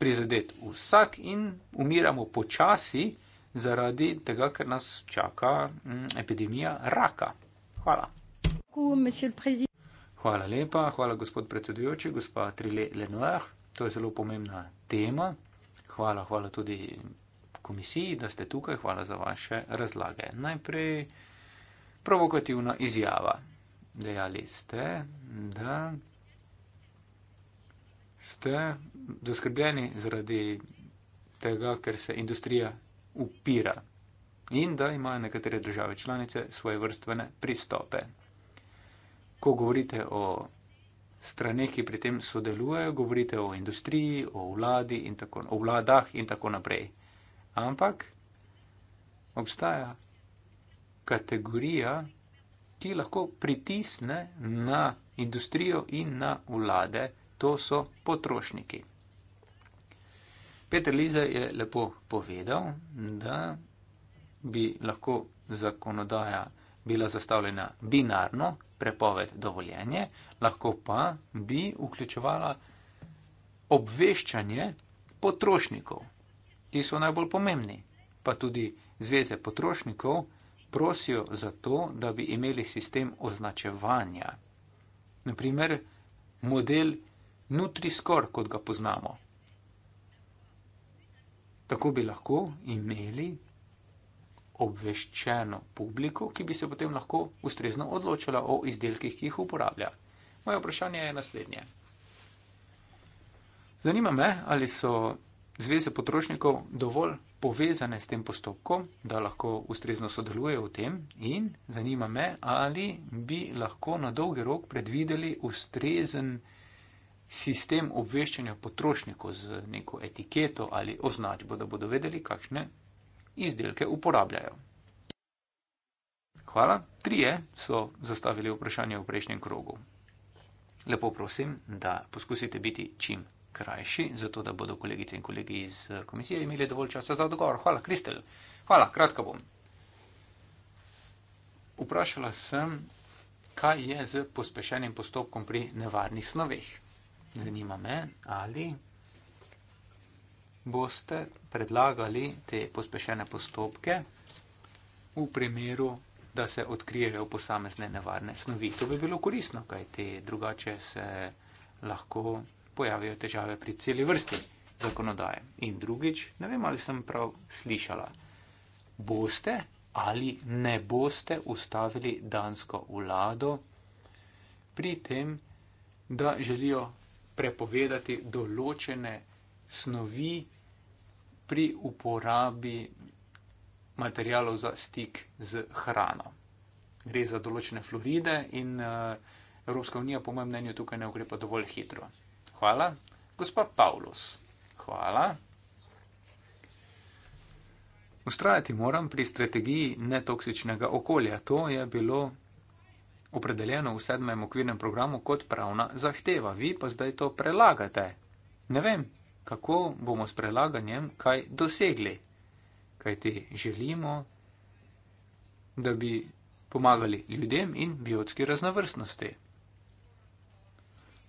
prizadet vsak in umiramo počasi zaradi tega, ker nas čaka mm, epidemija raka. Hvala. Hvala. Hvala lepa, hvala gospod predsedujoči, gospa Trile Lenoir. To je zelo pomembna tema. Hvala, hvala tudi komisiji, da ste tukaj, hvala za vaše razlage. Najprej provokativna izjava. Dejali ste, da ste zaskrbljeni zaradi tega, ker se industrija upira in da imajo nekatere države članice svoje vrstvene pristope ko govorite o straneh, ki pri tem sodelujejo, govorite o industriji, o, vladi in tako, o vladah in tako naprej. Ampak obstaja kategorija, ki lahko pritisne na industrijo in na vlade, to so potrošniki. Peter Lize je lepo povedal, da bi lahko zakonodaja bila zastavljena binarno, prepoved, dovoljenje, lahko pa bi vključevala obveščanje potrošnikov, ki so najbolj pomembni. Pa tudi zveze potrošnikov prosijo za to, da bi imeli sistem označevanja. Naprimer, model Nutri-Score, kot ga poznamo. Tako bi lahko imeli obveščeno publiko, ki bi se potem lahko ustrezno odločila o izdelkih, ki jih uporablja. Moje vprašanje je naslednje. Zanima me, ali so zveze potrošnikov dovolj povezane s tem postopkom, da lahko ustrezno sodelujejo v tem, in zanima me, ali bi lahko na dolgi rok predvideli ustrezen sistem obveščanja potrošnikov z neko etiketo ali označbo, da bodo vedeli, kakšne izdelke uporabljajo. Hvala. Trije so zastavili vprašanje v prejšnjem krogu. Lepo prosim, da poskusite biti čim krajši, zato da bodo kolegice in kolegi iz eh, komisije imeli dovolj časa za odgovor. Hvala, Kristel. Hvala, kratka bom. Vprašala sem, kaj je z pospešenim postopkom pri nevarnih snoveh. Zanima me, ali boste predlagali te pospešene postopke v primeru, da se odkrijejo posamezne nevarne snovi. To bi bilo korisno, kaj te drugače se lahko pojavijo težave pri celi vrsti zakonodaje. In drugič, ne vem, ali sem prav slišala, boste ali ne boste ustavili dansko vlado pri tem, da želijo prepovedati določene snovi pri uporabi materijalov za stik z hrano. Gre za določene fluoride in eh, Evropska unija, po mojem mnenju, tukaj ne ukrepa dovolj hitro. Hvala. Gospa Pavlos, hvala. Ustrajati moram pri strategiji netoksičnega okolja. To je bilo opredeljeno v sedmem okvirnem programu kot pravna zahteva. Vi pa zdaj to prelagate. Ne vem, kako bomo s prelaganjem kaj dosegli. Kaj ti želimo, da bi pomagali ljudem in biotski raznovrstnosti.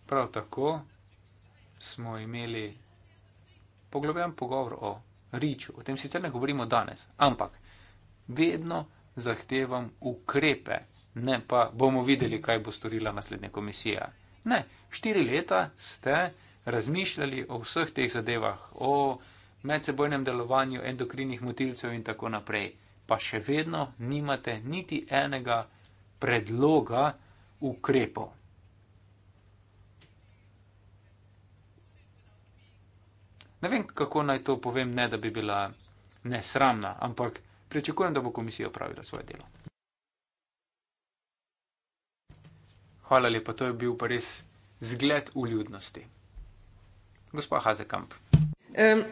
Prav tako smo imeli poglobljen pogovor o riču. O tem sicer ne govorimo danes, ampak vedno zahtevam ukrepe, ne pa bomo videli, kaj bo storila naslednja komisija. Ne, štiri leta ste razmišljali o vseh teh zadevah, o medsebojnem delovanju endokrinih motilcev in tako naprej, pa še vedno nimate niti enega predloga ukrepov. Ne vem, kako naj to povem, ne da bi bila nesramna, ampak pričakujem, da bo komisija opravila svoje delo. Hvala lepa, to je bil pa res zgled uljudnosti. Gospa Hazekamp. Um.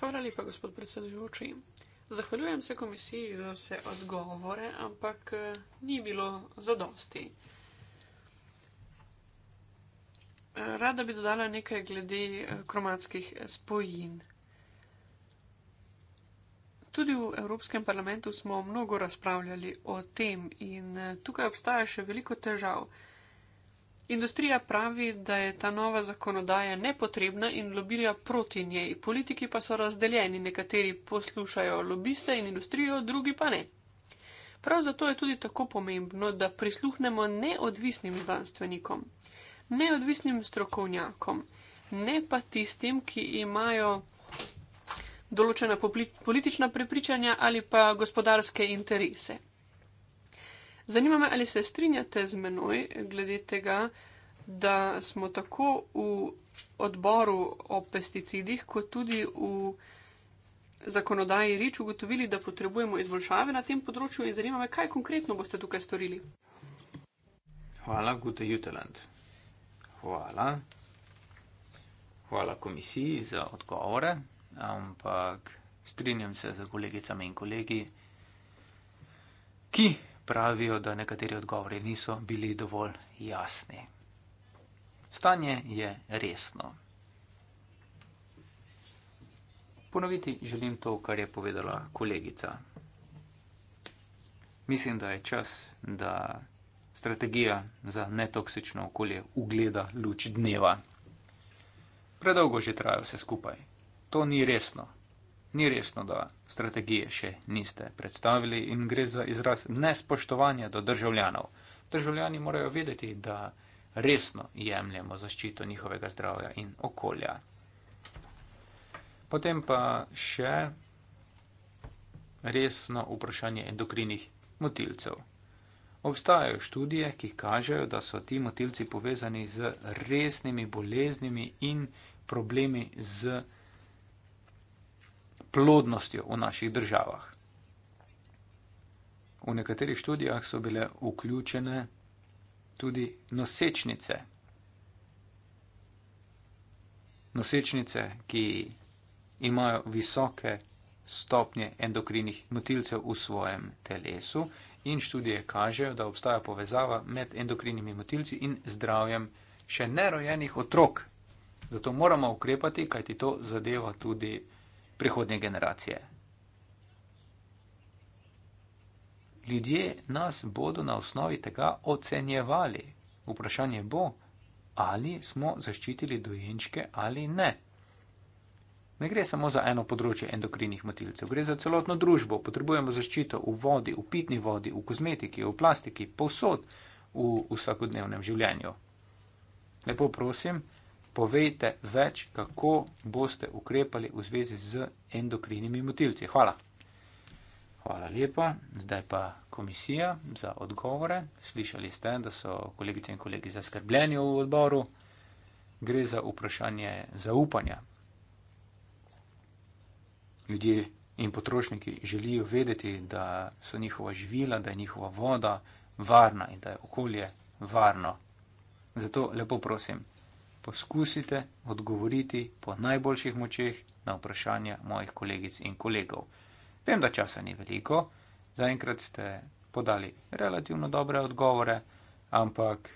Hvala lepa, gospod predsedujoči. Zahvaljujem se komisiji za vse odgovore, ampak eh, ni bilo zadosti. Rada bi dodala nekaj glede eh, kromatskih spojin. Tudi v Evropskem parlamentu smo mnogo razpravljali o tem in eh, tukaj obstaja še veliko težav. Industrija pravi, da je ta nova zakonodaja nepotrebna in lobirja proti njej. Politiki pa so razdeljeni, nekateri poslušajo lobiste in industrijo, drugi pa ne. Prav zato je tudi tako pomembno, da prisluhnemo neodvisnim znanstvenikom, neodvisnim strokovnjakom, ne pa tistim, ki imajo določena politična prepričanja ali pa gospodarske interese. Zanima me, ali se strinjate z menoj glede tega, da smo tako v odboru o pesticidih, kot tudi v zakonodaji REČ ugotovili, da potrebujemo izboljšave na tem področju. Zanima me, kaj konkretno boste tukaj storili. Hvala, Gute Jutland. Hvala. Hvala komisiji za odgovore, ampak strinjam se z kolegicami in kolegi, ki pravijo, da nekateri odgovori niso bili dovolj jasni. Stanje je resno. Ponoviti želim to, kar je povedala kolegica. Mislim, da je čas, da strategija za netoksično okolje ugleda luč dneva. Predolgo že traja vse skupaj. To ni resno, Ni resno, da strategije še niste predstavili in gre za izraz nespoštovanja do državljanov. Državljani morajo vedeti, da resno jemljemo zaščito njihovega zdravja in okolja. Potem pa še resno vprašanje endokrinih motilcev. Obstajajo študije, ki kažejo, da so ti motilci povezani z resnimi boleznimi in problemi z endokrinimi plodnostjo v naših državah. V nekaterih študijah so bile vključene tudi nosečnice. Nosečnice, ki imajo visoke stopnje endokrinih motilcev v svojem telesu in študije kažejo, da obstaja povezava med endokrinimi motilci in zdravjem še nerojenih otrok. Zato moramo ukrepati, kajti to zadeva tudi prihodnje generacije. Ljudje nas bodo na osnovi tega ocenjevali. Vprašanje bo, ali smo zaščitili dojenčke ali ne. Ne gre samo za eno področje endokrinih motilcev, gre za celotno družbo. Potrebujemo zaščito v vodi, v pitni vodi, v kozmetiki, v plastiki, povsod v vsakodnevnem življenju. Lepo prosim povejte več, kako boste ukrepali v zvezi z endokrinimi motilci. Hvala. Hvala lepa. Zdaj pa komisija za odgovore. Slišali ste, da so kolegice in kolegi zaskrbljeni v odboru. Gre za vprašanje zaupanja. Ljudje in potrošniki želijo vedeti, da so njihova živila, da je njihova voda varna in da je okolje varno. Zato lepo prosim, poskusite odgovoriti po najboljših močeh na vprašanja mojih kolegic in kolegov. Vem, da časa ni veliko, zaenkrat ste podali relativno dobre odgovore, ampak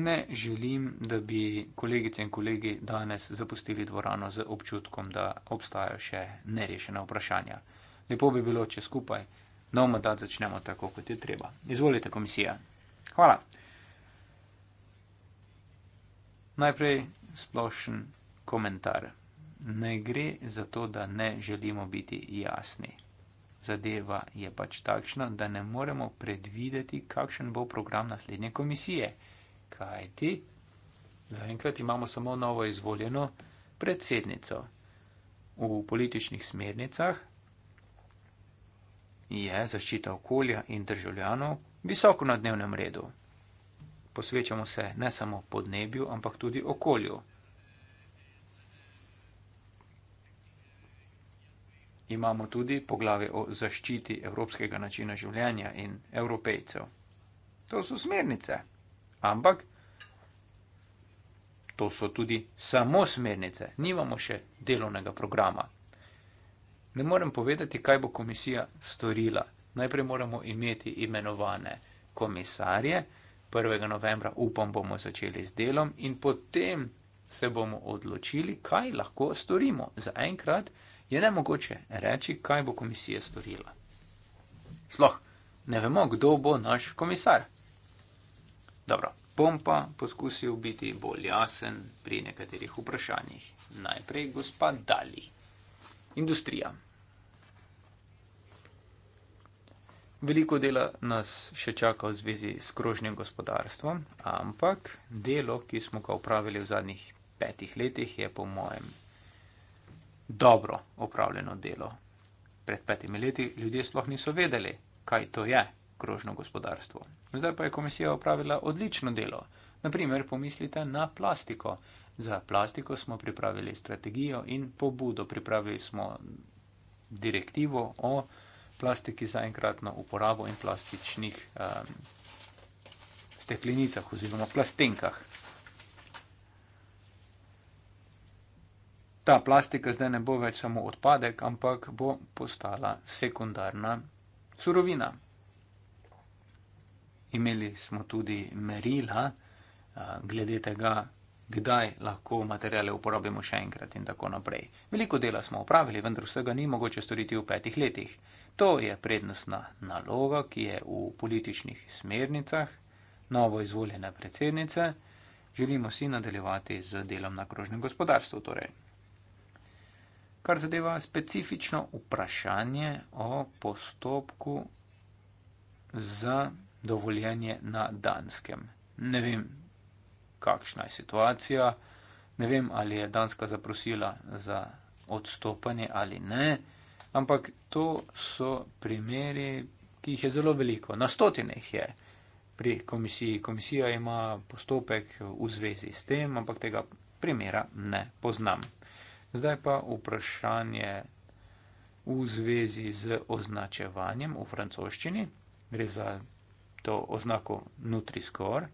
ne želim, da bi kolegice in kolegi danes zapustili dvorano z občutkom, da obstajajo še nerešena vprašanja. Lepo bi bilo, če skupaj nov mandat začnemo tako, kot je treba. Izvolite, komisija. Hvala. Najprej splošen komentar. Ne gre za to, da ne želimo biti jasni. Zadeva je pač takšna, da ne moremo predvideti, kakšen bo program naslednje komisije. Kaj ti? Zaenkrat imamo samo novo izvoljeno predsednico. V političnih smernicah je zaščita okolja in državljanov visoko na dnevnem redu posvečamo se ne samo podnebju, ampak tudi okolju. Imamo tudi poglavje o zaščiti evropskega načina življenja in evropejcev. To so smernice, ampak to so tudi samo smernice, nimamo še delovnega programa. Ne morem povedati, kaj bo komisija storila. Najprej moramo imeti imenovane komisarje, 1. novembra upam bomo začeli z delom in potem se bomo odločili, kaj lahko storimo. Za enkrat je ne mogoče reči, kaj bo komisija storila. Sploh ne vemo, kdo bo naš komisar. Dobro, bom pa poskusil biti bolj jasen pri nekaterih vprašanjih. Najprej gospa Dali. Industrija. Veliko dela nas še čaka v zvezi s krožnim gospodarstvom, ampak delo, ki smo ga upravili v zadnjih petih letih, je po mojem dobro upravljeno delo. Pred petimi leti ljudje sploh niso vedeli, kaj to je krožno gospodarstvo. Zdaj pa je komisija upravila odlično delo. Naprimer, pomislite na plastiko. Za plastiko smo pripravili strategijo in pobudo, pripravili smo direktivo o plastiki za enkratno uporabo in plastičnih um, steklenicah oziroma plastenkah. Ta plastika zdaj ne bo več samo odpadek, ampak bo postala sekundarna surovina. Imeli smo tudi merila glede tega, kdaj lahko materijale uporabimo še enkrat in tako naprej. Veliko dela smo opravili, vendar vsega ni mogoče storiti v petih letih. To je prednostna naloga, ki je v političnih smernicah novo izvoljene predsednice. Želimo si nadaljevati z delom na krožnem gospodarstvu. Torej. Kar zadeva specifično vprašanje o postopku za dovoljenje na Danskem. Ne vem, kakšna je situacija, ne vem, ali je Danska zaprosila za odstopanje ali ne ampak to so primeri, ki jih je zelo veliko, na stotine jih je pri komisiji. Komisija ima postopek v zvezi s tem, ampak tega primera ne poznam. Zdaj pa vprašanje v zvezi z označevanjem v francoščini, gre za to oznako Nutri-Score.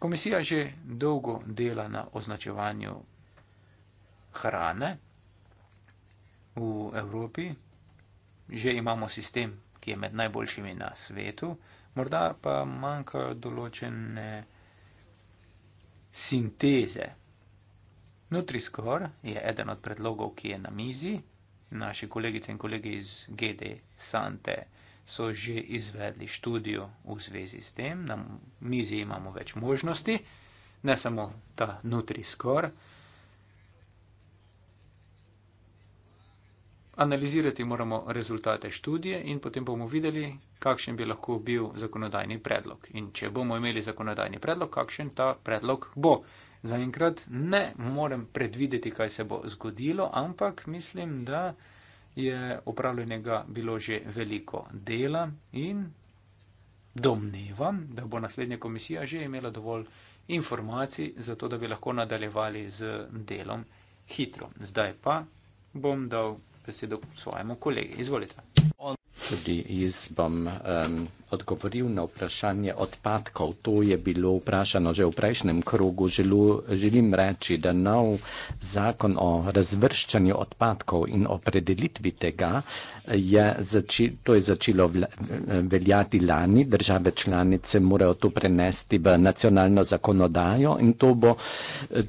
Komisija že dolgo dela na označevanju hrane, v Evropi, že imamo sistem, ki je med najboljšimi na svetu, morda pa manjka določene sinteze. Nutriscore je eden od predlogov, ki je na mizi. Naši kolegice in kolegi iz GD Sante so že izvedli študijo v zvezi s tem. Na mizi imamo več možnosti, ne samo ta Nutriscore. Analizirati moramo rezultate študije in potem bomo videli, kakšen bi lahko bil zakonodajni predlog. In če bomo imeli zakonodajni predlog, kakšen ta predlog bo. Zaenkrat ne morem predvideti, kaj se bo zgodilo, ampak mislim, da je opravljenega bilo že veliko dela in domnevam, da bo naslednja komisija že imela dovolj informacij, zato da bi lahko nadaljevali z delom hitro. Zdaj pa bom dal besedo svojemu kolegi. Izvolite. Tudi jaz bom um, odgovoril na vprašanje odpadkov. To je bilo vprašano že v prejšnjem krogu. Želu, želim reči, da nov zakon o razvrščanju odpadkov in opredelitvi tega je, zači, to je začelo veljati lani. Države članice morajo to prenesti v nacionalno zakonodajo in to bo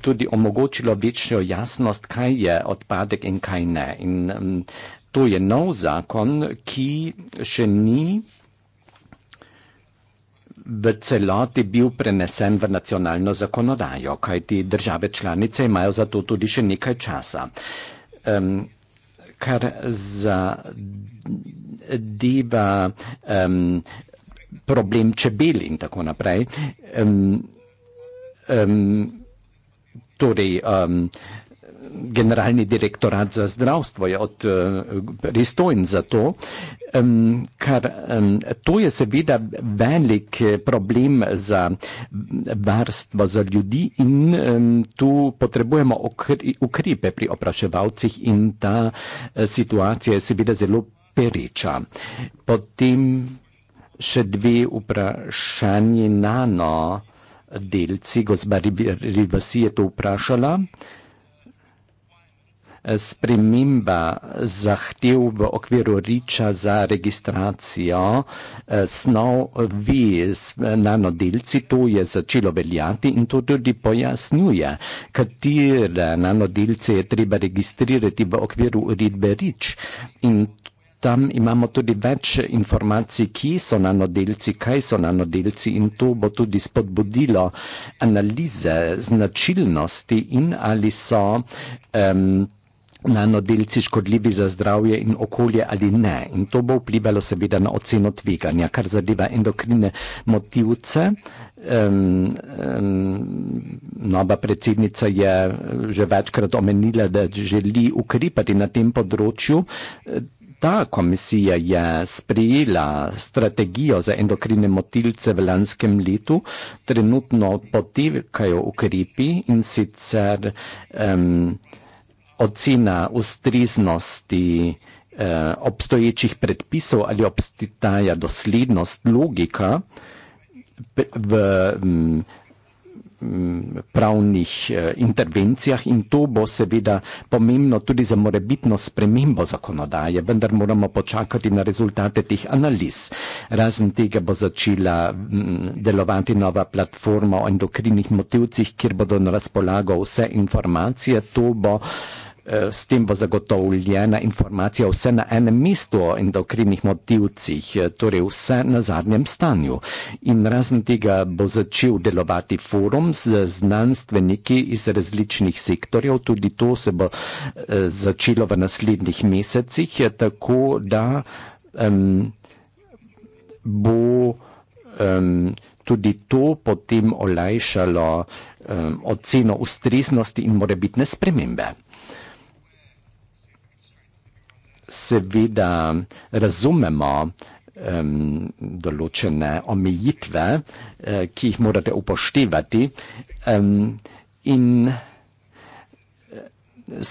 tudi omogočilo večjo jasnost, kaj je odpadek in kaj ne. In, um, to je nov zakon, ki še ni v celoti bil prenesen v nacionalno zakonodajo, kajti države članice imajo za to tudi še nekaj časa. Um, kar zadeva um, problem čebel in tako naprej, um, um, torej um, generalni direktorat za zdravstvo je od eh, pristojn za to, ker to je seveda velik eh, problem za mm, varstvo za ljudi in tu potrebujemo ukrepe pri opraševalcih in ta eh, situacija je seveda zelo pereča. Potem še dve vprašanje nano delci, gospa Rivasi je to vprašala sprememba zahtev v okviru riča za registracijo eh, snov V s eh, nanodelci, to je začelo veljati in to tudi pojasnjuje, katere nanodelce je treba registrirati v okviru uredbe rič. In tam imamo tudi več informacij, ki so nanodelci, kaj so nanodelci in to bo tudi spodbudilo analize značilnosti in ali so um, nanodelci škodljivi za zdravje in okolje ali ne. In to bo vplivalo seveda na oceno tveganja, kar zadeva endokrine motivce. Um, um, nova predsednica je eh, že večkrat omenila, da želi ukrepati na tem področju. Ta komisija je sprejela strategijo za endokrine motilce v lanskem letu, trenutno potekajo ukrepi in sicer um, ocena ustreznosti eh, obstoječih predpisov ali obstaja doslednost, logika v mm, mm, pravnih eh, intervencijah in to bo seveda pomembno tudi za morebitno spremembo zakonodaje, vendar moramo počakati na rezultate teh analiz. Razen tega bo začela mm, delovati nova platforma o endokrinih motivcih, kjer bodo na razpolago vse informacije. To bo eh, Eh, s tem bo zagotovljena informacija vse na enem mestu o endokrinih motivcih, eh, torej vse na zadnjem stanju. In razen tega bo začel delovati forum z znanstveniki iz različnih sektorjev, tudi to se bo eh, začelo v naslednjih mesecih, tako da um, bo um, tudi to potem olajšalo um, oceno ustreznosti in morebitne spremembe seveda razumemo um, določene omejitve, uh, ki jih morate upoštevati um, in eh,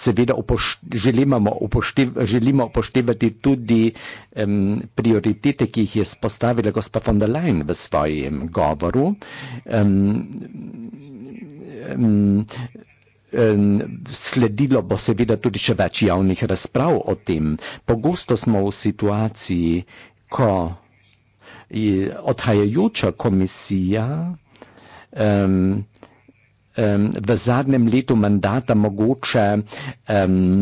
seveda upošte, želimo, upošte, želimo upoštevati tudi um, prioritete, ki jih je spostavila gospa von der Leyen v svojem govoru. Um, um, sledilo bo seveda tudi še več javnih razprav o tem. Pogosto smo v situaciji, ko odhajajoča komisija um, v zadnjem letu mandata mogoče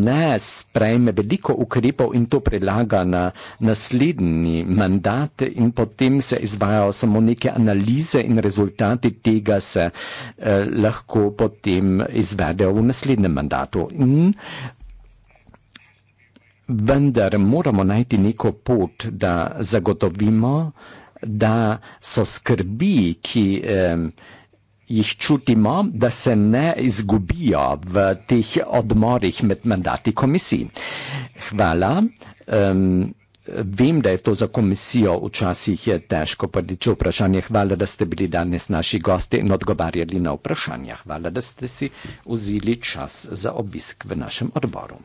ne sprejme veliko ukrepov in to prelaga na naslednji mandat in potem se izvajajo samo neke analize in rezultati tega se eh, lahko potem izvedejo v naslednjem mandatu. In vendar moramo najti neko pot, da zagotovimo, da so skrbi, ki vsega, jih čutimo, da se ne izgubijo v teh odmorih med mandati komisij. Hvala. Um, vem, da je to za komisijo včasih težko podiči vprašanje. Hvala, da ste bili danes naši gosti in odgovarjali na vprašanja. Hvala, da ste si vzeli čas za obisk v našem odboru.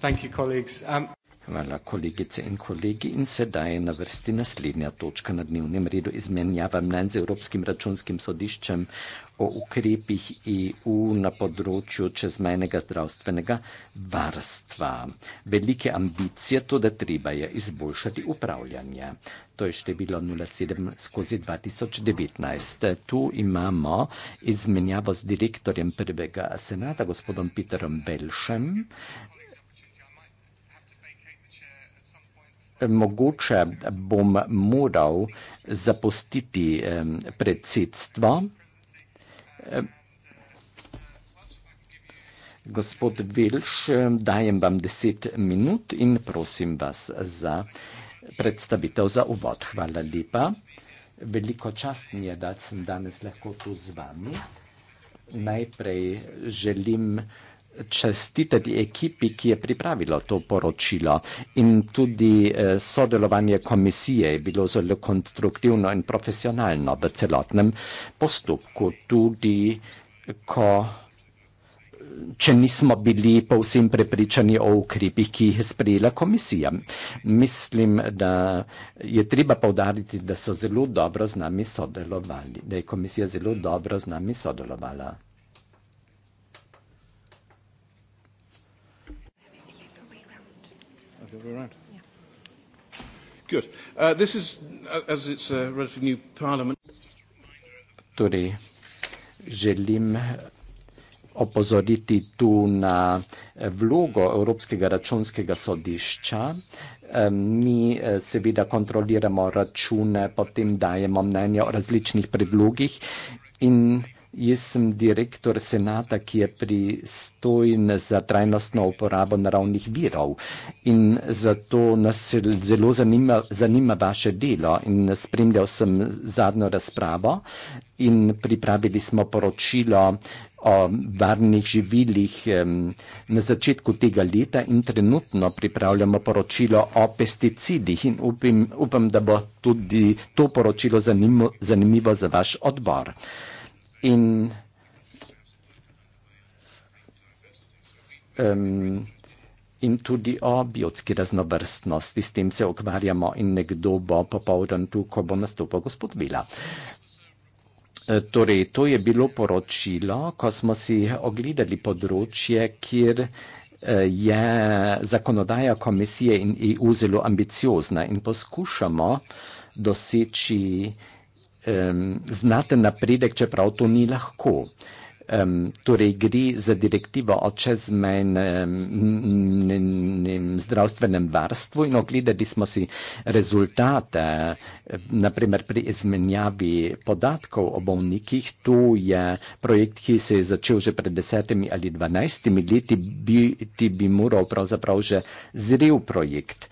Um, Hvala, kolegice in kolegi. In sedaj je na vrsti naslednja točka na dnevnem redu izmenjava mnenj z Evropskim računskim sodiščem o ukrepih EU na področju čezmejnega zdravstvenega varstva. Velike ambicije, to da treba je izboljšati upravljanje. To je število 07 skozi 2019. Tu imamo izmenjavo z direktorjem prvega senata, gospodom Peterom Belšem, mogoče bom moral zapustiti predsedstvo. Gospod Velš, dajem vam deset minut in prosim vas za predstavitev, za uvod. Hvala lepa. Veliko čast mi je, da sem danes lahko tu z vami. Najprej želim vsega, čestitati ekipi, ki je pripravila to poročilo. In tudi eh, sodelovanje komisije je bilo zelo konstruktivno in profesionalno v celotnem postopku, tudi ko. Če nismo bili povsem prepričani o ukrepih, ki jih je sprejela komisija. Mislim, da je treba povdariti, da so zelo dobro z nami sodelovali, da je komisija zelo dobro z nami sodelovala. All right. Yeah. Good. Uh, this is, uh, as it's a relatively new parliament. Torej, želim opozoriti tu na vlogo Evropskega računskega sodišča. Mi eh, seveda kontroliramo račune, potem dajemo mnenje o različnih predlogih in Jaz sem direktor senata, ki je pristojen za trajnostno uporabo naravnih virov in zato nas zelo zanima, zanima vaše delo in spremljal sem zadnjo razpravo in pripravili smo poročilo o varnih živilih na začetku tega leta in trenutno pripravljamo poročilo o pesticidih in upim, upam, da bo tudi to poročilo zanimivo za vaš odbor in um, In tudi o biotski raznovrstnosti, s tem se ukvarjamo in nekdo bo popovdan tu, ko bo nastopil gospod Vila. E, torej, to je bilo poročilo, ko smo si ogledali področje, kjer e, je zakonodaja komisije in EU zelo ambiciozna in poskušamo doseči um, znaten napredek, čeprav to ni lahko. Um, torej gre za direktivo o čezmejnem zdravstvenem varstvu in ogledali smo si rezultate, naprimer pri izmenjavi podatkov o bolnikih. To je projekt, ki se je začel že pred desetimi ali dvanajstimi leti, biti bi moral pravzaprav že zrel projekt.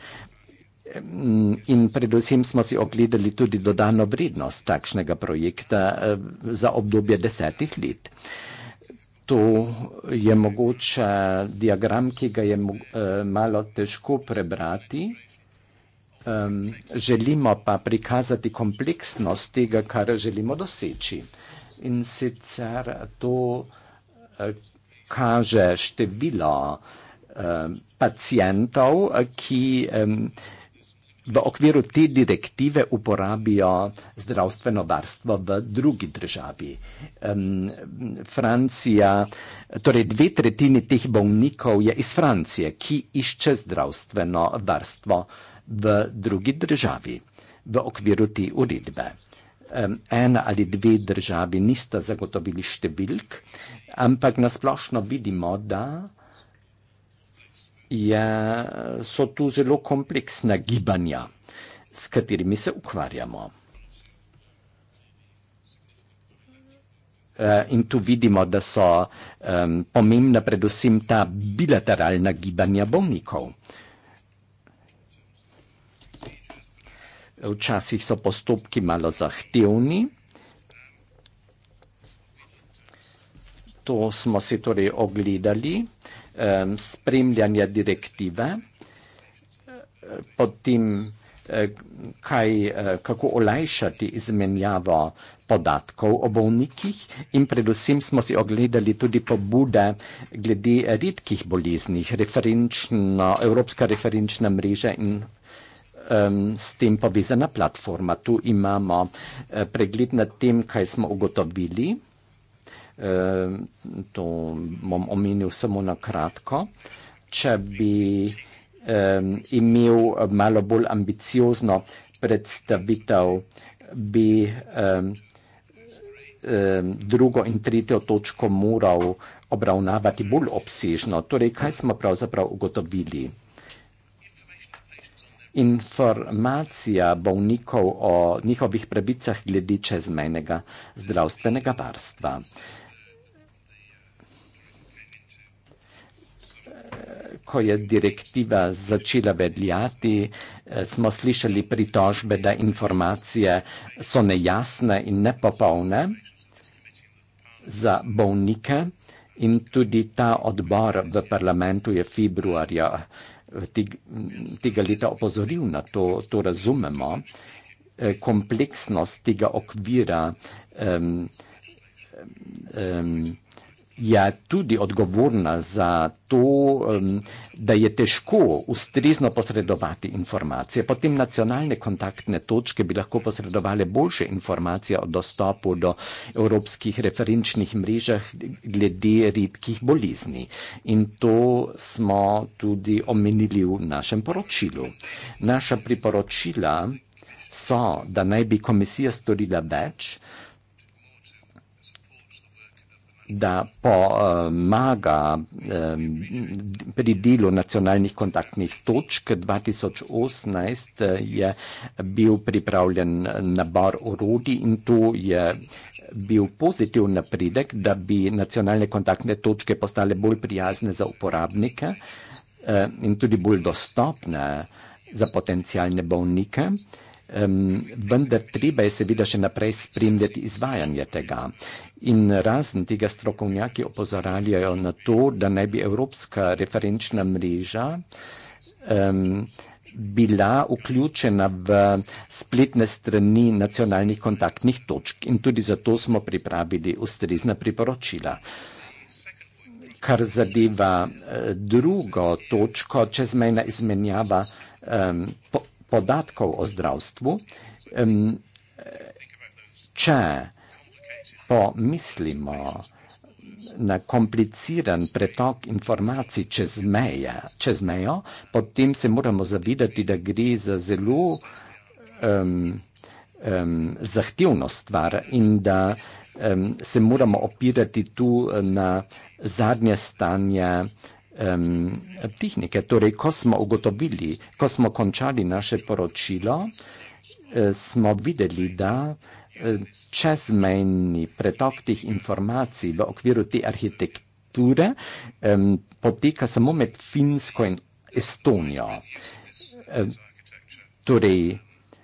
Mm, in predvsem smo si ogledali tudi dodano vrednost takšnega projekta eh, za obdobje desetih let. To je mogoče diagram, ki ga je eh, malo težko prebrati. Želimo pa prikazati kompleksnost tega, kar želimo doseči. In sicer to eh, kaže število pacijentov, ki v okviru te direktive uporabijo zdravstveno varstvo v drugi državi. Um, Francija, torej dve tretjini teh bolnikov je iz Francije, ki išče zdravstveno varstvo v drugi državi v okviru te uredbe. Um, ena ali dve državi nista zagotovili številk, ampak nasplošno vidimo, da je, so tu zelo kompleksna gibanja, s katerimi se ukvarjamo. Eh, in tu vidimo, da so um, pomembna predvsem ta bilateralna gibanja bolnikov. Včasih so postopki malo zahtevni. To smo si torej ogledali. Uh, spremljanja direktive, potem eh, kaj, eh, kako olajšati izmenjavo podatkov o bolnikih in predvsem smo si ogledali tudi pobude glede redkih boleznih, referenčno, Evropska referenčna mreža in um, s tem povezana platforma. Tu imamo uh, pregled nad tem, kaj smo ugotovili. Ehm, to bom omenil samo na kratko. Če bi ehm, imel malo bolj ambiciozno predstavitev, bi ehm, drugo in tretjo točko moral obravnavati bolj obsežno. Torej, kaj smo pravzaprav ugotovili? Informacija bovnikov o njihovih pravicah glede čezmejnega zdravstvenega varstva. ko je direktiva začela veljati, eh, smo slišali pritožbe, da informacije so nejasne in nepopolne za bolnike in tudi ta odbor v parlamentu je februarja tega leta opozoril na to, to razumemo, eh, kompleksnost tega okvira vsega, je tudi odgovorna za to, da je težko ustrezno posredovati informacije. Potem nacionalne kontaktne točke bi lahko posredovali boljše informacije o dostopu do evropskih referenčnih mrežah glede redkih bolizni. In to smo tudi omenili v našem poročilu. Naša priporočila so, da naj bi komisija storila več, da pomaga eh, eh, pri delu nacionalnih kontaktnih točk. 2018 eh, je bil pripravljen nabor orodi in to je bil pozitiv napredek, da bi nacionalne kontaktne točke postale bolj prijazne za uporabnike in tudi bolj dostopne za potencijalne bolnike. Um, vendar treba je seveda še naprej spremljati izvajanje tega. In razen tega strokovnjaki opozarjajo na to, da naj bi Evropska referenčna mreža um, bila vključena v spletne strani nacionalnih kontaktnih točk. In tudi zato smo pripravili ustrezna priporočila. Kar zadeva eh, drugo točko, čezmejna izmenjava um, podatkov o zdravstvu, če pomislimo na kompliciran pretok informacij čez, meje, čez mejo, potem se moramo zavidati, da gre za zelo um, um, zahtevno stvar in da um, se moramo opirati tu na zadnje stanje um, tehnike. Torej, ko smo ugotovili, ko smo končali naše poročilo, eh, smo videli, da eh, čezmejni pretok teh informacij v okviru te arhitekture um, poteka samo med Finsko in Estonijo. Um, torej,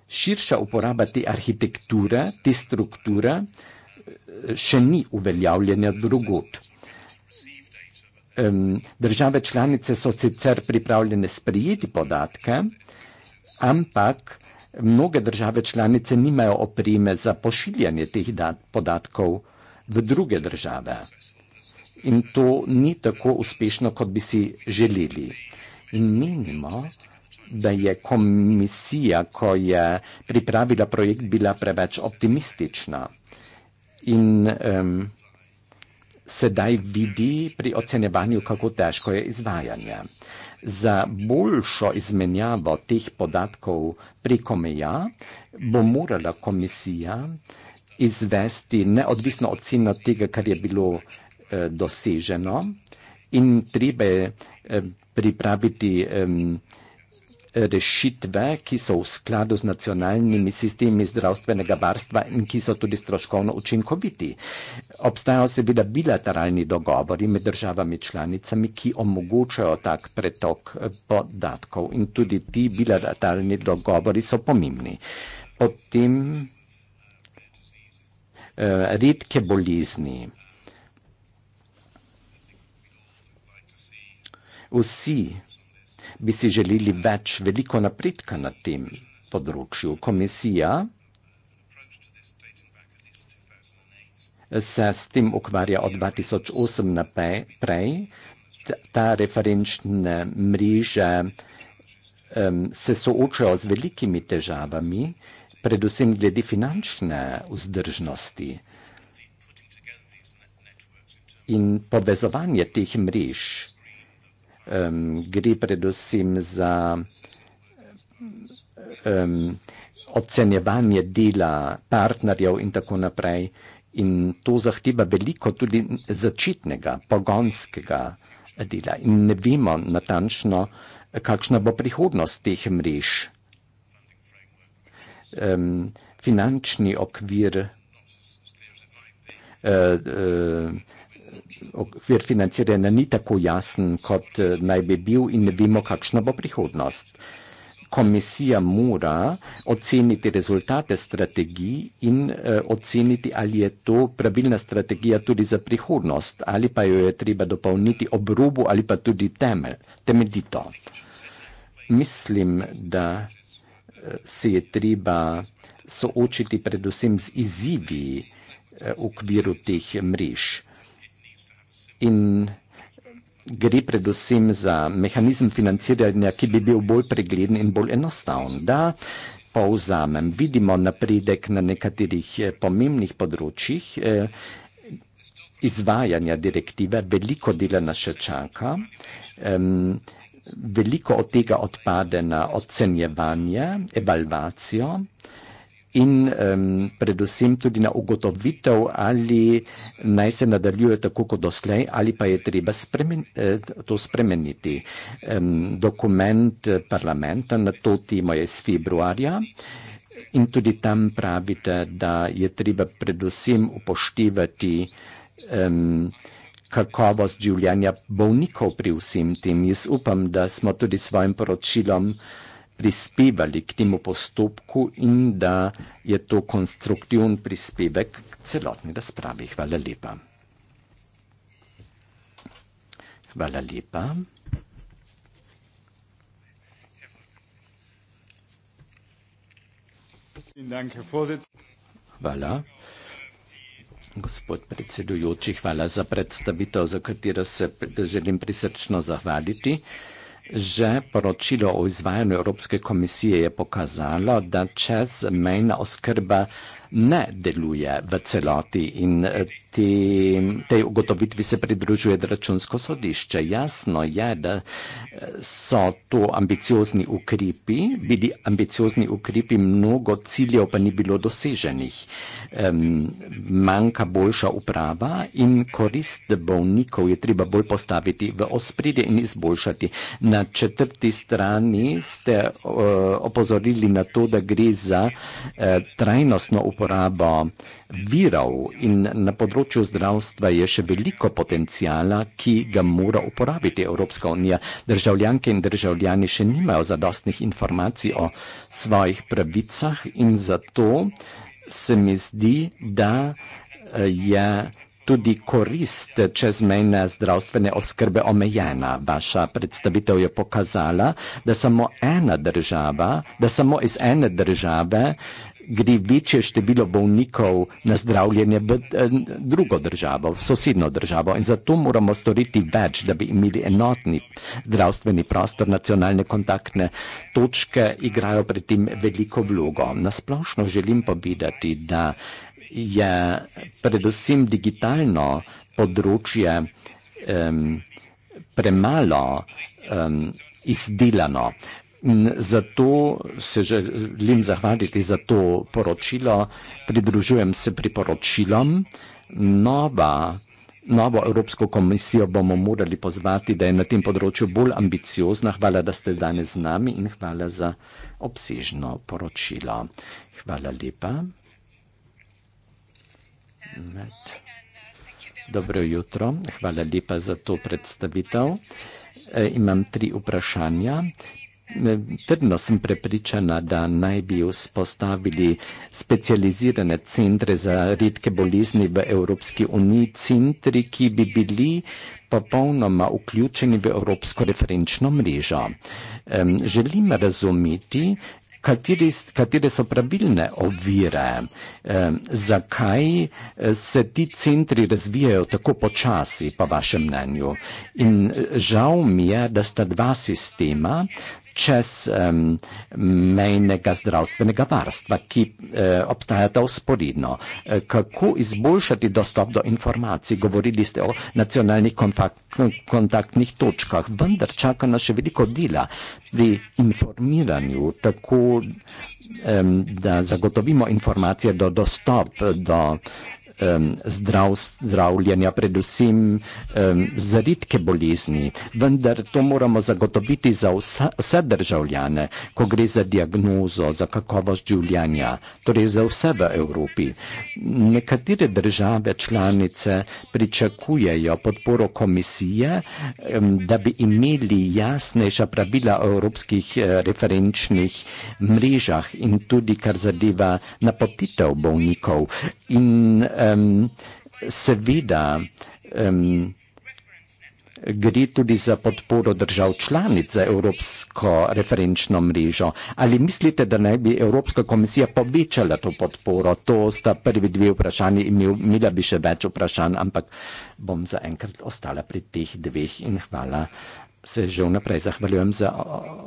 širša uporaba te arhitekture, te strukture eh, še ni uveljavljena drugot države članice so sicer pripravljene sprijeti podatke, ampak mnoge države članice nimajo opreme za pošiljanje teh podatkov v druge države. In to ni tako uspešno, kot bi si želeli. In menimo, da je komisija, ko je pripravila projekt, bila preveč optimistična. In um, sedaj vidi pri ocenjevanju, kako težko je izvajanje. Za boljšo izmenjavo teh podatkov preko meja bo morala komisija izvesti neodvisno oceno tega, kar je bilo eh, doseženo in treba eh, pripraviti eh, rešitve, ki so v skladu z nacionalnimi sistemi zdravstvenega varstva in ki so tudi stroškovno učinkoviti. Obstajajo seveda bilateralni dogovori med državami članicami, ki omogočajo tak pretok eh, podatkov in tudi ti bilateralni dogovori so pomembni. Potem eh, redke bolezni. Vsi bi si želeli več, veliko napredka na tem področju. Komisija se s tem ukvarja od 2008 naprej. Ta referenčne mreže se soočajo z velikimi težavami, predvsem glede finančne vzdržnosti. In povezovanje teh mrež um, gre predvsem za um, ocenjevanje dela partnerjev in tako naprej. In to zahteva veliko tudi začetnega, pogonskega dela. In ne vemo natančno, kakšna bo prihodnost teh mrež. Um, finančni okvir. Uh, uh, okvir financiranja ni tako jasen, kot eh, naj bi bil in ne vemo, kakšna bo prihodnost. Komisija mora oceniti rezultate strategij in uh, oceniti, ali je to pravilna strategija tudi za prihodnost, ali pa jo je treba dopolniti ob robu ali pa tudi temelj, temeljito. Mislim, da eh, se je treba soočiti predvsem z izzivi uh, v okviru teh mrež in gre predvsem za mehanizem financiranja, ki bi bil bolj pregleden in bolj enostaven. Da povzamem, vidimo napredek na nekaterih eh, pomembnih področjih eh, izvajanja direktive, veliko dela nas še čaka, veliko od tega odpade na ocenjevanje, evalvacijo in um, predvsem tudi na ugotovitev, ali naj se nadaljuje tako kot doslej, ali pa je treba spremen, eh, to spremeniti. Um, dokument eh, parlamenta na to temo je iz februarja in tudi tam pravite, da je treba predvsem upoštevati um, kakovost življenja bolnikov pri vsem tem. Jaz upam, da smo tudi s svojim poročilom prispevali k temu postopku in da je to konstruktivn prispevek k celotni razpravi. Hvala lepa. Hvala lepa. Hvala. Gospod predsedujoči, hvala za predstavitev, za katero se želim prisrčno zahvaliti. Že poročilo o izvajanju Evropske komisije je pokazalo, da čezmejna oskrba ne deluje v celoti in eh, te, tej ugotovitvi se pridružuje računsko sodišče. Jasno je, da eh, so to ambiciozni ukrepi, bili ambiciozni ukrepi, mnogo ciljev pa ni bilo doseženih. Um, manjka boljša uprava in korist bolnikov je treba bolj postaviti v ospredje in izboljšati. Na četrti strani ste uh, opozorili na to, da gre za uh, trajnostno uporabo uh, virov in na področju zdravstva je še veliko potencijala, ki ga mora uporabiti Evropska unija. Državljanke in državljani še nimajo zadostnih informacij o svojih pravicah in zato se mi zdi, da eh, je tudi korist čezmejne zdravstvene oskrbe omejena. Vaša predstavitev je pokazala, da samo ena država, da samo iz ene države gre večje število bolnikov na zdravljenje v eh, drugo državo, v sosedno državo in zato moramo storiti več, da bi imeli enotni zdravstveni prostor, nacionalne kontaktne točke igrajo pri tem veliko vlogo. Nasplošno želim povedati, da je predvsem digitalno področje premalo izdelano. Zato se želim zahvaliti za to poročilo, pridružujem se priporočilom. Nova, novo Evropsko komisijo bomo morali pozvati, da je na tem področju bolj ambiciozna. Hvala, da ste danes z nami in hvala za obsežno poročilo. Hvala lepa. Med. Dobro jutro, hvala lepa za to predstavitev. E, imam tri vprašanja. Trdno sem prepričana, da naj bi vzpostavili specializirane centre za redke bolizni v Evropski uniji, centri, ki bi bili popolnoma vključeni v Evropsko referenčno mrežo. Želim razumeti, katere so pravilne ovire, zakaj eh, se ti centri razvijajo tako počasi, po vašem mnenju. In eh, žal mi je, da sta dva sistema, čez um, mejnega zdravstvenega varstva, ki uh, obstajata usporedno. Eh, kako izboljšati dostop do informacij? Govorili ste o nacionalnih kontaktnih točkah, vendar čaka nas še veliko dela pri informiranju, tako um, da zagotovimo informacije do dostop do um, zdrav, zdravljenja, predvsem um, za redke bolezni, vendar to moramo zagotoviti za vsa, vse državljane, ko gre za diagnozo, za kakovost življenja, torej za vse v Evropi. Nekatere države članice pričakujejo podporo komisije, um, da bi imeli jasnejša pravila o evropskih uh, referenčnih mrežah in tudi kar zadeva napotitev bolnikov. In, um, um, seveda um, gre tudi za podporo držav članic za Evropsko referenčno mrežo. Ali mislite, da naj bi Evropska komisija povečala to podporo? To sta prvi dve vprašanji in imela bi še več vprašanj, ampak bom zaenkrat ostala pri teh dveh in hvala. Se že vnaprej zahvaljujem za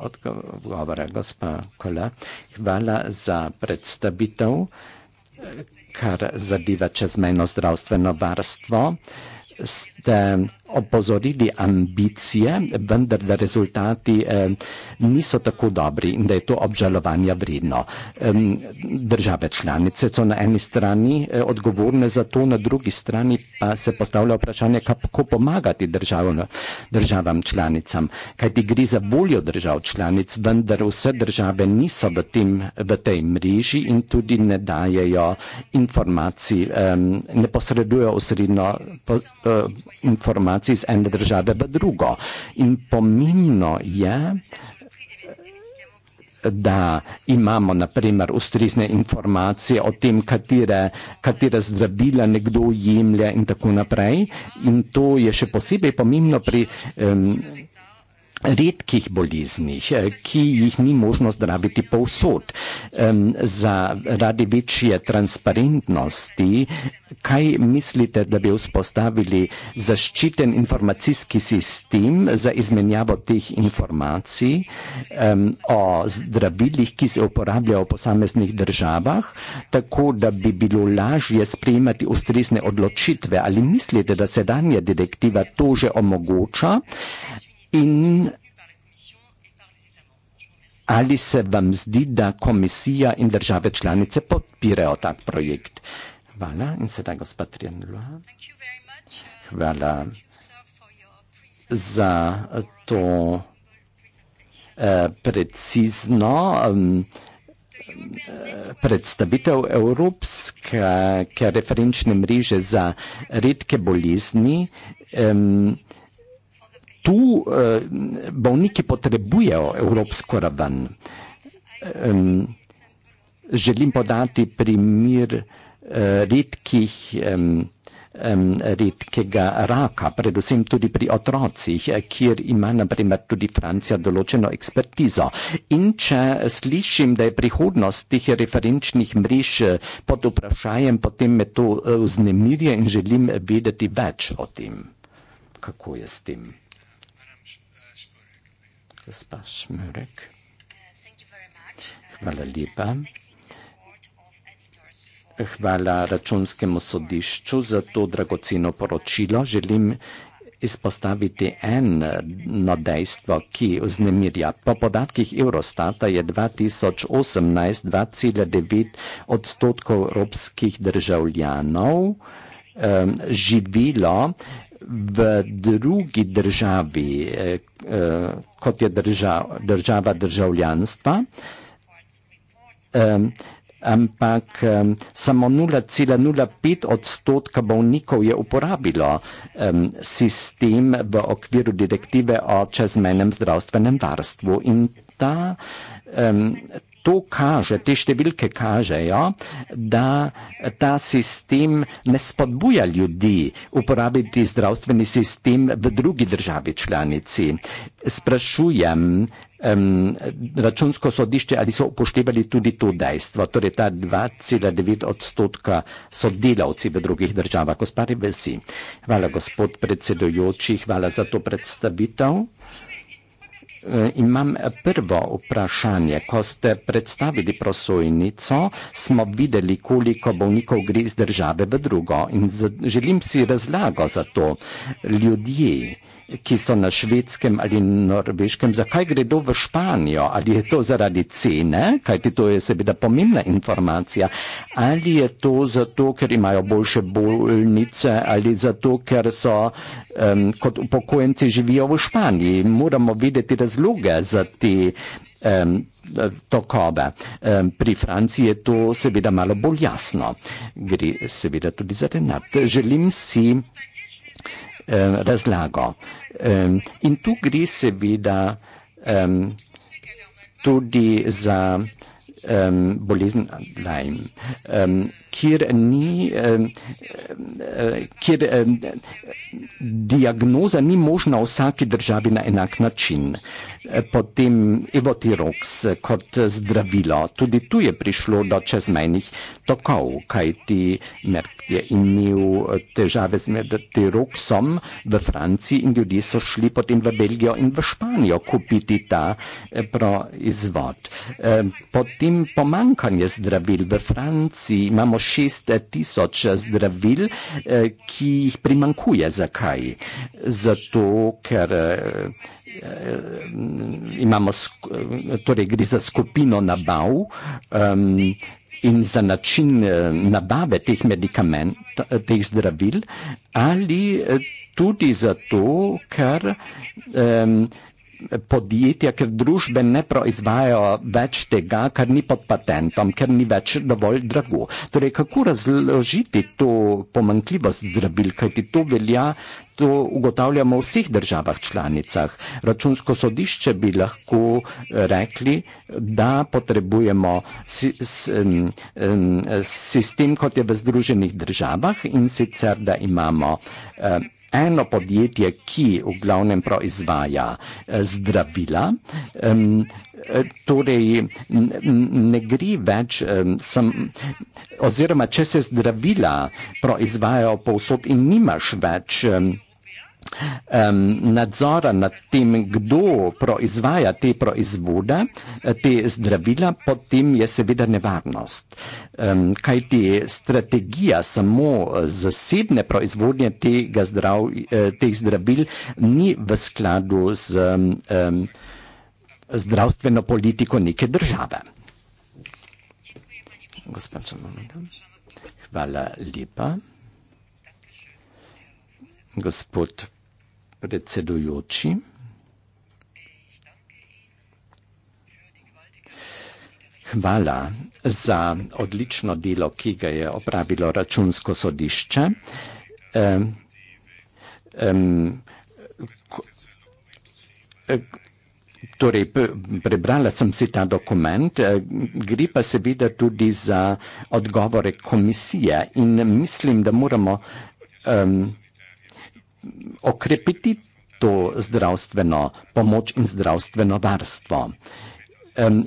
odgovore, gospa Kola. Hvala za predstavitev kar zadeva čezmejno zdravstveno varstvo, ste opozorili ambicije, vendar da rezultati eh, niso tako dobri in da je to obžalovanja vredno. Države članice so na eni strani eh, odgovorne za to, na drugi strani pa se postavlja vprašanje, kako pomagati državam članicam. Kaj ti gri za voljo držav članic, vendar vse države niso v tej mreži in tudi ne dajejo informacij, ne posredujo osredno eh, informacij informacij iz ene države v drugo. In pomembno je, da imamo naprimer ustrezne informacije o tem, katere, katere zdravila nekdo jemlje in tako naprej. In to je še posebej pomembno pri um, redkih boleznih, eh, ki jih ni možno zdraviti povsod. Zaradi večje transparentnosti, kaj mislite, da bi vzpostavili zaščiten informacijski sistem za izmenjavo teh informacij o zdravilih, ki se uporabljajo v posameznih državah, tako da bi bilo lažje sprejemati ustresne odločitve? Ali mislite, da sedanja direktiva to že omogoča? in ali se vam zdi, da komisija in države članice podpirajo tak projekt. Hvala in sedaj gospod Trianula. Hvala za to eh, precizno eh, predstavitev Evropske referenčne mreže za redke bolezni in tu eh, bolniki potrebujejo evropsko raven. Eh, želim podati primir eh, redkih. Eh, redkega raka, predvsem tudi pri otrocih, eh, kjer ima naprimer tudi Francija določeno ekspertizo. In če slišim, da je prihodnost teh referenčnih mrež eh, pod vprašanjem, potem me to eh, vznemirja in želim vedeti več o tem, kako je s tem gospa Šmurek. Hvala lepa. Hvala računskemu sodišču za to dragoceno poročilo. Želim izpostaviti eno dejstvo, ki vznemirja. Po podatkih Eurostata je 2018 2,9 odstotkov evropskih državljanov eh, živilo v drugi državi, eh, eh kot je država, država državljanstva, eh, ampak eh, samo 0,05 odstotka bolnikov je uporabilo eh, sistem v okviru direktive o čezmenem zdravstvenem varstvu. In ta, eh, to kaže, te številke kažejo, da ta sistem ne spodbuja ljudi uporabiti zdravstveni sistem v drugi državi članici. Sprašujem um, računsko sodišče, ali so upoštevali tudi to dejstvo, torej ta 2,9 odstotka so delavci v drugih državah, gospod Revesi. Hvala, gospod predsedujoči, hvala za to predstavitev in e, imam prvo vprašanje. Ko ste predstavili prosojnico, smo videli, koliko bolnikov gre iz države v drugo in želim si razlago za to. Ljudje, ki so na švedskem ali norveškem, zakaj gredo v Španijo? Ali je to zaradi cene, kajti to je seveda pomembna informacija, ali je to zato, ker imajo boljše bolnice, ali zato, ker so um, kot upokojenci živijo v Španiji. Moramo videti razloge za te. Um, tokove. Um, pri Franciji je to seveda malo bolj jasno. Gre seveda tudi za denar. Želim si. Eh, razlago. In tu gre seveda tudi za bolezen Lyme kjer ni, eh, kjer eh, diagnoza ni možna v vsaki državi na enak način. Potem evotiroks kot zdravilo, tudi tu je prišlo do čezmejnih tokov, kajti Merk je imel težave z evotiroksom v Franciji in ljudje so šli potem v Belgijo in v Španijo kupiti ta eh, proizvod. Potem pomankanje zdravil v Franciji, imamo 6 tisoč zdravil, eh, ki jih primankuje. Zakaj? Zato, ker eh, eh, imamo, torej gre za skupino nabav in za način nabave teh medikament, teh zdravil ali tudi zato, ker podjetja, ker družbe ne proizvajajo več tega, kar ni pod patentom, ker ni več dovolj drago. Torej, kako razložiti to pomankljivost zdravil, kajti to velja, to ugotavljamo v vseh državah članicah. Računsko sodišče bi lahko eh, rekli, da potrebujemo si, s, um, um, sistem, kot je v združenih državah in sicer, da imamo um, eno podjetje, ki v glavnem proizvaja eh, zdravila. Um, torej, ne gre več, um, sem, oziroma če se zdravila proizvajajo povsod in nimaš več. Um, um, nadzora nad tem, kdo proizvaja te proizvode, te zdravila, potem je seveda nevarnost. Um, kaj ti strategija samo zasebne proizvodnje tega zdrav, eh, teh zdravil ni v skladu z um, zdravstveno politiko neke države. Hvala lepa. Gospod predsedujoči. Hvala za odlično delo, ki ga je opravilo računsko sodišče. Eh, torej, prebrala sem si ta dokument, eh, gre pa seveda tudi za odgovore komisije in mislim, da moramo... Um, okrepiti to zdravstveno pomoč in zdravstveno varstvo.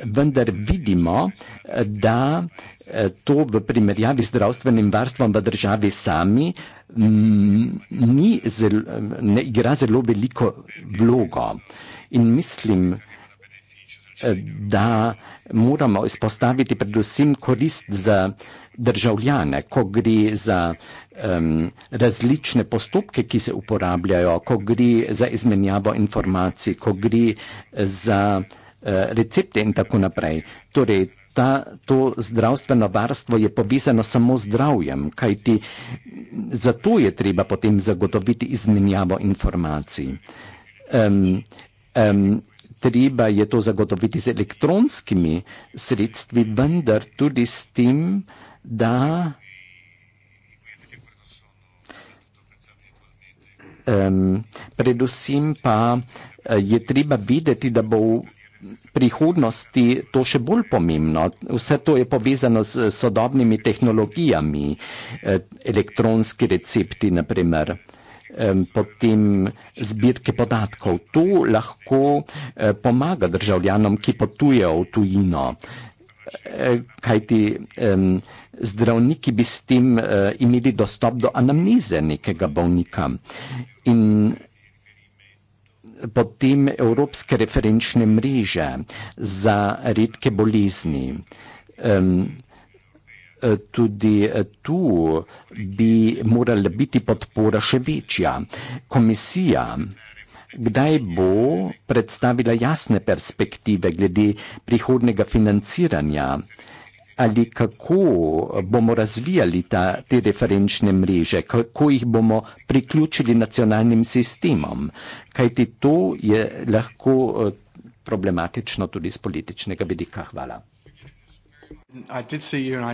Vendar vidimo, da eh, to v primerjavi z zdravstvenim varstvom v državi sami mm, ni zelo, ne igra zelo veliko vlogo. In mislim, Eh, da moramo izpostaviti predvsem korist za državljane, ko gre za um, različne postopke, ki se uporabljajo, ko gre za izmenjavo informacij, ko gre za uh, recepte in tako naprej. Torej, ta, to zdravstveno varstvo je povezano samo z zdravjem, kajti zato je treba potem zagotoviti izmenjavo informacij. Um, um, treba je to zagotoviti z elektronskimi sredstvi, vendar tudi s tem, da um, predvsem pa eh, je treba videti, da bo v prihodnosti to še bolj pomembno. Vse to je povezano s sodobnimi tehnologijami, eh, elektronski recepti naprimer potem zbirke podatkov. To lahko e, pomaga državljanom, ki potujejo v tujino. E, kajti zdravniki bi s tem e, imeli dostop do anamneze nekega bolnika. In potem Evropske referenčne mreže za redke bolezni. Eh, tudi eh, tu bi morala biti podpora še večja. Komisija kdaj bo predstavila jasne perspektive glede prihodnega financiranja ali kako bomo razvijali ta, te referenčne mreže, kako jih bomo priključili nacionalnim sistemom, kajti to je lahko eh, problematično tudi z političnega vidika. Hvala. Hvala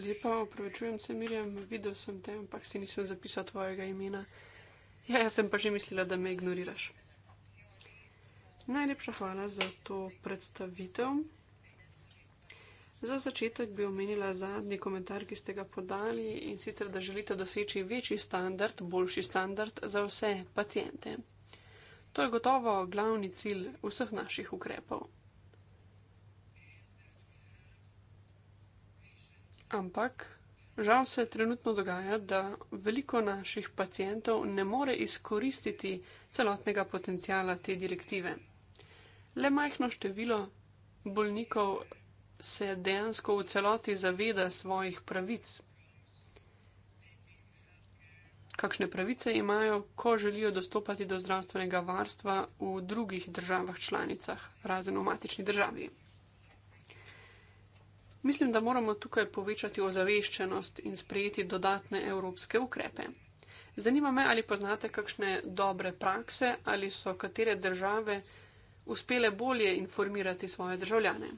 lepa, opravičujem se, Mirjam. Videla sem te, ampak si nisem zapisala tvojega imena. Ja, jaz sem pa že mislila, da me ignoriraš. Najlepša hvala za to predstavitev. Za začetek bi omenila zadnji komentar, ki ste ga podali in sicer, da želite doseči večji standard, boljši standard za vse pacijente. To je gotovo glavni cilj vseh naših ukrepov. Ampak žal se trenutno dogaja, da veliko naših pacijentov ne more izkoristiti celotnega potencijala te direktive. Le majhno število bolnikov se dejansko v celoti zaveda svojih pravic. Kakšne pravice imajo, ko želijo dostopati do zdravstvenega varstva v drugih državah članicah, razen v matični državi. Mislim, da moramo tukaj povečati ozaveščenost in sprejeti dodatne evropske ukrepe. Zanima me, ali poznate kakšne dobre prakse ali so katere države uspele bolje informirati svoje državljane.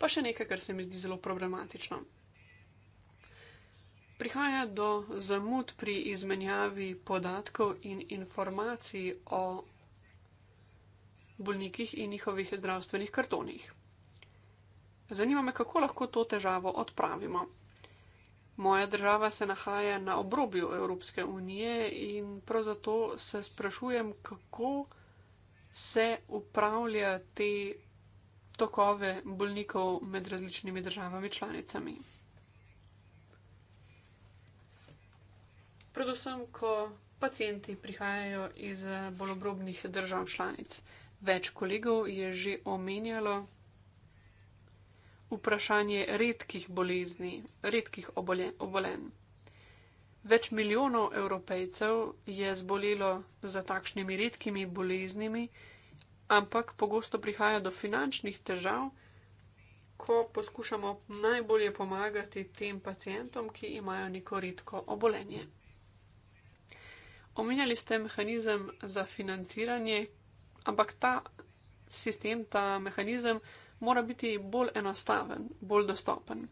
Pa še nekaj, kar se mi zdi zelo problematično. Prihaja do zamud pri izmenjavi podatkov in informacij o bolnikih in njihovih zdravstvenih kartonih. Zanima me, kako lahko to težavo odpravimo. Moja država se nahaja na obrobju Evropske unije in prav zato se sprašujem, kako se upravlja te tokove bolnikov med različnimi državami članicami. Predvsem, ko pacijenti prihajajo iz bolj obrobnih držav članic. Več kolegov je že omenjalo vprašanje redkih bolezni, redkih obolenj. Več milijonov evropejcev je zbolelo za takšnimi redkimi boleznimi, ampak pogosto prihaja do finančnih težav, ko poskušamo najbolje pomagati tem pacijentom, ki imajo neko redko obolenje. Omenjali ste mehanizem za financiranje, Ampak ta sistem, ta mehanizem mora biti bolj enostaven, bolj dostopen.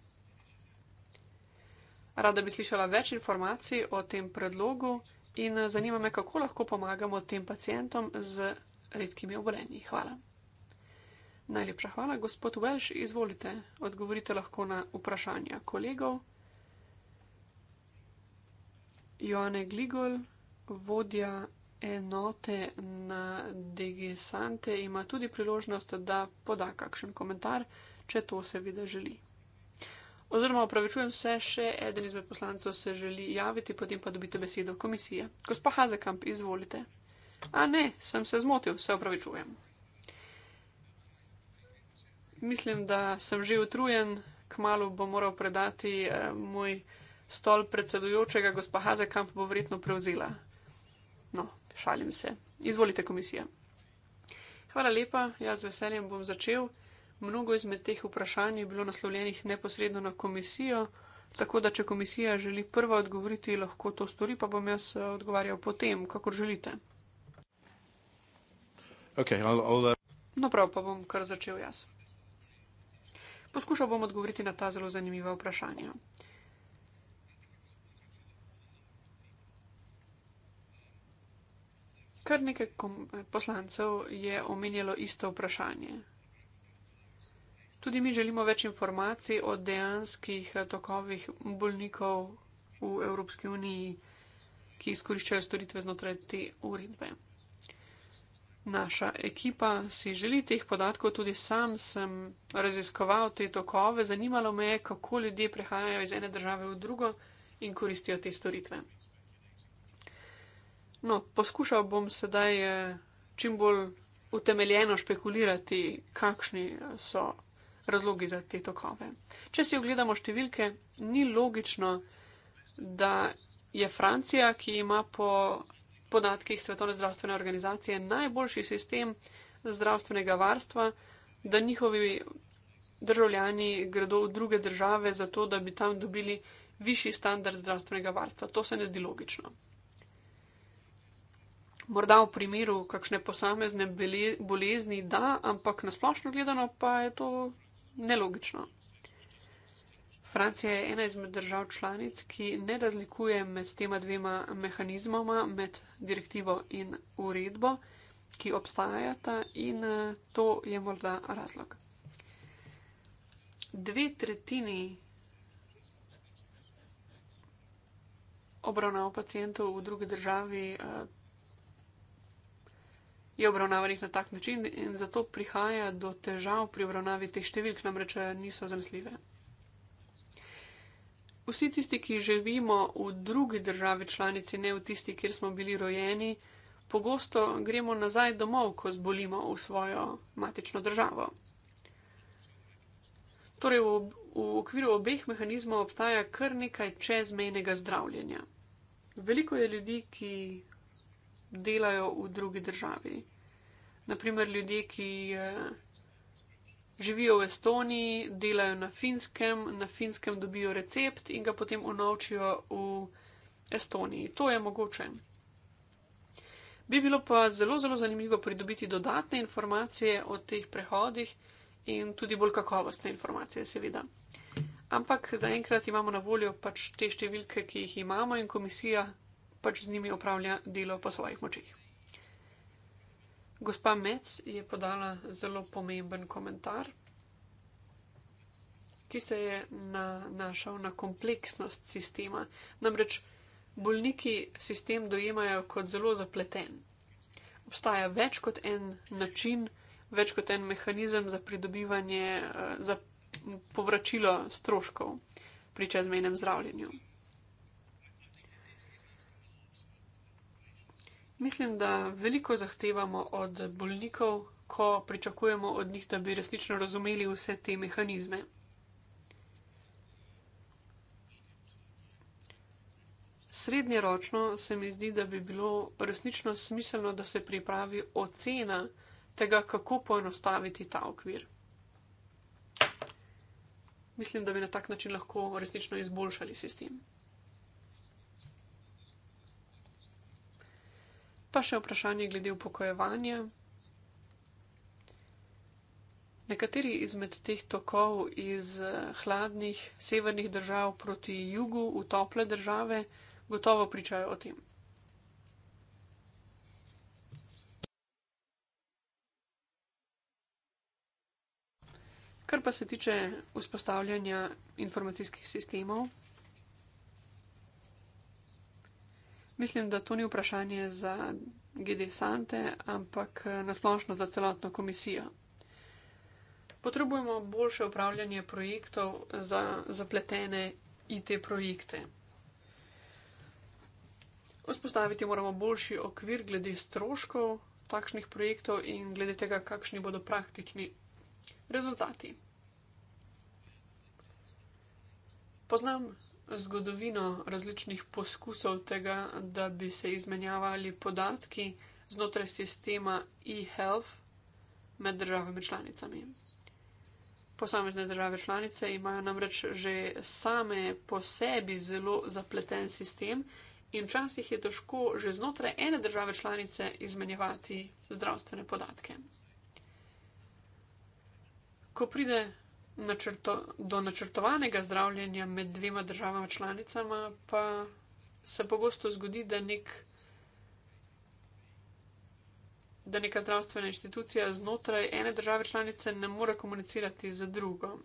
Rada bi slišala več informacij o tem predlogu in zanima me, kako lahko pomagamo tem pacijentom z redkimi obolenji. Hvala. Najlepša hvala, gospod Welsh, izvolite, odgovorite lahko na vprašanja kolegov. Joane Gligol, vodja enote na Digesante ima tudi priložnost, da poda kakšen komentar, če to seveda želi. Oziroma, opravičujem se, še eden izmed poslancev se želi javiti, potem pa dobite besedo komisije. Gospa Hazekamp, izvolite. A ne, sem se zmotil, se opravičujem. Mislim, da sem že utrujen, kmalo bom moral predati eh, moj stol predsedujočega, gospa Hazekamp bo vredno prevzela. No, šalim se. Izvolite komisija. Hvala lepa, jaz z veseljem bom začel. Mnogo izmed teh vprašanj je bilo naslovljenih neposredno na komisijo, tako da če komisija želi prva odgovoriti, lahko to stori, pa bom jaz eh, odgovarjal potem, kako želite. Okay, I'll, I'll, uh... No prav, pa bom kar začel jaz. Poskušal bom odgovoriti na ta zelo zanimiva vprašanja. Kar nekaj poslancev je omenjalo isto vprašanje. Tudi mi želimo več informacij o dejanskih eh, tokovih bolnikov v Evropski uniji, ki izkoriščajo storitve znotraj te uredbe. Naša ekipa si želi teh podatkov, tudi sam sem raziskoval te tokove, zanimalo me je, kako ljudje prehajajo iz ene države v drugo in koristijo te storitve. No, poskušal bom sedaj eh, čim bolj utemeljeno špekulirati, kakšni so razlogi za te tokove. Če si ogledamo številke, ni logično, da je Francija, ki ima po podatkih Svetovne zdravstvene organizacije najboljši sistem zdravstvenega varstva, da njihovi državljani gredo v druge države, zato da bi tam dobili višji standard zdravstvenega varstva. To se ne zdi logično. Morda v primeru kakšne posamezne bolezni da, ampak na splošno gledano pa je to nelogično. Francija je ena izmed držav članic, ki ne razlikuje med tema dvema mehanizmoma, med direktivo in uredbo, ki obstajata in to je morda razlog. Dve tretjini obravnav pacijentov v drugi državi eh, je obravnavanih na tak način in zato prihaja do težav pri obravnavi teh številk, namreč eh, niso zanesljive. Vsi tisti, ki živimo v drugi državi članici, ne v tisti, kjer smo bili rojeni, pogosto gremo nazaj domov, ko zbolimo v svojo matično državo. Torej, v, v okviru obeh mehanizmov obstaja kar nekaj čezmejnega zdravljenja. Veliko je ljudi, ki delajo v drugi državi. Naprimer, ljudje, ki eh, živijo v Estoniji, delajo na finskem, na finskem dobijo recept in ga potem unovčijo v Estoniji. To je mogoče. Bi bilo pa zelo, zelo zanimivo pridobiti dodatne informacije o teh prehodih in tudi bolj kakovostne informacije, seveda. Ampak zaenkrat imamo na voljo pač te številke, ki jih imamo in komisija pač z njimi opravlja delo po svojih močeh. Gospa Metz je podala zelo pomemben komentar, ki se je nanašal na kompleksnost sistema. Namreč bolniki sistem dojemajo kot zelo zapleten. Obstaja več kot en način, več kot en mehanizem za pridobivanje, eh, za povračilo stroškov pri čezmejnem zdravljenju. Mislim, da veliko zahtevamo od bolnikov, ko pričakujemo od njih, da bi resnično razumeli vse te mehanizme. Srednjeročno se mi zdi, da bi bilo resnično smiselno, da se pripravi ocena tega, kako poenostaviti ta okvir. Mislim, da bi na tak način lahko resnično izboljšali sistem. Pa še vprašanje glede upokojevanja. Nekateri izmed teh tokov iz eh, hladnih severnih držav proti jugu v tople države gotovo pričajo o tem. Kar pa se tiče vzpostavljanja informacijskih sistemov, Mislim, da to ni vprašanje za GD Sante, ampak eh, nasplošno za celotno komisijo. Potrebujemo boljše upravljanje projektov za zapletene IT projekte. Vzpostaviti moramo boljši okvir glede stroškov takšnih projektov in glede tega, kakšni bodo praktični rezultati. Poznam zgodovino različnih poskusov tega, da bi se izmenjavali podatki znotraj sistema e-health med državami članicami. Posamezne države članice imajo namreč že same po sebi zelo zapleten sistem in včasih je težko že znotraj ene države članice izmenjevati zdravstvene podatke. Ko pride načrto, do načrtovanega zdravljenja med dvema državama članicama, pa se pogosto zgodi, da, nek, da neka zdravstvena inštitucija znotraj ene države članice ne more komunicirati z drugo.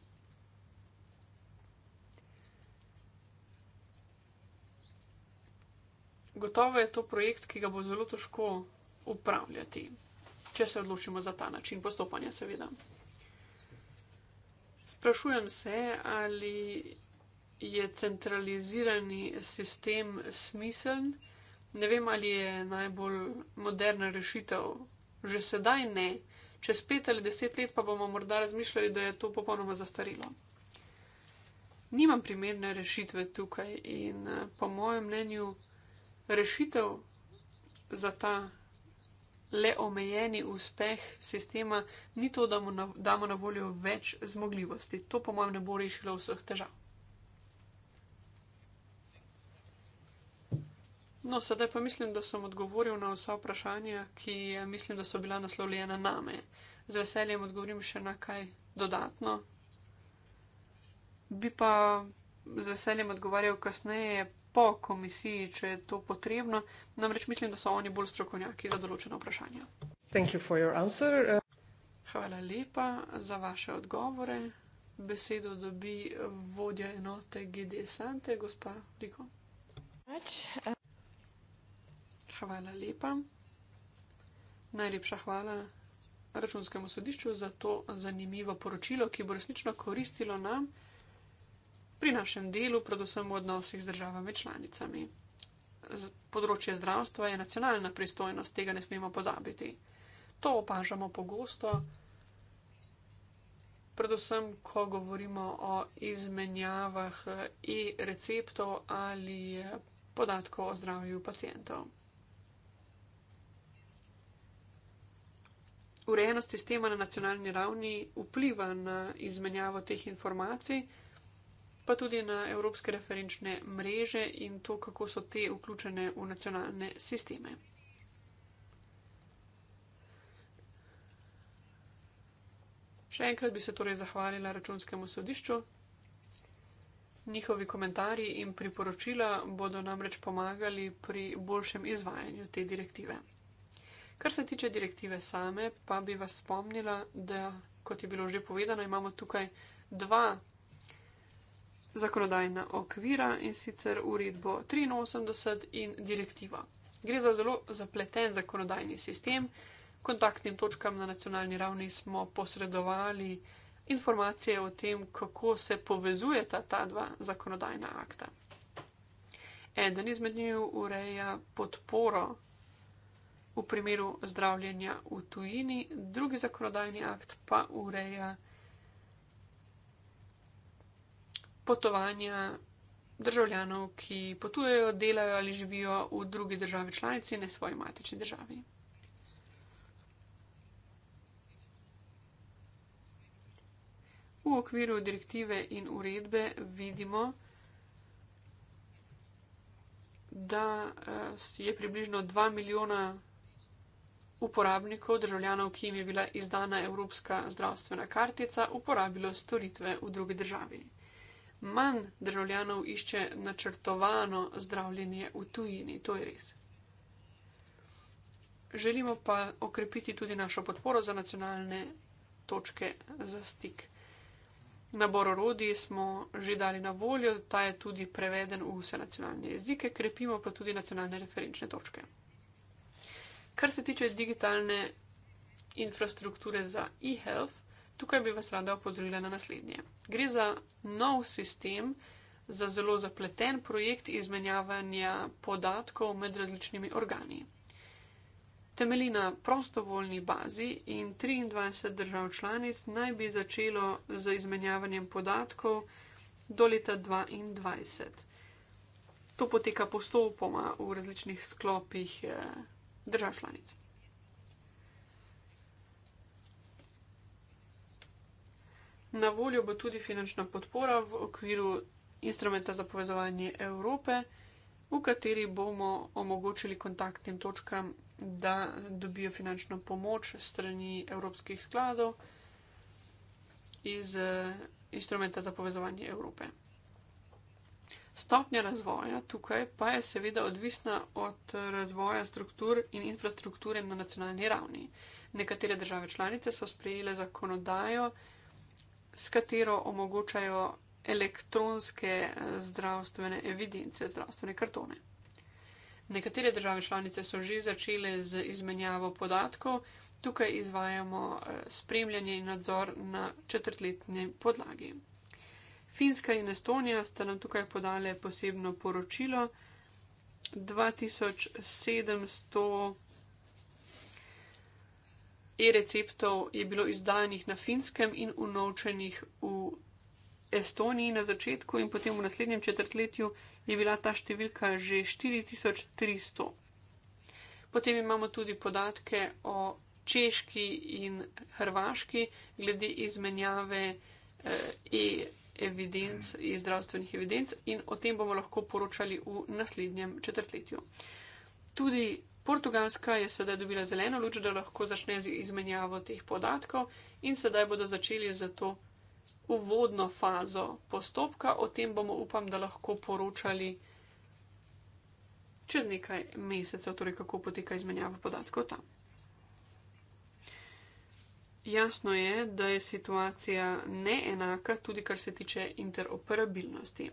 Gotovo je to projekt, ki ga bo zelo težko upravljati, če se odločimo za ta način postopanja, seveda. Sprašujem se, ali je centralizirani sistem smiseln. Ne vem, ali je najbolj moderna rešitev. Že sedaj ne, čez pet ali deset let pa bomo morda razmišljali, da je to popolnoma zastarilo. Nimam primerne rešitve tukaj in po mojem mnenju rešitev za ta le omejeni uspeh sistema, ni to, da mu na, damo na voljo več zmogljivosti. To, po mojem, ne bo rešilo vseh težav. No, sedaj pa mislim, da sem odgovoril na vsa vprašanja, ki eh, mislim, da so bila naslovljena name. Z veseljem odgovorim še na kaj dodatno. Bi pa z veseljem odgovarjal kasneje, po komisiji, če je to potrebno. Namreč mislim, da so oni bolj strokovnjaki za določeno vprašanje. Hvala lepa za vaše odgovore. Besedo dobi vodja enote GD Sante, gospa Riko. Hvala lepa. Najlepša hvala računskemu sodišču za to zanimivo poročilo, ki bo resnično koristilo nam pri našem delu, predvsem v odnosih z državami članicami. Z področje zdravstva je nacionalna pristojnost, tega ne smemo pozabiti. To opažamo pogosto, predvsem, ko govorimo o izmenjavah e-receptov ali podatkov o zdravju pacijentov. Urejenost sistema na nacionalni ravni vpliva na izmenjavo teh informacij pa tudi na evropske referenčne mreže in to, kako so te vključene v nacionalne sisteme. Še enkrat bi se torej zahvalila računskemu sodišču. Njihovi komentarji in priporočila bodo namreč pomagali pri boljšem izvajanju te direktive. Kar se tiče direktive same, pa bi vas spomnila, da, kot je bilo že povedano, imamo tukaj dva zakonodajna okvira in sicer uredbo 83 in direktiva. Gre za zelo zapleten zakonodajni sistem. Kontaktnim točkam na nacionalni ravni smo posredovali informacije o tem, kako se povezujeta ta dva zakonodajna akta. Eden izmed njih ureja podporo v primeru zdravljenja v tujini, drugi zakonodajni akt pa ureja. potovanja državljanov, ki potujejo, delajo ali živijo v drugi državi članici, ne svoji matični državi. V okviru direktive in uredbe vidimo, da eh, je približno 2 milijona uporabnikov, državljanov, ki jim je bila izdana evropska zdravstvena kartica, uporabilo storitve v drugi državi manj državljanov išče načrtovano zdravljenje v tujini, to je res. Želimo pa okrepiti tudi našo podporo za nacionalne točke za stik. Nabor orodij smo že dali na voljo, ta je tudi preveden v vse nacionalne jezike, krepimo pa tudi nacionalne referenčne točke. Kar se tiče digitalne infrastrukture za e-health, Tukaj bi vas rada opozorila na naslednje. Gre za nov sistem za zelo zapleten projekt izmenjavanja podatkov med različnimi organi. Temelji na prostovoljni bazi in 23 držav članic naj bi začelo z izmenjavanjem podatkov do leta 2022. To poteka postopoma v različnih sklopih eh, držav članic. Na voljo bo tudi finančna podpora v okviru instrumenta za povezovanje Evrope, v kateri bomo omogočili kontaktnim točkam, da dobijo finančno pomoč strani evropskih skladov iz eh, instrumenta za povezovanje Evrope. Stopnja razvoja tukaj pa je seveda odvisna od razvoja struktur in infrastrukture na nacionalni ravni. Nekatere države članice so sprejele zakonodajo, s katero omogočajo elektronske zdravstvene evidence, zdravstvene kartone. Nekatere države članice so že začele z izmenjavo podatkov, tukaj izvajamo eh, spremljanje in nadzor na četrtletni podlagi. Finska in Estonija sta nam tukaj podale posebno poročilo. 2700 e-receptov je bilo izdanih na finskem in unovčenih v Estoniji na začetku, in potem v naslednjem četrtletju je bila ta številka že 4300. Potem imamo tudi podatke o češki in hrvaški glede izmenjave eh, e-evidenc, e-zdravstvenih evidenc, in o tem bomo lahko poročali v naslednjem četrtletju. Tudi Portugalska je sedaj dobila zeleno luč, da lahko začne z izmenjavo teh podatkov in sedaj bodo začeli za to uvodno fazo postopka. O tem bomo, upam, da lahko poročali čez nekaj mesecev, torej kako poteka izmenjava podatkov tam. Jasno je, da je situacija neenaka, tudi kar se tiče interoperabilnosti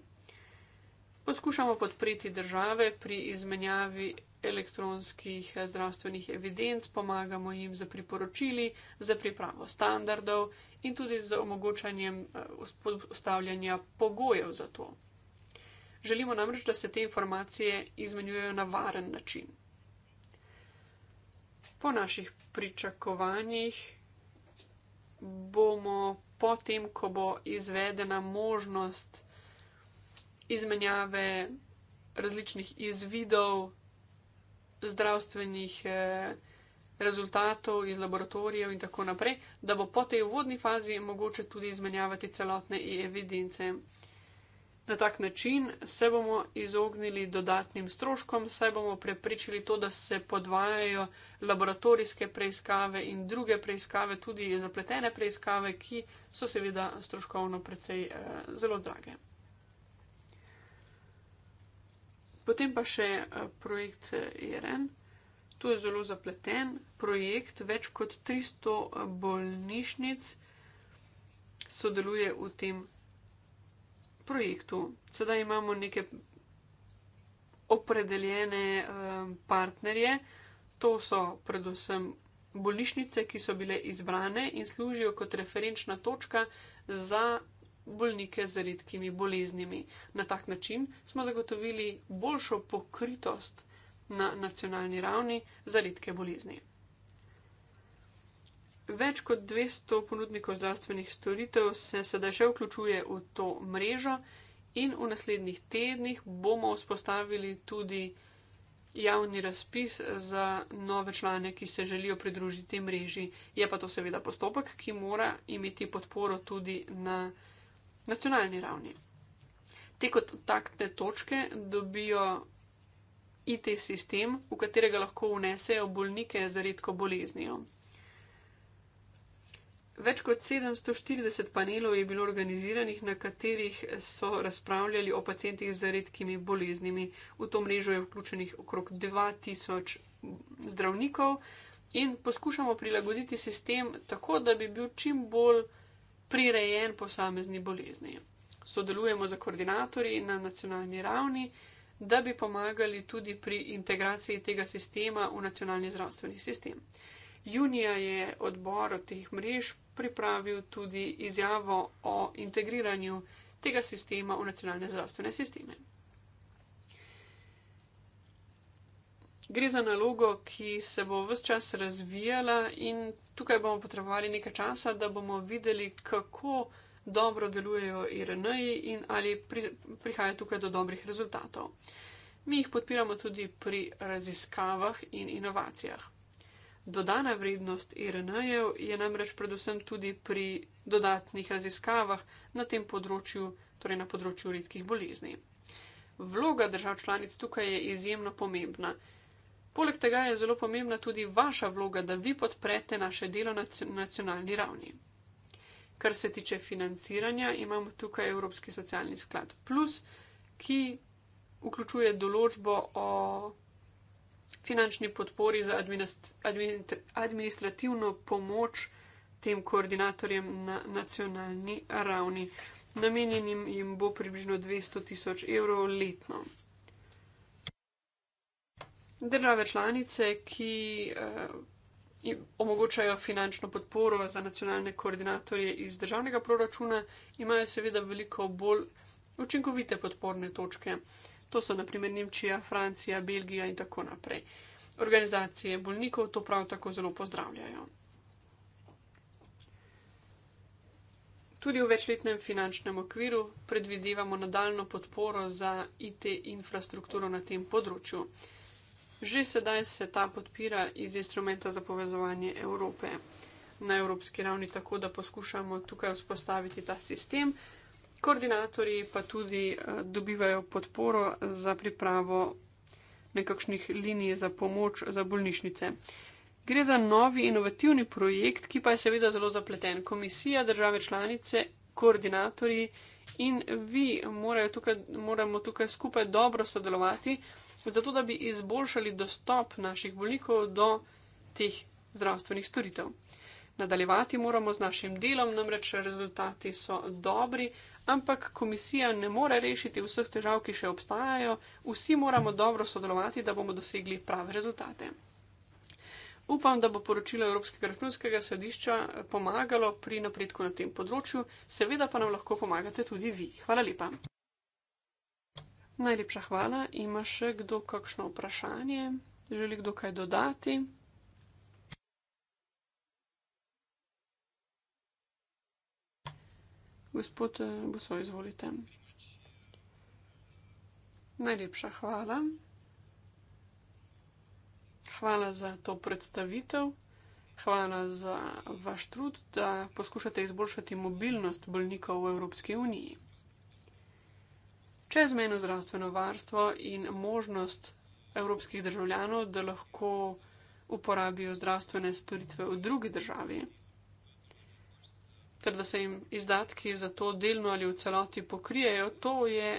poskušamo podpreti države pri izmenjavi elektronskih eh, zdravstvenih evidenc, pomagamo jim za priporočili, za pripravo standardov in tudi z omogočanjem ustavljanja eh, pogojev za to. Želimo namreč, da se te informacije izmenjujejo na varen način. Po naših pričakovanjih bomo potem, ko bo izvedena možnost izmenjave različnih izvidov, zdravstvenih eh, rezultatov iz laboratorijev in tako naprej, da bo po tej uvodni fazi mogoče tudi izmenjavati celotne evidence. Na tak način se bomo izognili dodatnim stroškom, se bomo prepričali to, da se podvajajo laboratorijske preiskave in druge preiskave, tudi zapletene preiskave, ki so seveda stroškovno precej eh, zelo drage. Potem pa še eh, projekt eh, Eren. To je zelo zapleten projekt. Več kot 300 eh, bolnišnic sodeluje v tem projektu. Sedaj imamo neke opredeljene partnerje. To so predvsem bolnišnice, ki so bile izbrane in služijo kot referenčna točka za bolnike z redkimi boleznimi. Na tak način smo zagotovili boljšo pokritost na nacionalni ravni za redke bolezni. Več kot 200 ponudnikov zdravstvenih storitev se sedaj še vključuje v to mrežo, in v naslednjih tednih bomo vzpostavili tudi javni razpis za nove člane, ki se želijo pridružiti mreži. Je pa to seveda postopek, ki mora imeti podporo tudi na nacionalni ravni. Te kot taktne točke dobijo IT sistem, v katerega lahko vnesejo bolnike z redko boleznijo. Več kot 740 panelov je bilo organiziranih, na katerih so razpravljali o pacijentih z redkimi boleznimi. V to mrežo je vključenih okrog 2000 zdravnikov in poskušamo prilagoditi sistem tako, da bi bil čim bolj prirejen posamezni bolezni. Sodelujemo z koordinatorji na nacionalni ravni, da bi pomagali tudi pri integraciji tega sistema v nacionalni zdravstveni sistem. Junija je odbor od teh mrež pripravil tudi izjavo o integriranju tega sistema v nacionalne zdravstvene sisteme. gre za nalogo, ki se bo vse čas razvijala in tukaj bomo potrebovali nekaj časa, da bomo videli, kako dobro delujejo IRN-ji in ali pri, prihaja tukaj do dobrih rezultatov. Mi jih podpiramo tudi pri raziskavah in inovacijah. Dodana vrednost IRN-jev je namreč predvsem tudi pri dodatnih raziskavah na tem področju, torej na področju redkih bolezni. Vloga držav članic tukaj je izjemno pomembna. Poleg tega je zelo pomembna tudi vaša vloga, da vi podprete naše delo na nacionalni ravni. Kar se tiče financiranja, imamo tukaj Evropski socialni sklad Plus, ki vključuje določbo o finančni podpori za administrativno pomoč tem koordinatorjem na nacionalni ravni. Namenjenim jim bo približno 200 tisoč evrov letno države članice, ki uh, omogočajo finančno podporo za nacionalne koordinatorje iz državnega proračuna, imajo seveda veliko bolj učinkovite podporne točke. To so naprimer Nemčija, Francija, Belgija in tako naprej. Organizacije bolnikov to prav tako zelo pozdravljajo. Tudi v večletnem finančnem okviru predvidevamo nadaljno podporo za IT infrastrukturo na tem področju. Že sedaj se ta podpira iz instrumenta za povezovanje Evrope na evropski ravni, tako da poskušamo tukaj vzpostaviti ta sistem. Koordinatorji pa tudi eh, dobivajo podporo za pripravo nekakšnih linij za pomoč za bolnišnice. Gre za novi inovativni projekt, ki pa je seveda zelo zapleten. Komisija, države članice, koordinatorji in vi tukaj, moramo tukaj skupaj dobro sodelovati zato da bi izboljšali dostop naših bolnikov do teh zdravstvenih storitev. Nadaljevati moramo z našim delom, namreč rezultati so dobri, ampak komisija ne more rešiti vseh težav, ki še obstajajo. Vsi moramo dobro sodelovati, da bomo dosegli prave rezultate. Upam, da bo poročilo Evropskega računskega sodišča pomagalo pri napredku na tem področju, seveda pa nam lahko pomagate tudi vi. Hvala lepa. Najlepša hvala. Ima še kdo kakšno vprašanje? Želi kdo kaj dodati? Gospod eh, Buso, izvolite. Najlepša hvala. Hvala za to predstavitev. Hvala za vaš trud, da poskušate izboljšati mobilnost bolnikov v Evropski uniji čezmejno zdravstveno varstvo in možnost evropskih državljanov, da lahko uporabijo zdravstvene storitve v drugi državi, ter da se jim izdatki za to delno ali v celoti pokrijejo, to je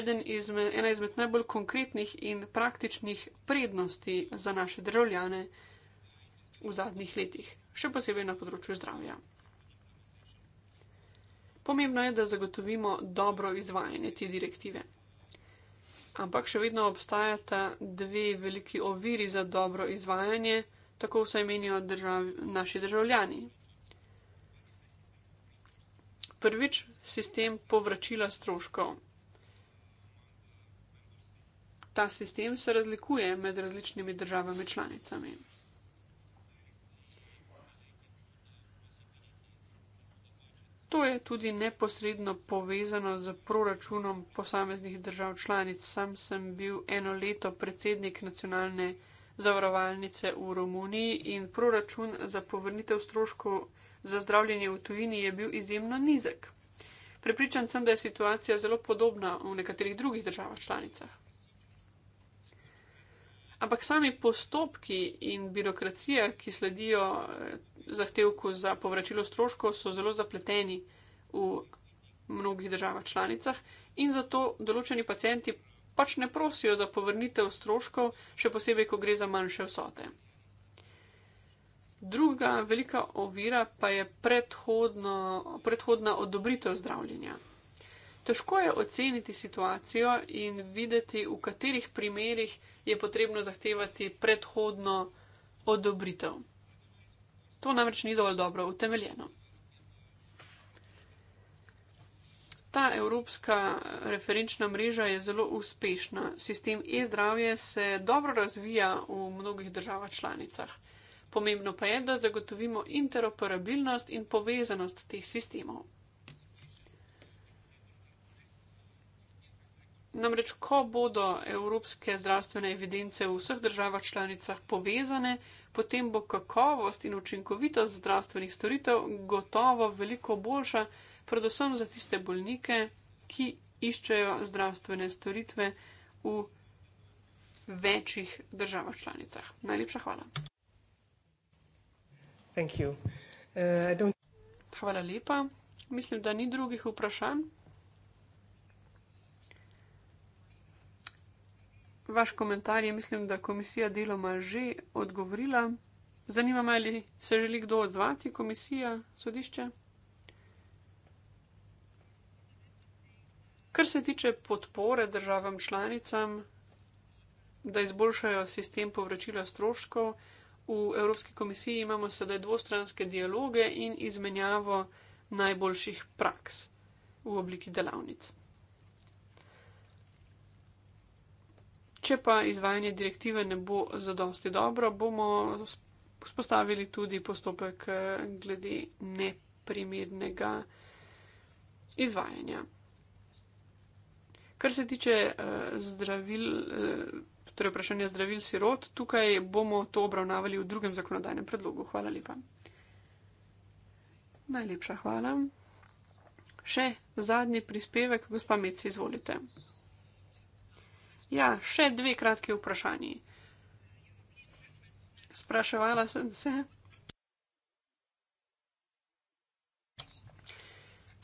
eden izme, ena izmed najbolj konkretnih in praktičnih prednosti za naše državljane v zadnjih letih, še posebej na področju zdravja. Pomembno je, da zagotovimo dobro izvajanje te direktive. Ampak še vedno obstajata dve veliki oviri za dobro izvajanje, tako vsaj menijo držav, naši državljani. Prvič, sistem povračila stroškov. Ta sistem se razlikuje med različnimi državami članicami. To je tudi neposredno povezano z proračunom posameznih držav članic. Sam sem bil eno leto predsednik nacionalne zavarovalnice v Romuniji in proračun za povrnitev stroškov za zdravljenje v tujini je bil izjemno nizek. Prepričan sem, da je situacija zelo podobna v nekaterih drugih državah članicah. Ampak sami postopki in birokracija, ki sledijo eh, zahtevku za povračilo stroškov, so zelo zapleteni v mnogih državah članicah in zato določeni pacijenti pač ne prosijo za povrnitev stroškov, še posebej, ko gre za manjše vsote. Druga velika ovira pa je predhodno, predhodna odobritev zdravljenja. Težko je oceniti situacijo in videti, v katerih primerih je potrebno zahtevati predhodno odobritev. To namreč ni dovolj dobro utemeljeno. Ta evropska referenčna mreža je zelo uspešna. Sistem e-zdravje se dobro razvija v mnogih državah članicah. Pomembno pa je, da zagotovimo interoperabilnost in povezanost teh sistemov. Namreč, ko bodo evropske zdravstvene evidence v vseh državah članicah povezane, potem bo kakovost in učinkovitost zdravstvenih storitev gotovo veliko boljša, predvsem za tiste bolnike, ki iščejo zdravstvene storitve v večjih državah članicah. Najlepša hvala. Uh, hvala lepa. Mislim, da ni drugih vprašanj. vaš komentar je, mislim, da komisija deloma že odgovorila. Zanima me, ali se želi kdo odzvati, komisija, sodišče. Kar se tiče podpore državam članicam, da izboljšajo sistem povračila stroškov, v Evropski komisiji imamo sedaj dvostranske dialoge in izmenjavo najboljših praks v obliki delavnic. Če pa izvajanje direktive ne bo zadosti dobro, bomo spostavili tudi postopek eh, glede neprimernega izvajanja. Kar se tiče eh, zdravil, eh, torej vprašanja zdravil sirot, tukaj bomo to obravnavali v drugem zakonodajnem predlogu. Hvala lepa. Najlepša hvala. Še zadnji prispevek, gospa Mec, izvolite. Ja, še dve kratki vprašanji. Spraševala sem se.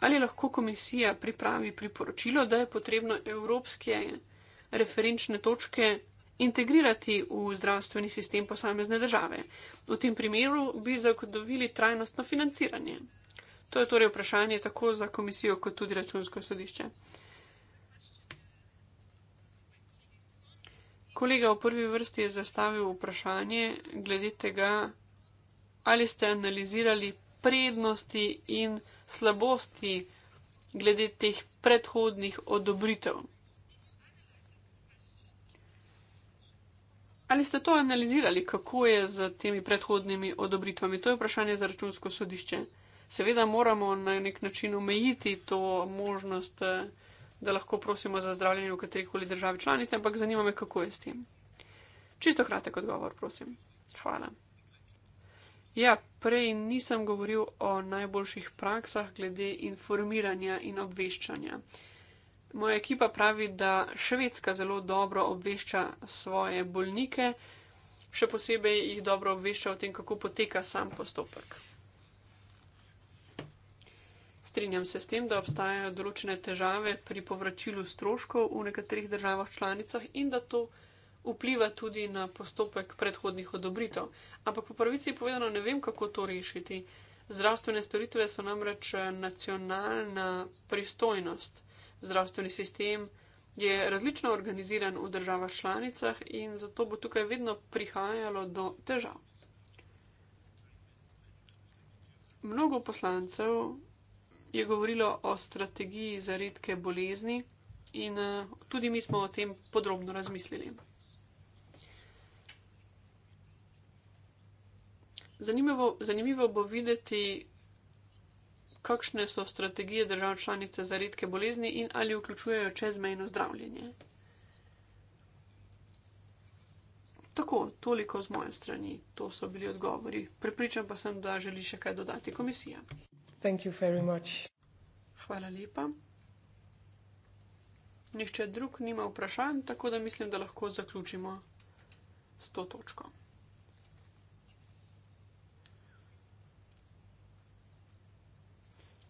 Ali lahko komisija pripravi priporočilo, da je potrebno evropske referenčne točke integrirati v zdravstveni sistem posamezne države? V tem primeru bi zagotovili trajnostno financiranje. To je torej vprašanje tako za komisijo, kot tudi računsko sodišče. Kolega v prvi vrsti je zastavil vprašanje glede tega, ali ste analizirali prednosti in slabosti glede teh predhodnih odobritev. Ali ste to analizirali, kako je z temi predhodnimi odobritvami? To je vprašanje za računsko sodišče. Seveda moramo na nek način omejiti to možnost. Eh, da lahko prosimo za zdravljenje v katerikoli državi članice, ampak zanima me, kako je s tem. Čisto kratek odgovor, prosim. Hvala. Ja, prej nisem govoril o najboljših praksah glede informiranja in obveščanja. Moja ekipa pravi, da Švedska zelo dobro obvešča svoje bolnike, še posebej jih dobro obvešča o tem, kako poteka sam postopek strinjam se s tem, da obstajajo določene težave pri povračilu stroškov v nekaterih državah članicah in da to vpliva tudi na postopek predhodnih odobritev. Ampak po pravici povedano ne vem, kako to rešiti. Zdravstvene storitve so namreč eh, nacionalna pristojnost. Zdravstveni sistem je različno organiziran v državah članicah in zato bo tukaj vedno prihajalo do težav. Mnogo poslancev je govorilo o strategiji za redke bolezni in eh, tudi mi smo o tem podrobno razmislili. Zanimivo, zanimivo bo videti, kakšne so strategije držav članice za redke bolezni in ali vključujejo čezmejno zdravljenje. Tako, toliko z moje strani, to so bili odgovori. Pripričan pa sem, da želi še kaj dodati komisija. Thank you very much. Hvala lepa. Nihče drug nima vprašanj, tako da mislim, da lahko zaključimo s to točko.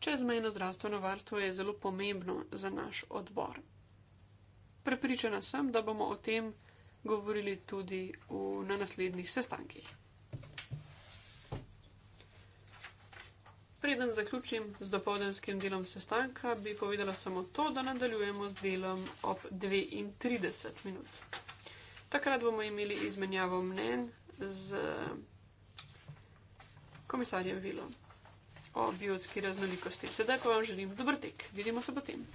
Čezmejno zdravstveno varstvo je zelo pomembno za naš odbor. Prepričana sem, da bomo o tem govorili tudi v, na naslednjih sestankih. Preden zaključim z dopoldanskim delom sestanka, bi povedala samo to, da nadaljujemo z delom ob 32 minut. Takrat bomo imeli izmenjavo mnen z komisarjem Vilo o biotski raznolikosti. Sedaj pa vam želim dober tek. Vidimo se potem.